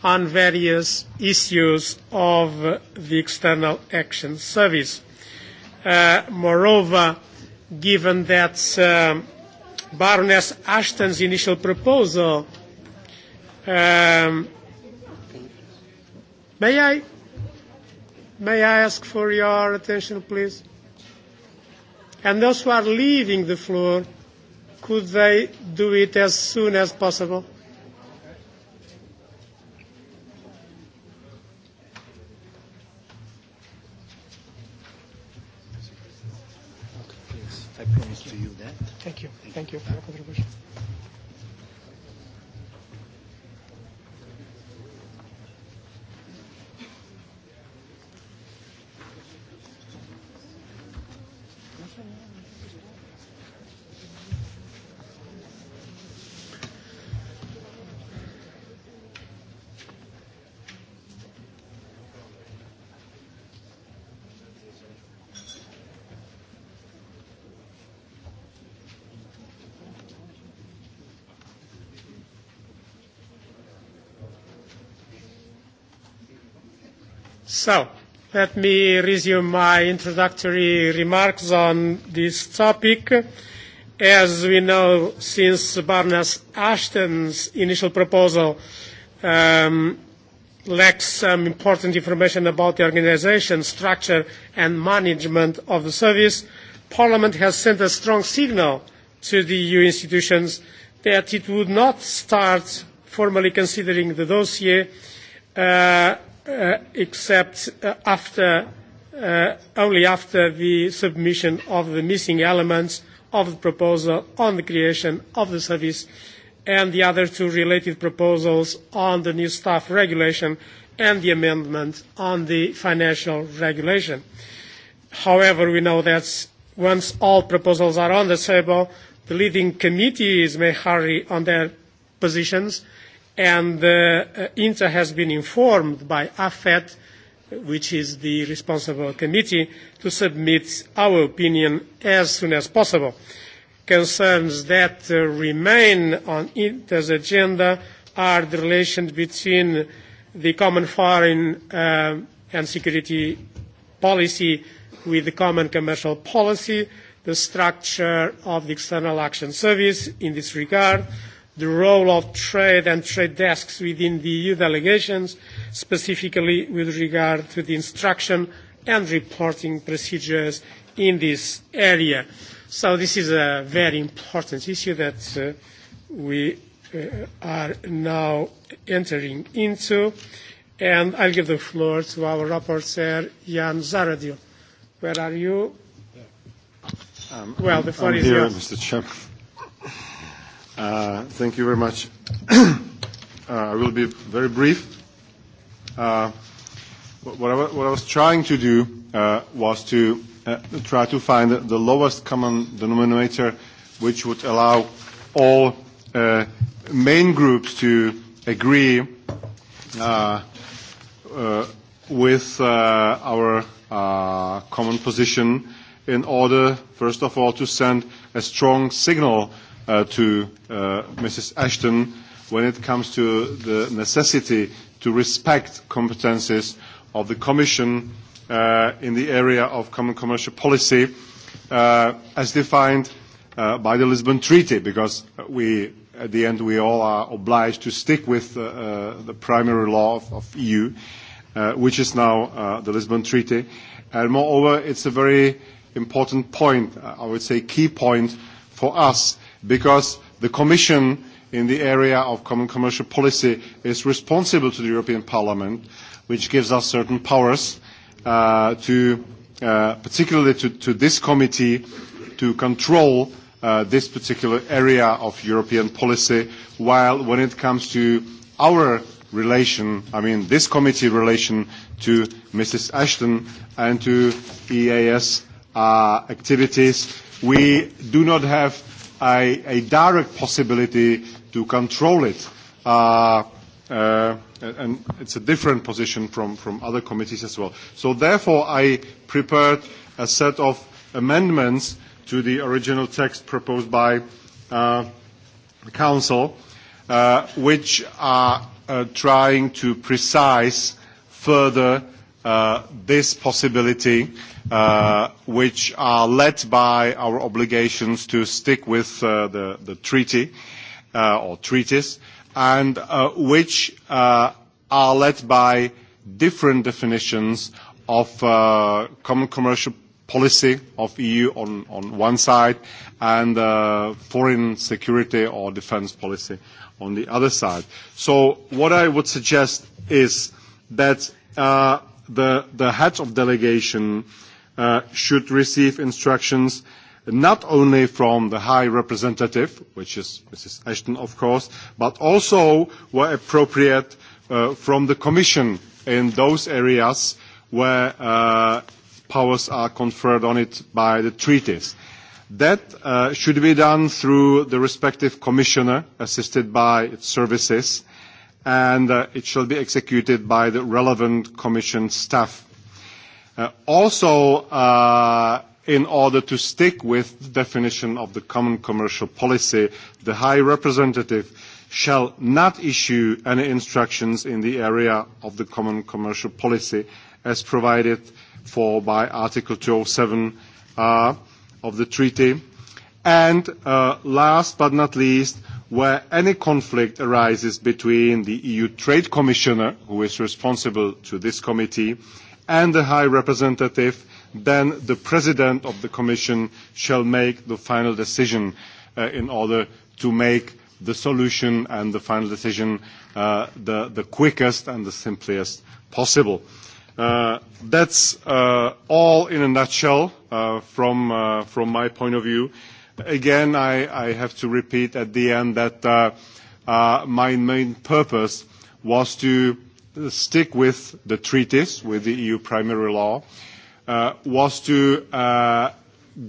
S2: on various issues of the External Action Service. Uh, moreover, given that um, Baroness Ashton's initial proposal Um, may I may I ask for your attention, please? And those who are leaving the floor, could they do it as soon as possible? Thank you.
S10: Thank you Thank you.
S2: So, let me resume my introductory remarks on this topic. As we know, since Barnes Ashton's initial proposal um, lacks some important information about the organisation, structure and management of the service, Parliament has sent a strong signal to the EU institutions that it would not start formally considering the dossier except after only after the submission of the missing elements of the proposal on the creation of the service and the other two related proposals on the new staff regulation and the amendment on the financial regulation. However, we know that once all proposals are on the table, the leading committees may hurry on their positions and uh, INTA has been informed by AFET, which is the responsible committee, to submit our opinion as soon as possible. Concerns that uh, remain on INTA's agenda are the relations between the common foreign uh, and security policy with the common commercial policy, the structure of the external action service in this regard, the role of trade and trade desks within the EU delegations, specifically with regard to the instruction and reporting procedures in this area. So this is a very important issue that we are now entering into. And I'll give the floor to our rapporteur, Jan Zaradil. Where are you?
S15: well, the floor is yours. Mr. Chairman thank you very much. I will be very brief. what, I, was trying to do was to uh, try to find the lowest common denominator which would allow all main groups to agree with uh, our uh, common position in order, first of all, to send a strong signal uh, to uh, Mrs. Ashton when it comes to the necessity to respect competences of the Commission uh, in the area of common commercial policy uh, as defined uh, by the Lisbon Treaty, because we, at the end we all are obliged to stick with uh, uh, the primary law of, of EU, uh, which is now uh, the Lisbon Treaty. And moreover, it's a very important point, I would say key point for us because the Commission in the area of common commercial policy is responsible to the European Parliament, which gives us certain powers to, particularly to, this committee, to control this particular area of European policy, while when it comes to our relation, I mean this committee relation to Mrs. Ashton and to EAS activities, we do not have a, direct possibility to control it. Uh, uh, and it's a different position from, from other committees as well. So therefore, I prepared a set of amendments to the original text proposed by uh, the Council, uh, which are uh, trying to precise further uh, this possibility which are led by our obligations to stick with the, the treaty or treaties, and which are led by different definitions of common commercial policy of EU on, one side and uh, foreign security or defense policy on the other side. So what I would suggest is that the, the heads of delegation should receive instructions not only from the High Representative, which is Mrs. Ashton, of course, but also, where appropriate, from the Commission in those areas where powers are conferred on it by the treaties. That should be done through the respective commissioner, assisted by its services, and it shall be executed by the relevant commission staff Also, in order to stick with the definition of the common commercial policy, the High Representative shall not issue any instructions in the area of the common commercial policy as provided for by Article 207 seven of the treaty. And last but not least, where any conflict arises between the EU Trade Commissioner, who is responsible to this committee, and the High Representative, then the President of the Commission shall make the final decision in order to make the solution and the final decision the quickest and the simplest possible. That's all in a nutshell from my point of view. Again, I have to repeat at the end that my main purpose was to stick with the treaties, with the EU primary law, was to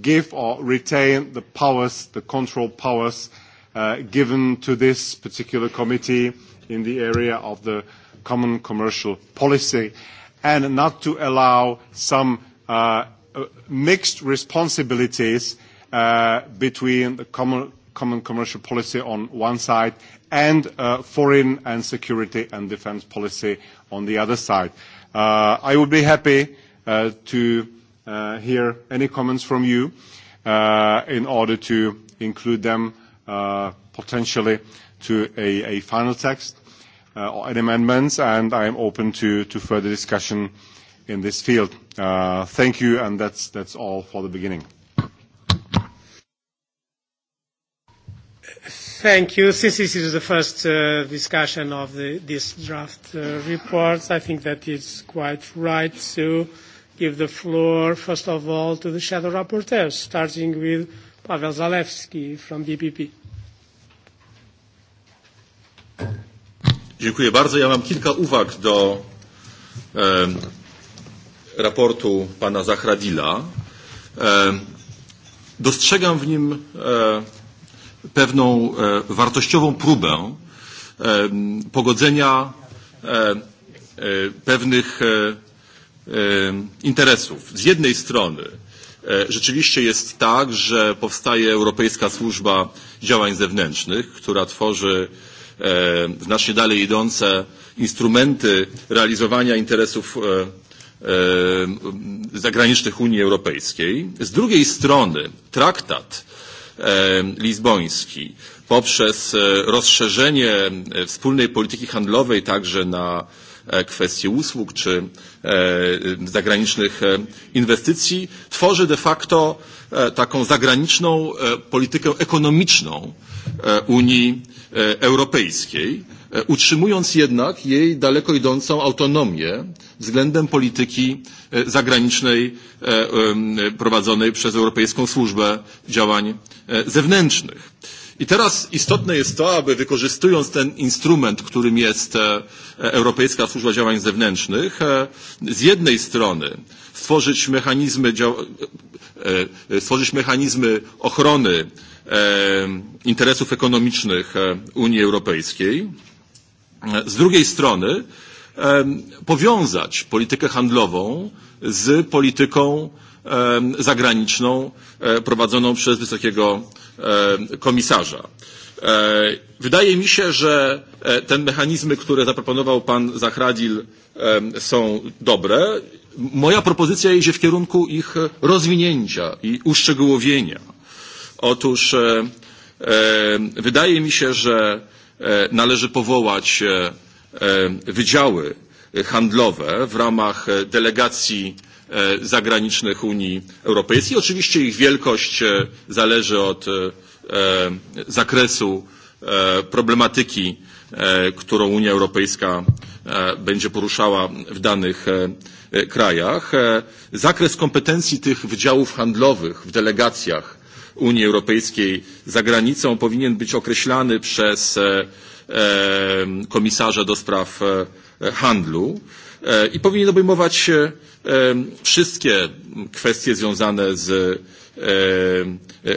S15: give or retain the powers, the control powers given to this particular committee in the area of the common commercial policy, and not to allow some mixed responsibilities between the common common commercial policy on one side and foreign and security and defence policy on the other side. I would be happy to hear any comments from you in order to include them potentially to a final text or any amendments, and I am open to further discussion in this field. Thank you, and that's all for the beginning. Thank you. Since this is the first
S2: uh, discussion of the, this draft uh, report, I think that it's quite right to give the floor, first of all, to the shadow rapporteurs, starting with Pavel Zalewski from DPP.
S1: Dziękuję bardzo. Ja mam kilka uwag do e, raportu pana Zahradila. E, dostrzegam w nim e, pewną wartościową próbę pogodzenia pewnych interesów. Z jednej strony rzeczywiście jest tak, że powstaje Europejska Służba Działań Zewnętrznych, która tworzy znacznie dalej idące instrumenty realizowania interesów zagranicznych Unii Europejskiej. Z drugiej strony traktat lizboński poprzez rozszerzenie wspólnej polityki handlowej także na kwestie usług czy zagranicznych inwestycji tworzy de facto taką zagraniczną politykę ekonomiczną Unii Europejskiej, utrzymując jednak jej daleko idącą autonomię względem polityki zagranicznej prowadzonej przez Europejską Służbę Działań Zewnętrznych. I teraz istotne jest to, aby wykorzystując ten instrument, którym jest Europejska Służba Działań Zewnętrznych, z jednej strony stworzyć mechanizmy, stworzyć mechanizmy ochrony interesów ekonomicznych Unii Europejskiej. Z drugiej strony powiązać politykę handlową z polityką zagraniczną prowadzoną przez wysokiego komisarza. Wydaje mi się, że te mechanizmy, które zaproponował pan Zahradil są dobre. Moja propozycja idzie w kierunku ich rozwinięcia i uszczegółowienia Otóż wydaje mi się, że należy powołać wydziały handlowe w ramach delegacji zagranicznych Unii Europejskiej. Oczywiście ich wielkość zależy od zakresu problematyki, którą Unia Europejska będzie poruszała w danych krajach. Zakres kompetencji tych wydziałów handlowych w delegacjach Unii Europejskiej za granicą powinien być określany przez komisarza do spraw handlu i powinien obejmować wszystkie kwestie związane z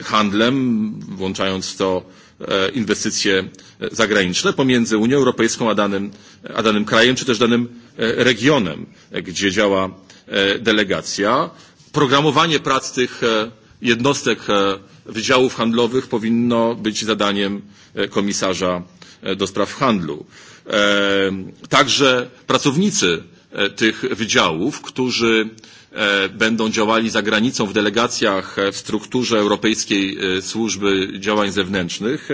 S1: handlem, włączając w to inwestycje zagraniczne pomiędzy Unią Europejską a danym, a danym krajem, czy też danym regionem, gdzie działa delegacja. Programowanie prac tych jednostek wydziałów handlowych powinno być zadaniem komisarza do spraw handlu. Także pracownicy tych wydziałów, którzy będą działali za granicą w delegacjach w strukturze Europejskiej Służby Działań Zewnętrznych,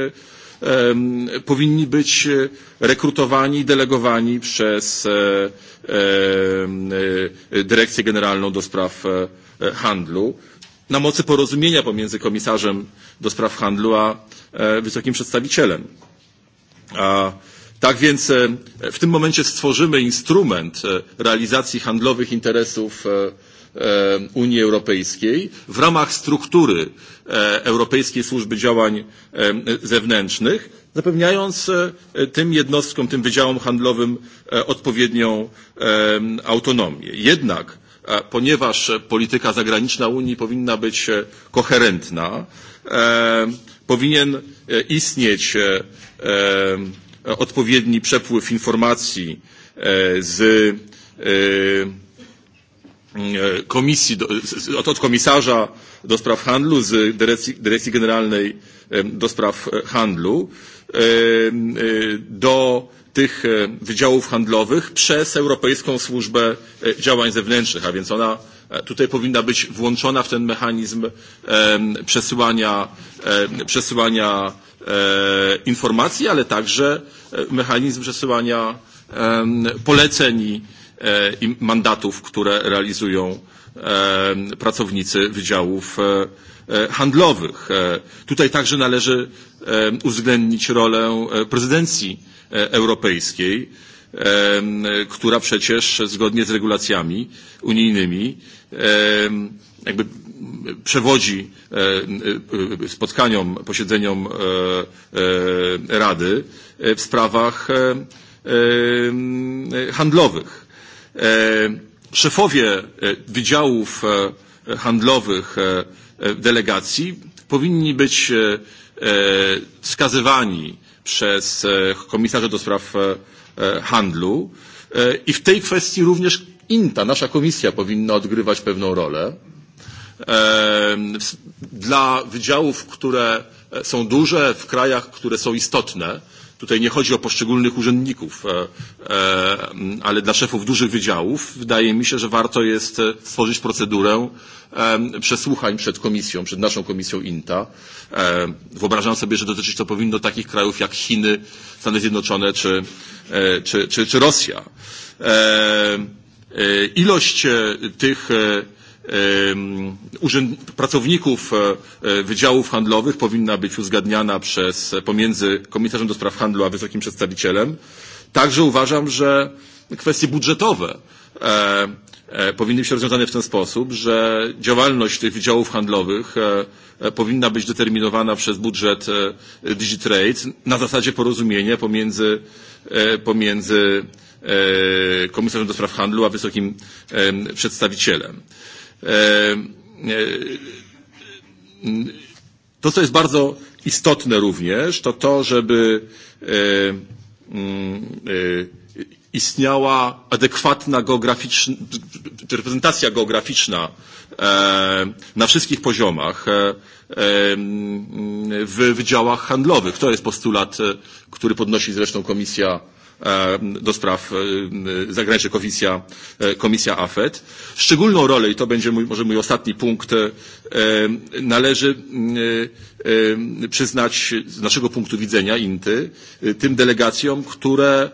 S1: powinni być rekrutowani i delegowani przez Dyrekcję Generalną do Spraw Handlu na mocy porozumienia pomiędzy komisarzem do spraw handlu a wysokim przedstawicielem. A Tak więc w tym momencie stworzymy instrument realizacji handlowych interesów Unii Europejskiej w ramach struktury Europejskiej Służby Działań Zewnętrznych, zapewniając tym jednostkom, tym wydziałom handlowym odpowiednią autonomię. Jednak ponieważ polityka zagraniczna Unii powinna być koherentna, powinien istnieć odpowiedni przepływ informacji z komisji, od komisarza do spraw handlu, z dyrekcji, dyrekcji generalnej do spraw handlu do tych wydziałów handlowych przez Europejską Służbę Działań Zewnętrznych, a więc ona tutaj powinna być włączona w ten mechanizm przesyłania, przesyłania informacji, ale także mechanizm przesyłania poleceń i mandatów, które realizują pracownicy wydziałów handlowych. Tutaj także należy uwzględnić rolę prezydencji Europejskiej, która przecież zgodnie z regulacjami unijnymi jakby przewodzi spotkaniom, posiedzeniom Rady w sprawach handlowych. Szefowie wydziałów handlowych delegacji powinni być wskazywani przez komisarza do spraw handlu i w tej kwestii również INTA, nasza komisja powinna odgrywać pewną rolę. Dla wydziałów, które są duże, w krajach, które są istotne, Tutaj nie chodzi o poszczególnych urzędników, ale dla szefów dużych wydziałów wydaje mi się, że warto jest stworzyć procedurę przesłuchań przed komisją, przed naszą komisją INTA. Wyobrażam sobie, że dotyczyć to powinno takich krajów jak Chiny, Stany Zjednoczone czy, czy, czy, czy Rosja. Ilość tych pracowników wydziałów handlowych powinna być uzgadniana przez, pomiędzy komisarzem do spraw handlu a wysokim przedstawicielem. Także uważam, że kwestie budżetowe powinny być rozwiązane w ten sposób, że działalność tych wydziałów handlowych powinna być determinowana przez budżet Digitrade na zasadzie porozumienia pomiędzy, pomiędzy komisarzem do spraw handlu a wysokim przedstawicielem. To, co jest bardzo istotne również, to to, żeby istniała adekwatna geograficzna, reprezentacja geograficzna na wszystkich poziomach w wydziałach handlowych. To jest postulat, który podnosi zresztą Komisja do spraw zagranicznych komisja, komisja AFET. Szczególną rolę, i to będzie mój, może mój ostatni punkt, należy przyznać z naszego punktu widzenia INTY tym delegacjom, które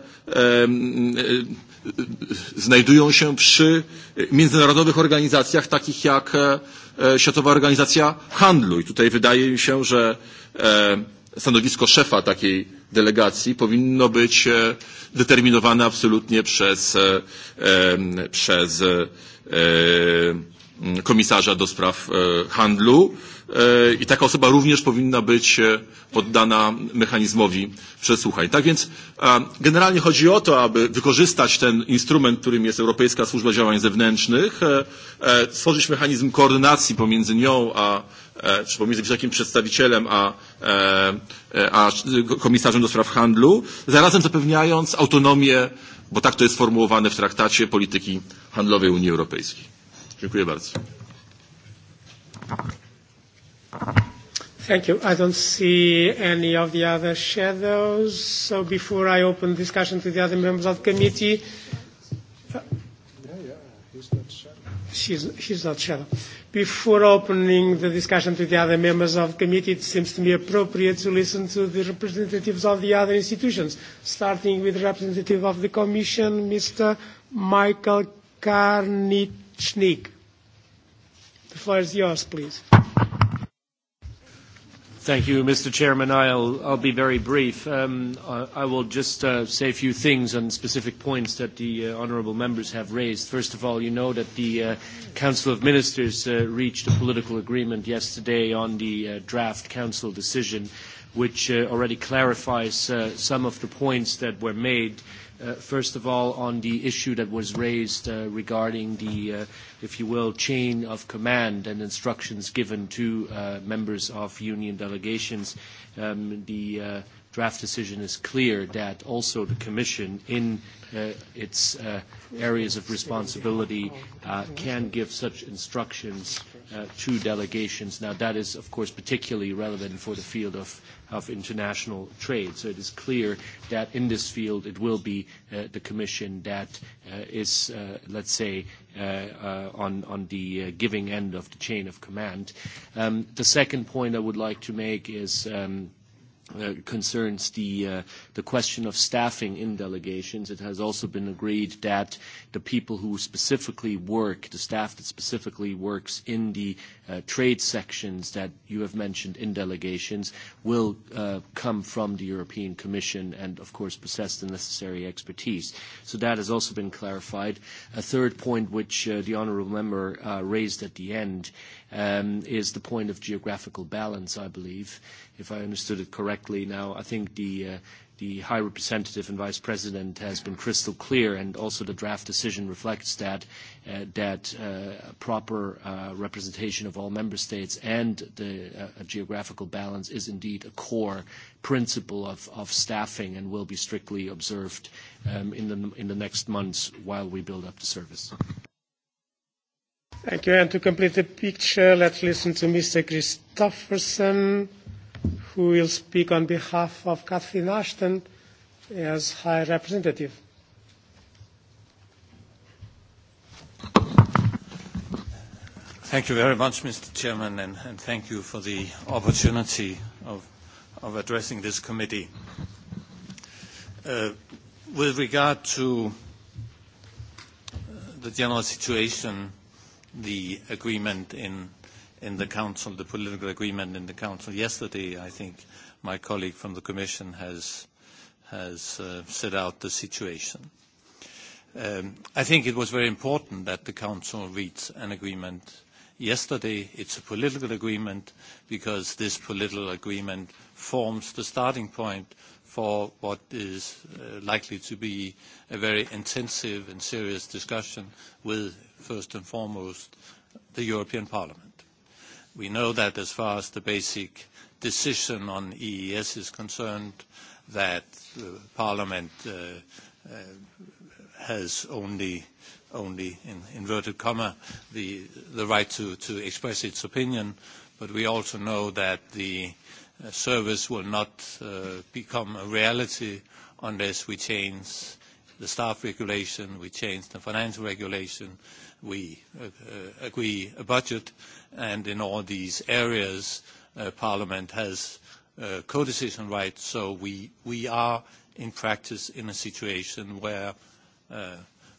S1: znajdują się przy międzynarodowych organizacjach takich jak Światowa Organizacja Handlu. I tutaj wydaje mi się, że stanowisko szefa takiej delegacji powinno być determinowane absolutnie przez, przez komisarza do spraw handlu i taka osoba również powinna być poddana mechanizmowi przesłuchań. Tak więc generalnie chodzi o to, aby wykorzystać ten instrument, którym jest Europejska Służba Działań Zewnętrznych, stworzyć mechanizm koordynacji pomiędzy nią a czy pomiędzy wysokim przedstawicielem a, a komisarzem do spraw handlu, zarazem zapewniając autonomię, bo tak to jest sformułowane w traktacie polityki handlowej Unii Europejskiej. Dziękuję bardzo.
S2: Thank you. I don't see any of the other shadows. So before I open discussion to the other members of the committee, She's, he's not shadow. Before opening the discussion to the other members of the committee, it seems to me appropriate to listen to the representatives of the other institutions, starting with the representative of the Commission, Mr. Michael Karnichnik. The floor is yours, please.
S16: Thank you, Mr. Chairman. I'll, be very brief. I, will just say a few things on specific points that the honorable honourable members have raised. First of all, you know that the Council of Ministers reached a political agreement yesterday on the draft Council decision which already clarifies some of the points that were made. First of all, on the issue that was raised regarding the, if you will, chain of command and instructions given to members of union delegations. The draft decision is clear that also the Commission, in its areas of responsibility, can give such instructions to delegations. Now, that is, of course, particularly relevant for the field of of international trade. So it is clear that in this field it will be the Commission that is, let's say, on the giving end of the chain of command. The second point I would like to make is concerns the question of staffing in delegations. It has also been agreed that the people who specifically work, the staff that specifically works in the trade sections that you have mentioned in delegations, will come from the European Commission and, of course, possess the necessary expertise. So that has also been clarified. A third point, which the honourable member raised at the end, is the point of geographical balance, I believe, if I understood it correctly. Now, I think the High Representative and Vice President has been crystal clear, and also the draft decision reflects that that proper representation of all member states and the geographical balance is indeed a core principle of staffing and will be strictly observed in the next months while we build up the service.
S2: Thank you. to complete the picture, let's listen to Mr. Christofferson, who will speak on behalf of Catherine Ashton as High Representative.
S13: Thank you very much, Mr. Chairman, and, thank you for the opportunity of, addressing this committee. with regard to the general situation the agreement in in the council, the political agreement in the council yesterday, I think my colleague from the commission has has uh, set out the situation. Um, I think it was very important that the council reached an agreement yesterday. It's a political agreement because this political agreement forms the starting point for what is uh, likely to be a very intensive and serious discussion with first and foremost the European Parliament. We know that as far as the basic decision on EES is concerned, that Parliament has only, only in inverted comma, the, the right to, to express its opinion, but we also know that the service will not become a reality unless we change the staff regulation, we change the financial regulation, we agree a budget, and in all these areas, Parliament has co-decision rights, so we are in practice in a situation where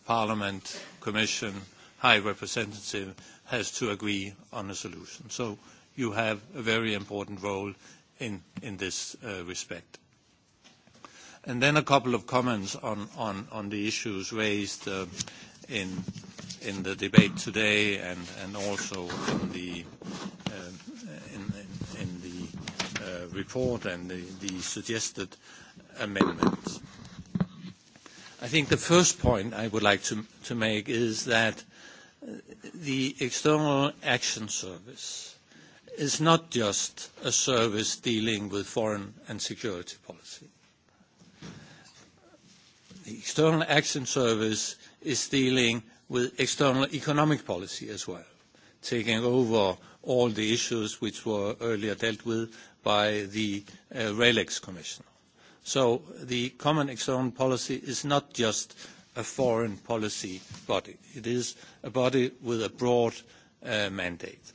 S13: Parliament, Commission, High Representative has to agree on a solution. So you have a very important role in this respect. And then a couple of comments on the issues raised in in the debate today and and also in the in the report and the suggested amendments. I think the first point I would like to to make is that the External Action Service is not just a service dealing with foreign and security policy. The External Action Service is dealing with external economic policy as well, taking over all the issues which were earlier dealt with by the RELEX Commissioner. So the common external policy is not just a foreign policy body. It is a body with a broad mandate.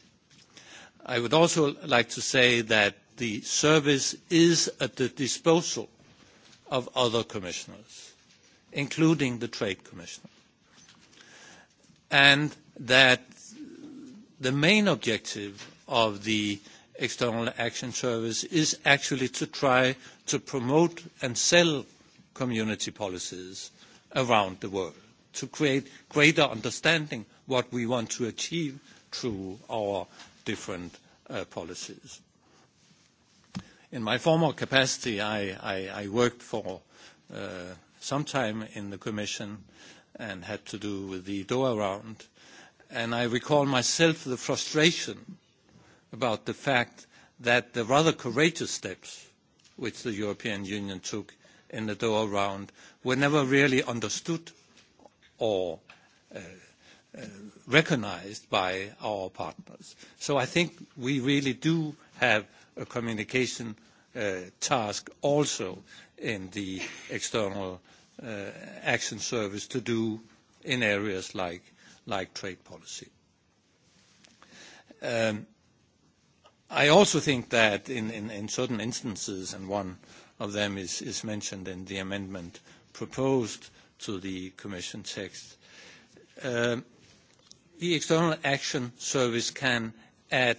S13: I would also like to say that the service is at the disposal of other commissioners, including the trade commissioner and that the main objective of the External Action Service is actually to try to promote and sell community policies around the world, to create greater understanding what we want to achieve through our different policies. In my former capacity, I worked for some time in the Commission, and had to do with the Doha round. And I recall myself the frustration about the fact that the rather courageous steps which the European Union took in the Doha round were never really understood or recognised by our partners. So I think we really do have a communication task also in the external action service to do in areas like, trade policy. I also think that in, certain instances, and one of them is, mentioned in the amendment proposed to the Commission text, the External Action Service can add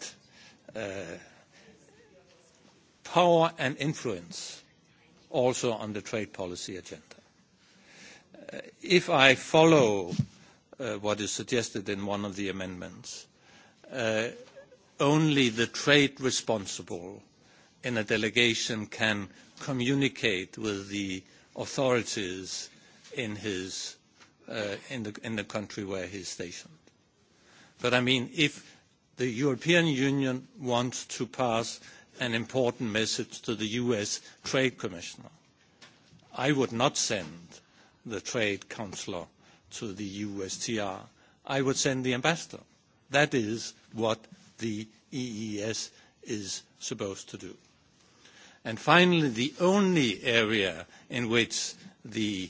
S13: power and influence also on the trade policy agenda if I follow what is suggested in one of the amendments, only the trade responsible in a delegation can communicate with the authorities in his in the in the country where he is stationed. But I mean, if the European Union wants to pass an important message to the U.S. Trade Commissioner, I would not send the trade counselor to the USTR. I would send the ambassador. That is what the EES is supposed to do. And finally, the only area in which the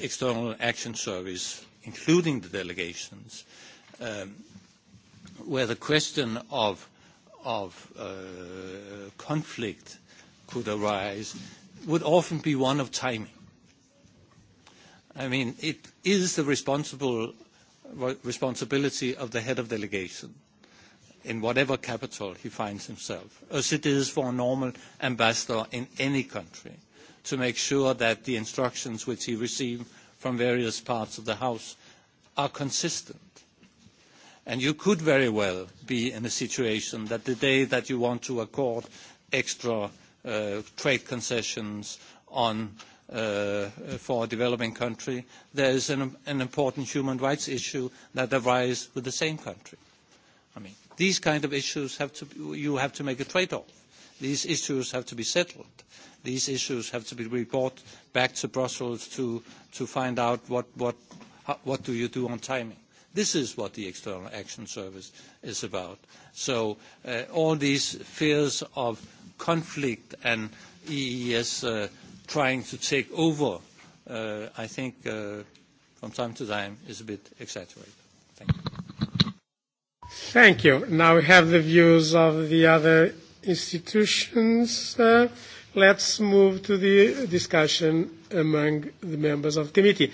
S13: External Action Service, including the delegations, where the question of conflict could arise would often be one of timing. I mean, it is the responsible responsibility of the head of delegation in whatever capital he finds himself, as it is for a normal ambassador in any country, to make sure that the instructions which he receives from various parts of the House are consistent. And you could very well be in a situation that the day that you want to accord extra trade concessions on for a developing country, there is an, an important human rights issue that arises with the same country. I mean, these kind of issues have to be, you have to make a trade-off. These issues have to be settled. These issues have to be reported back to Brussels to, to find out what, what, what do you do on timing. This is what the External Action Service is about. So all these fears of conflict and EES trying to take over, I think from time to time is a bit exaggerated. Thank you.
S2: Thank you. Now we have the views of the other institutions. Uh, let's move to the discussion among the members of the committee.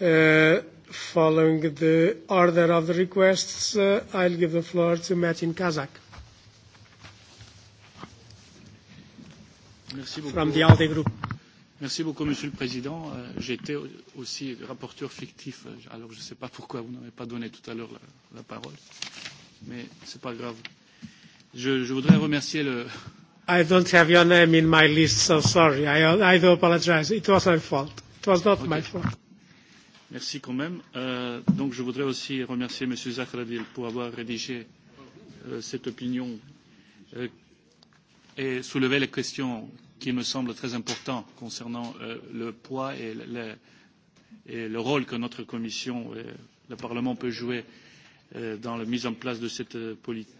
S2: Uh, following the order of the requests, uh, I'll give the floor to Martin Kazak.
S17: from the ALDE group. Merci beaucoup, Monsieur le Président. J'étais aussi rapporteur fictif, alors je ne sais pas pourquoi vous n'avez pas donné tout à l'heure la, la parole, mais ce n'est pas grave. Je, je voudrais remercier le.
S2: I don't have your name in my list, so sorry. I, I do apologize. It was my fault. It was not okay. my fault.
S17: Merci quand même. Euh, donc je voudrais aussi remercier M. Zahradil pour avoir rédigé euh, cette opinion euh, et soulever les questions qui me semblent très importantes concernant le poids et le, rôle que notre commission et le Parlement peuvent jouer dans la mise en place de, cette, de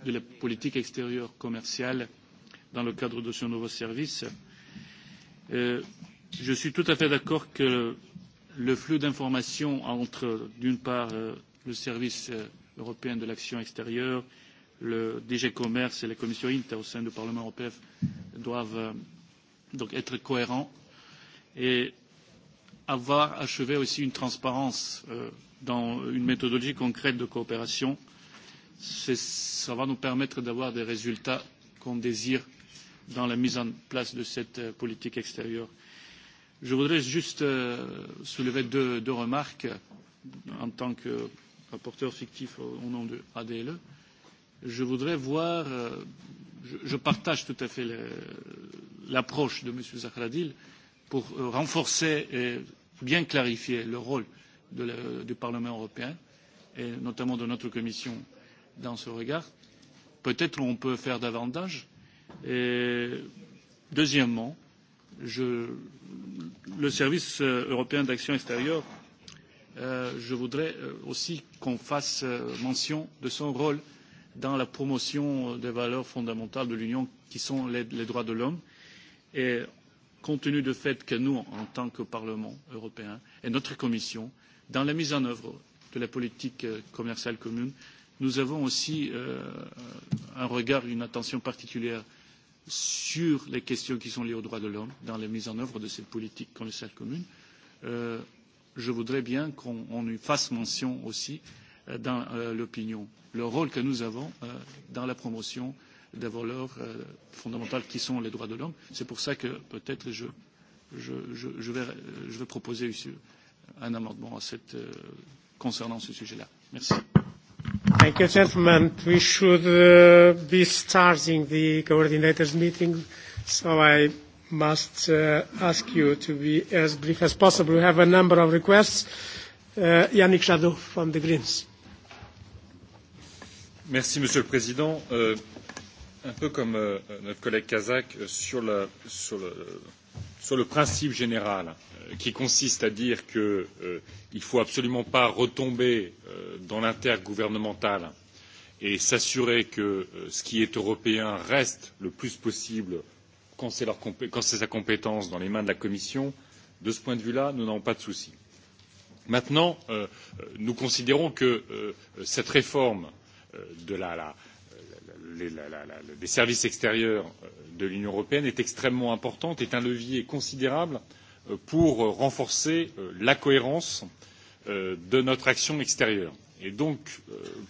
S17: la politique extérieure commerciale dans le cadre de ce nouveau service. je suis tout à fait d'accord que le flux d'informations entre, d'une part, le service européen de l'action extérieure, le DG Commerce et la commission INTA au sein du Parlement européen doivent donc être cohérents et avoir achevé aussi une transparence dans une méthodologie concrète de coopération. Cela va nous permettre d'avoir des résultats qu'on désire dans la mise en place de cette politique extérieure. Je voudrais juste soulever deux, remarques en tant que rapporteur fictif au nom de ADLE je voudrais voir, je, partage tout à fait l'approche de M. Zahradil pour renforcer et bien clarifier le rôle du Parlement européen et notamment de notre commission dans ce regard. Peut-être on peut faire davantage. Et deuxièmement, le service européen d'action extérieure, je voudrais aussi qu'on fasse mention de son rôle euh, dans la promotion des valeurs fondamentales de l'Union qui sont les, droits de l'homme. Et compte tenu du fait que nous, en tant que Parlement européen et notre Commission, dans la mise en œuvre de la politique commerciale commune, nous avons aussi un regard, une attention particulière sur les questions qui sont liées aux droits de l'homme dans la mise en œuvre de cette politique commerciale commune. je voudrais bien qu'on y fasse mention aussi dans l'opinion, le rôle que nous avons dans la promotion des valeurs fondamentales qui sont les droits de l'homme. C'est pour ça que peut-être je, je, je, je, vais, je vais proposer un amendement à cette, concernant ce sujet-là. Merci.
S2: Thank you, gentlemen. We should uh, be starting the coordinators meeting, so I must uh,
S10: ask you to
S2: be as brief as possible. We have a number of requests. Uh, Yannick Jadot from the Greens.
S10: Monsieur le Président. un peu comme notre collègue Kazak sur, le, principe général qui consiste à dire qu'il ne faut absolument pas retomber dans l'intergouvernemental et s'assurer que ce qui est européen reste le plus possible quand c'est sa compétence dans les mains de la Commission, de ce point de vue-là, nous n'avons pas de souci. Maintenant, nous considérons que cette réforme de la, des services extérieurs de l'Union européenne est extrêmement importante, est un levier considérable pour renforcer la cohérence de notre action extérieure. Et donc,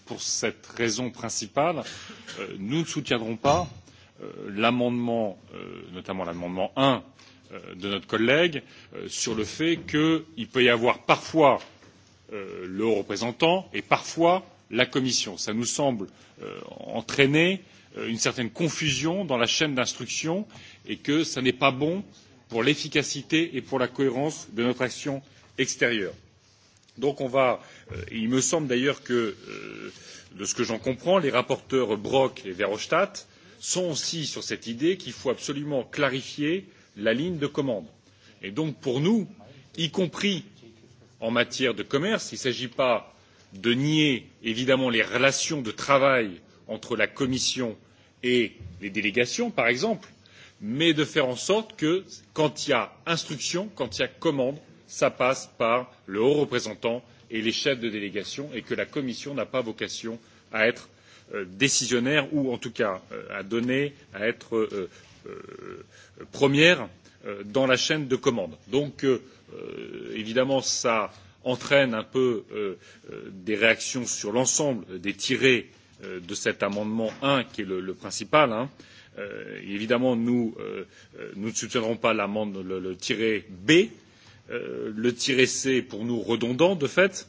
S10: pour cette raison principale, nous ne soutiendrons pas l'amendement, notamment l'amendement un de notre collègue, sur le fait qu'il peut y avoir parfois le haut représentant et parfois la Commission. Cela nous semble entraîner une certaine confusion dans la chaîne d'instruction et que ce n'est pas bon pour l'efficacité et pour la cohérence de notre action extérieure. Donc on va il me semble d'ailleurs que de ce que j'en comprends, les rapporteurs Brok et Verhofstadt sont aussi sur cette idée qu'il faut absolument clarifier la ligne de commande. Et donc pour nous, y compris en matière de commerce, il ne s'agit pas de nier évidemment les relations de travail entre la commission et les délégations par exemple mais de faire en sorte que quand il y a instruction quand il y a commande cela passe par le haut représentant et les chefs de délégation et que la commission n'a pas vocation à être décisionnaire ou en tout cas à donner à être première dans la chaîne de commande. donc évidemment cela entraîne un peu des réactions sur l'ensemble des tirés de cet amendement un qui est le, principal. évidemment, nous, ne soutiendrons pas le, tiré B. le tiré C est pour nous redondant, de fait.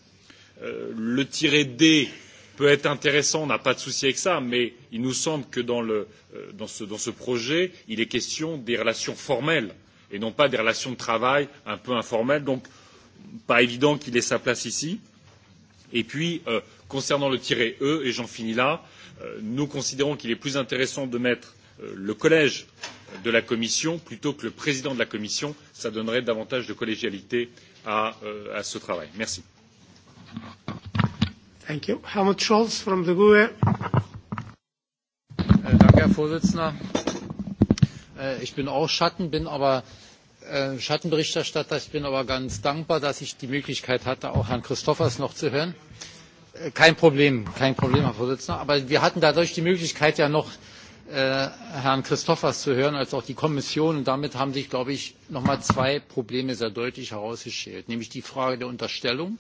S10: le tiré D peut être intéressant, on n'a pas de souci avec cela, mais il nous semble que dans, ce, projet, il est question des relations formelles et non pas des relations de travail un peu informelles. Donc, pas évident qu'il ait sa place ici. Et puis, concernant le tiret E, et j'en finis là, nous considérons qu'il est plus intéressant de mettre le collège de la Commission plutôt que le président de la Commission. Cela donnerait davantage de collégialité à, ce travail. Merci.
S7: Ich bin auch Schatten, bin aber Schattenberichterstatter. Ich bin aber ganz dankbar, dass ich die Möglichkeit hatte, auch Herrn Christophers noch zu hören. Kein Problem, kein Problem, Herr Vorsitzender. Aber wir hatten dadurch die Möglichkeit, ja noch Herrn Christophers zu hören, als auch die Kommission. Und damit haben sich, glaube ich, noch mal zwei Probleme sehr deutlich herausgeschält, nämlich die Frage der Unterstellung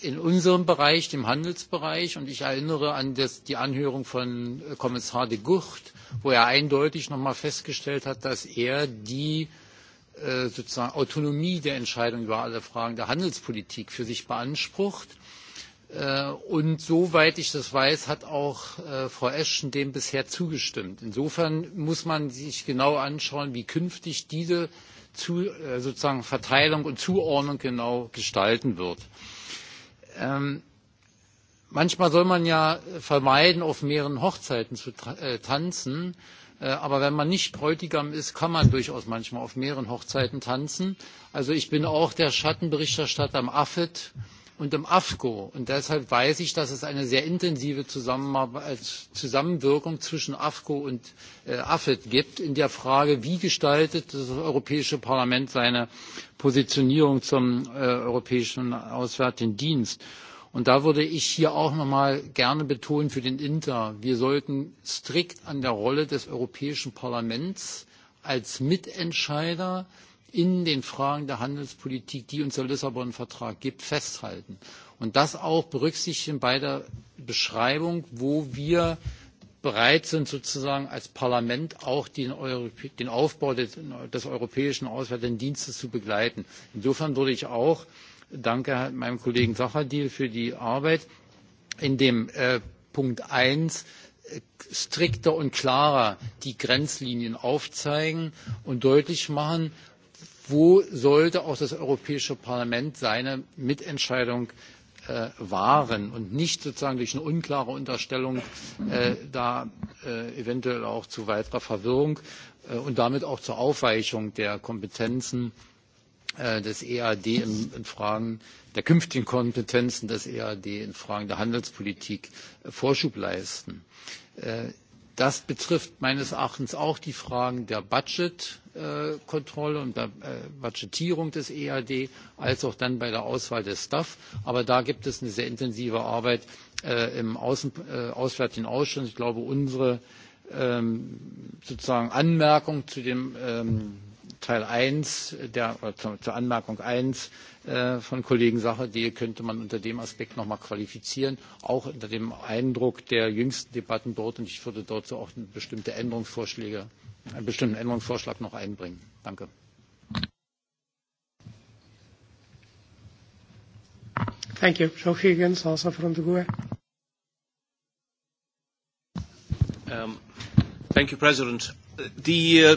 S7: in unserem Bereich, dem Handelsbereich, und ich erinnere an die Anhörung von Kommissar de Gucht, wo er eindeutig noch nochmal festgestellt hat, dass er die sozusagen Autonomie der Entscheidung über alle Fragen der Handelspolitik für sich beansprucht. Und soweit ich das weiß, hat auch Frau Ashton dem bisher zugestimmt. Insofern muss man sich genau anschauen, wie künftig diese sozusagen Verteilung und Zuordnung genau gestalten wird manchmal soll man ja vermeiden, auf mehreren Hochzeiten zu tanzen. Aber wenn man nicht Bräutigam ist, kann man durchaus manchmal auf mehreren Hochzeiten tanzen. Also ich bin auch der Schattenberichterstatter am AFET und im afco und deshalb weiß ich dass es eine sehr intensive zusammenwirkung zwischen afco und afet gibt in der frage wie gestaltet das europäische parlament seine positionierung zum europäischen auswärtigen dienst? und da würde ich hier auch noch mal gerne betonen für den inter wir sollten strikt an der rolle des europäischen parlaments als mitentscheider in den Fragen der Handelspolitik, die uns der Lissabon-Vertrag gibt, festhalten. Und das auch berücksichtigen bei der Beschreibung, wo wir bereit sind, sozusagen als Parlament auch den, Aufbau des, Europäischen Auswärtigen Dienstes zu begleiten. Insofern würde ich auch, danke meinem Kollegen Sachadil für die Arbeit, in dem Punkt eins strikter und klarer die Grenzlinien aufzeigen und deutlich machen, wo sollte auch das europäische parlament seine mitentscheidung wahren und nicht sozusagen durch eine unklare unterstellung da eventuell auch zu weiterer verwirrung und damit auch zur aufweichung der kompetenzen des ead in fragen der künftigen kompetenzen des ead in fragen der handelspolitik vorschub leisten. Das betrifft meines Erachtens auch die Fragen der Budgetkontrolle und der Budgetierung des EAD, als auch dann bei der Auswahl des Staff. Aber da gibt es eine sehr intensive Arbeit im Auswärtigen Ausschuss. Ich glaube, unsere sozusagen Anmerkung zu dem Teil 1 der, oder zur Anmerkung 1 von Kollegen Sache, die könnte man unter dem Aspekt nochmal qualifizieren, auch unter dem Eindruck der jüngsten Debatten dort. Und ich würde dazu auch bestimmte Änderungsvorschläge, einen bestimmten Änderungsvorschlag noch einbringen. Danke.
S2: Thank you. Joe Higgins, also from the GUE.
S4: Um, thank you, President. The uh,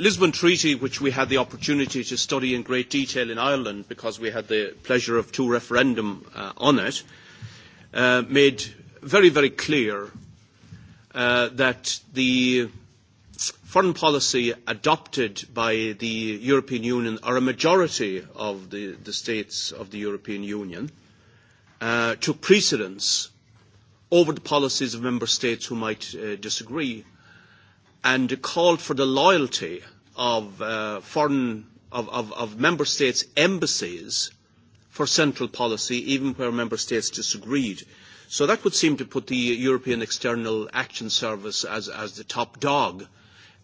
S4: Lisbon Treaty, which we had the opportunity to study in great detail in Ireland because we had the pleasure of two referendum on it, made very, very clear that the foreign policy adopted by the European Union or a majority of the, the states of the European Union took precedence over the policies of member states who might disagree and called for the loyalty of uh, foreign of, of, of member states' embassies for central policy, even where member states disagreed. So that would seem to put the European External Action Service as, as the top dog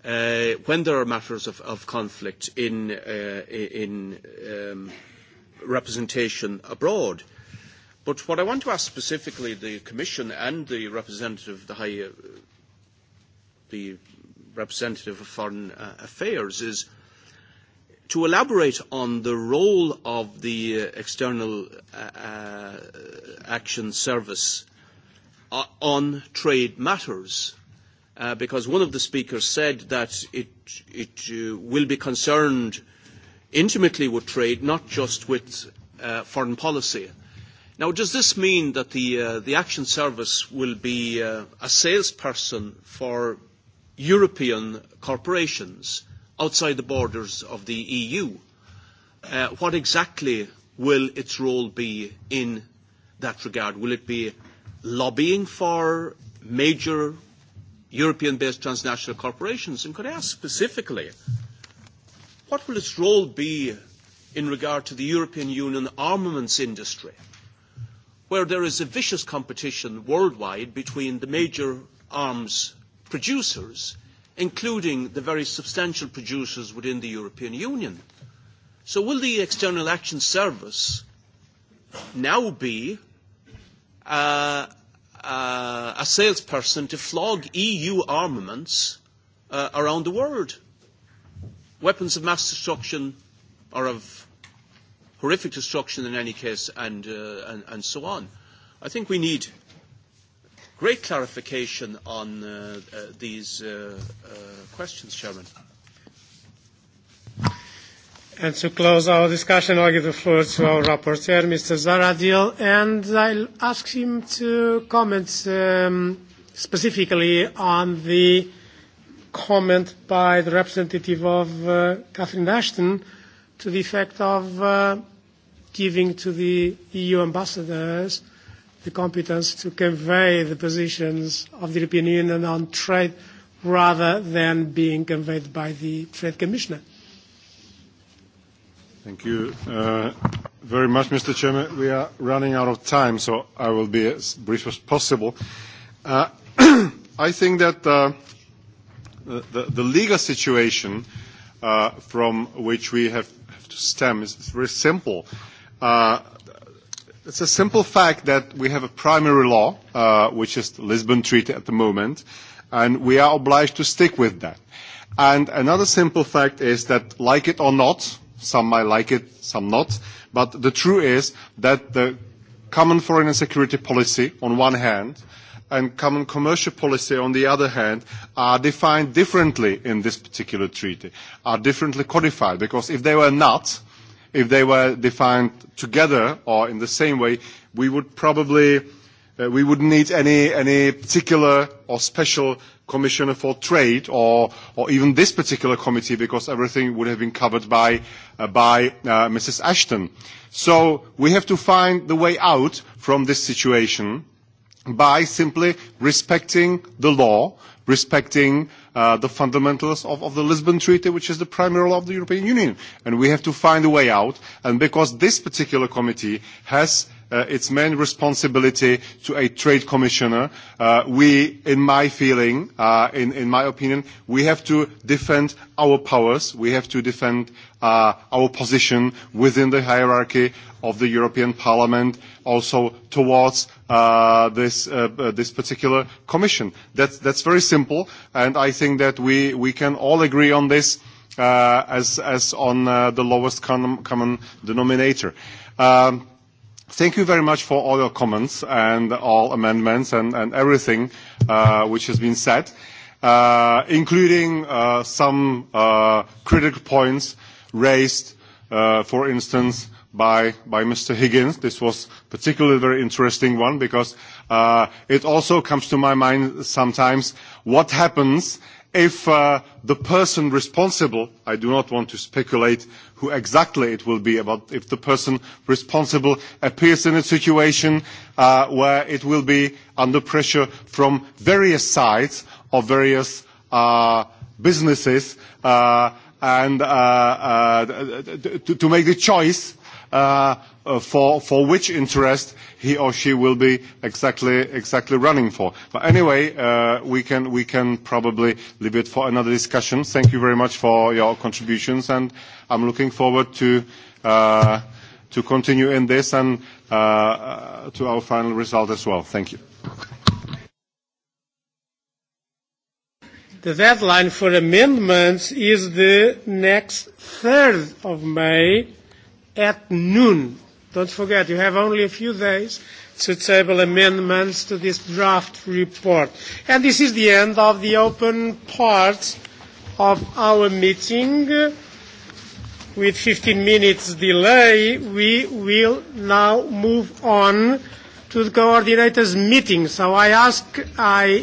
S4: uh, when there are matters of, of conflict in, uh, in um, representation abroad. But what I want to ask specifically the Commission and the representative, the High, the representative of foreign uh, affairs is to elaborate on the role of the external uh, action service on trade matters. Uh, because one of the speakers said that it, it uh, will be concerned intimately with trade, not just with uh, foreign policy. Now, does this mean that the, uh, the Action Service will be uh, a salesperson for European corporations outside the borders of the EU, what exactly will its role be in that regard? Will it be lobbying for major European-based transnational corporations? And could I ask specifically, what will its role be in regard to the European Union armaments industry, where there is a vicious competition worldwide between the major arms producers, including the very substantial producers within the European Union. So will the External Action Service now be uh, uh, a salesperson to flog EU armaments uh, around the world? Weapons of mass destruction are of horrific destruction in any case, and, uh, and, and so on. I think we need great clarification on uh, uh, these uh, uh, questions, Chairman.
S2: And to close our discussion, I'll give the floor to our rapporteur, Mr. Zaradil, and I'll ask him to comment um, specifically on the comment by the representative of uh, Catherine Ashton to the effect of uh, giving to the EU ambassadors – the competence to convey the positions of the European Union on trade rather than being conveyed by the Trade Commissioner.
S15: Thank you uh, very much, Mr. Chairman. We are running out of time, so I will be as brief as possible. Uh, I think that uh, the, the legal situation uh, from which we have, have to stem is very simple. Uh, It's a simple fact that we have a primary law, uh, which is the Lisbon Treaty at the moment, and we are obliged to stick with that. And another simple fact is that, like it or not, some might like it, some not, but the truth is that the common foreign and security policy on one hand and common commercial policy on the other hand are defined differently in this particular treaty, are differently codified, because if they were not, uh, if they were defined together or in the same way, we would probably we wouldn't need any any particular or special commissioner for trade or or even this particular committee because everything would have been covered by uh, by uh, Mrs. Ashton. So we have to find the way out from this situation by simply respecting the law, respecting uh, the fundamentals of, of the Lisbon Treaty, which is the primary law of the European Union. And we have to find a way out. And because this particular committee has its main responsibility to a trade commissioner. we, in my feeling, in, my opinion, we have to defend our powers. We have to defend our position within the hierarchy of the European Parliament also towards uh, this, uh, this particular commission. That's, that's very simple, and I think that we, we can all agree on this uh, as, as on uh, the lowest com- common denominator. Um, Thank you very much for all your comments and all amendments and, and everything uh, which has been said, uh, including uh, some uh, critical points raised, uh, for instance, by, by Mr. Higgins. This was particularly very interesting one because uh, it also comes to my mind sometimes what happens if uh, the person responsible, I do not want to speculate who exactly it will be, but if the person responsible appears in a situation uh, where it will be under pressure from various sides of various uh, businesses uh, and uh, uh, to, to make the choice uh, for, for which interest he or she will be exactly, exactly running for. But anyway, uh, we, can, we can probably leave it for another discussion. Thank you very much for your contributions, and I'm looking forward to, uh, to continue in this and uh, to our final result as well. Thank you.
S2: The deadline for amendments is the next 3rd of May at noon Don't forget, you have only a few days to table amendments to this draft report. And this is the end of the open part of our meeting. With 15 minutes delay, we will now move on to the coordinators' meeting. So I ask, I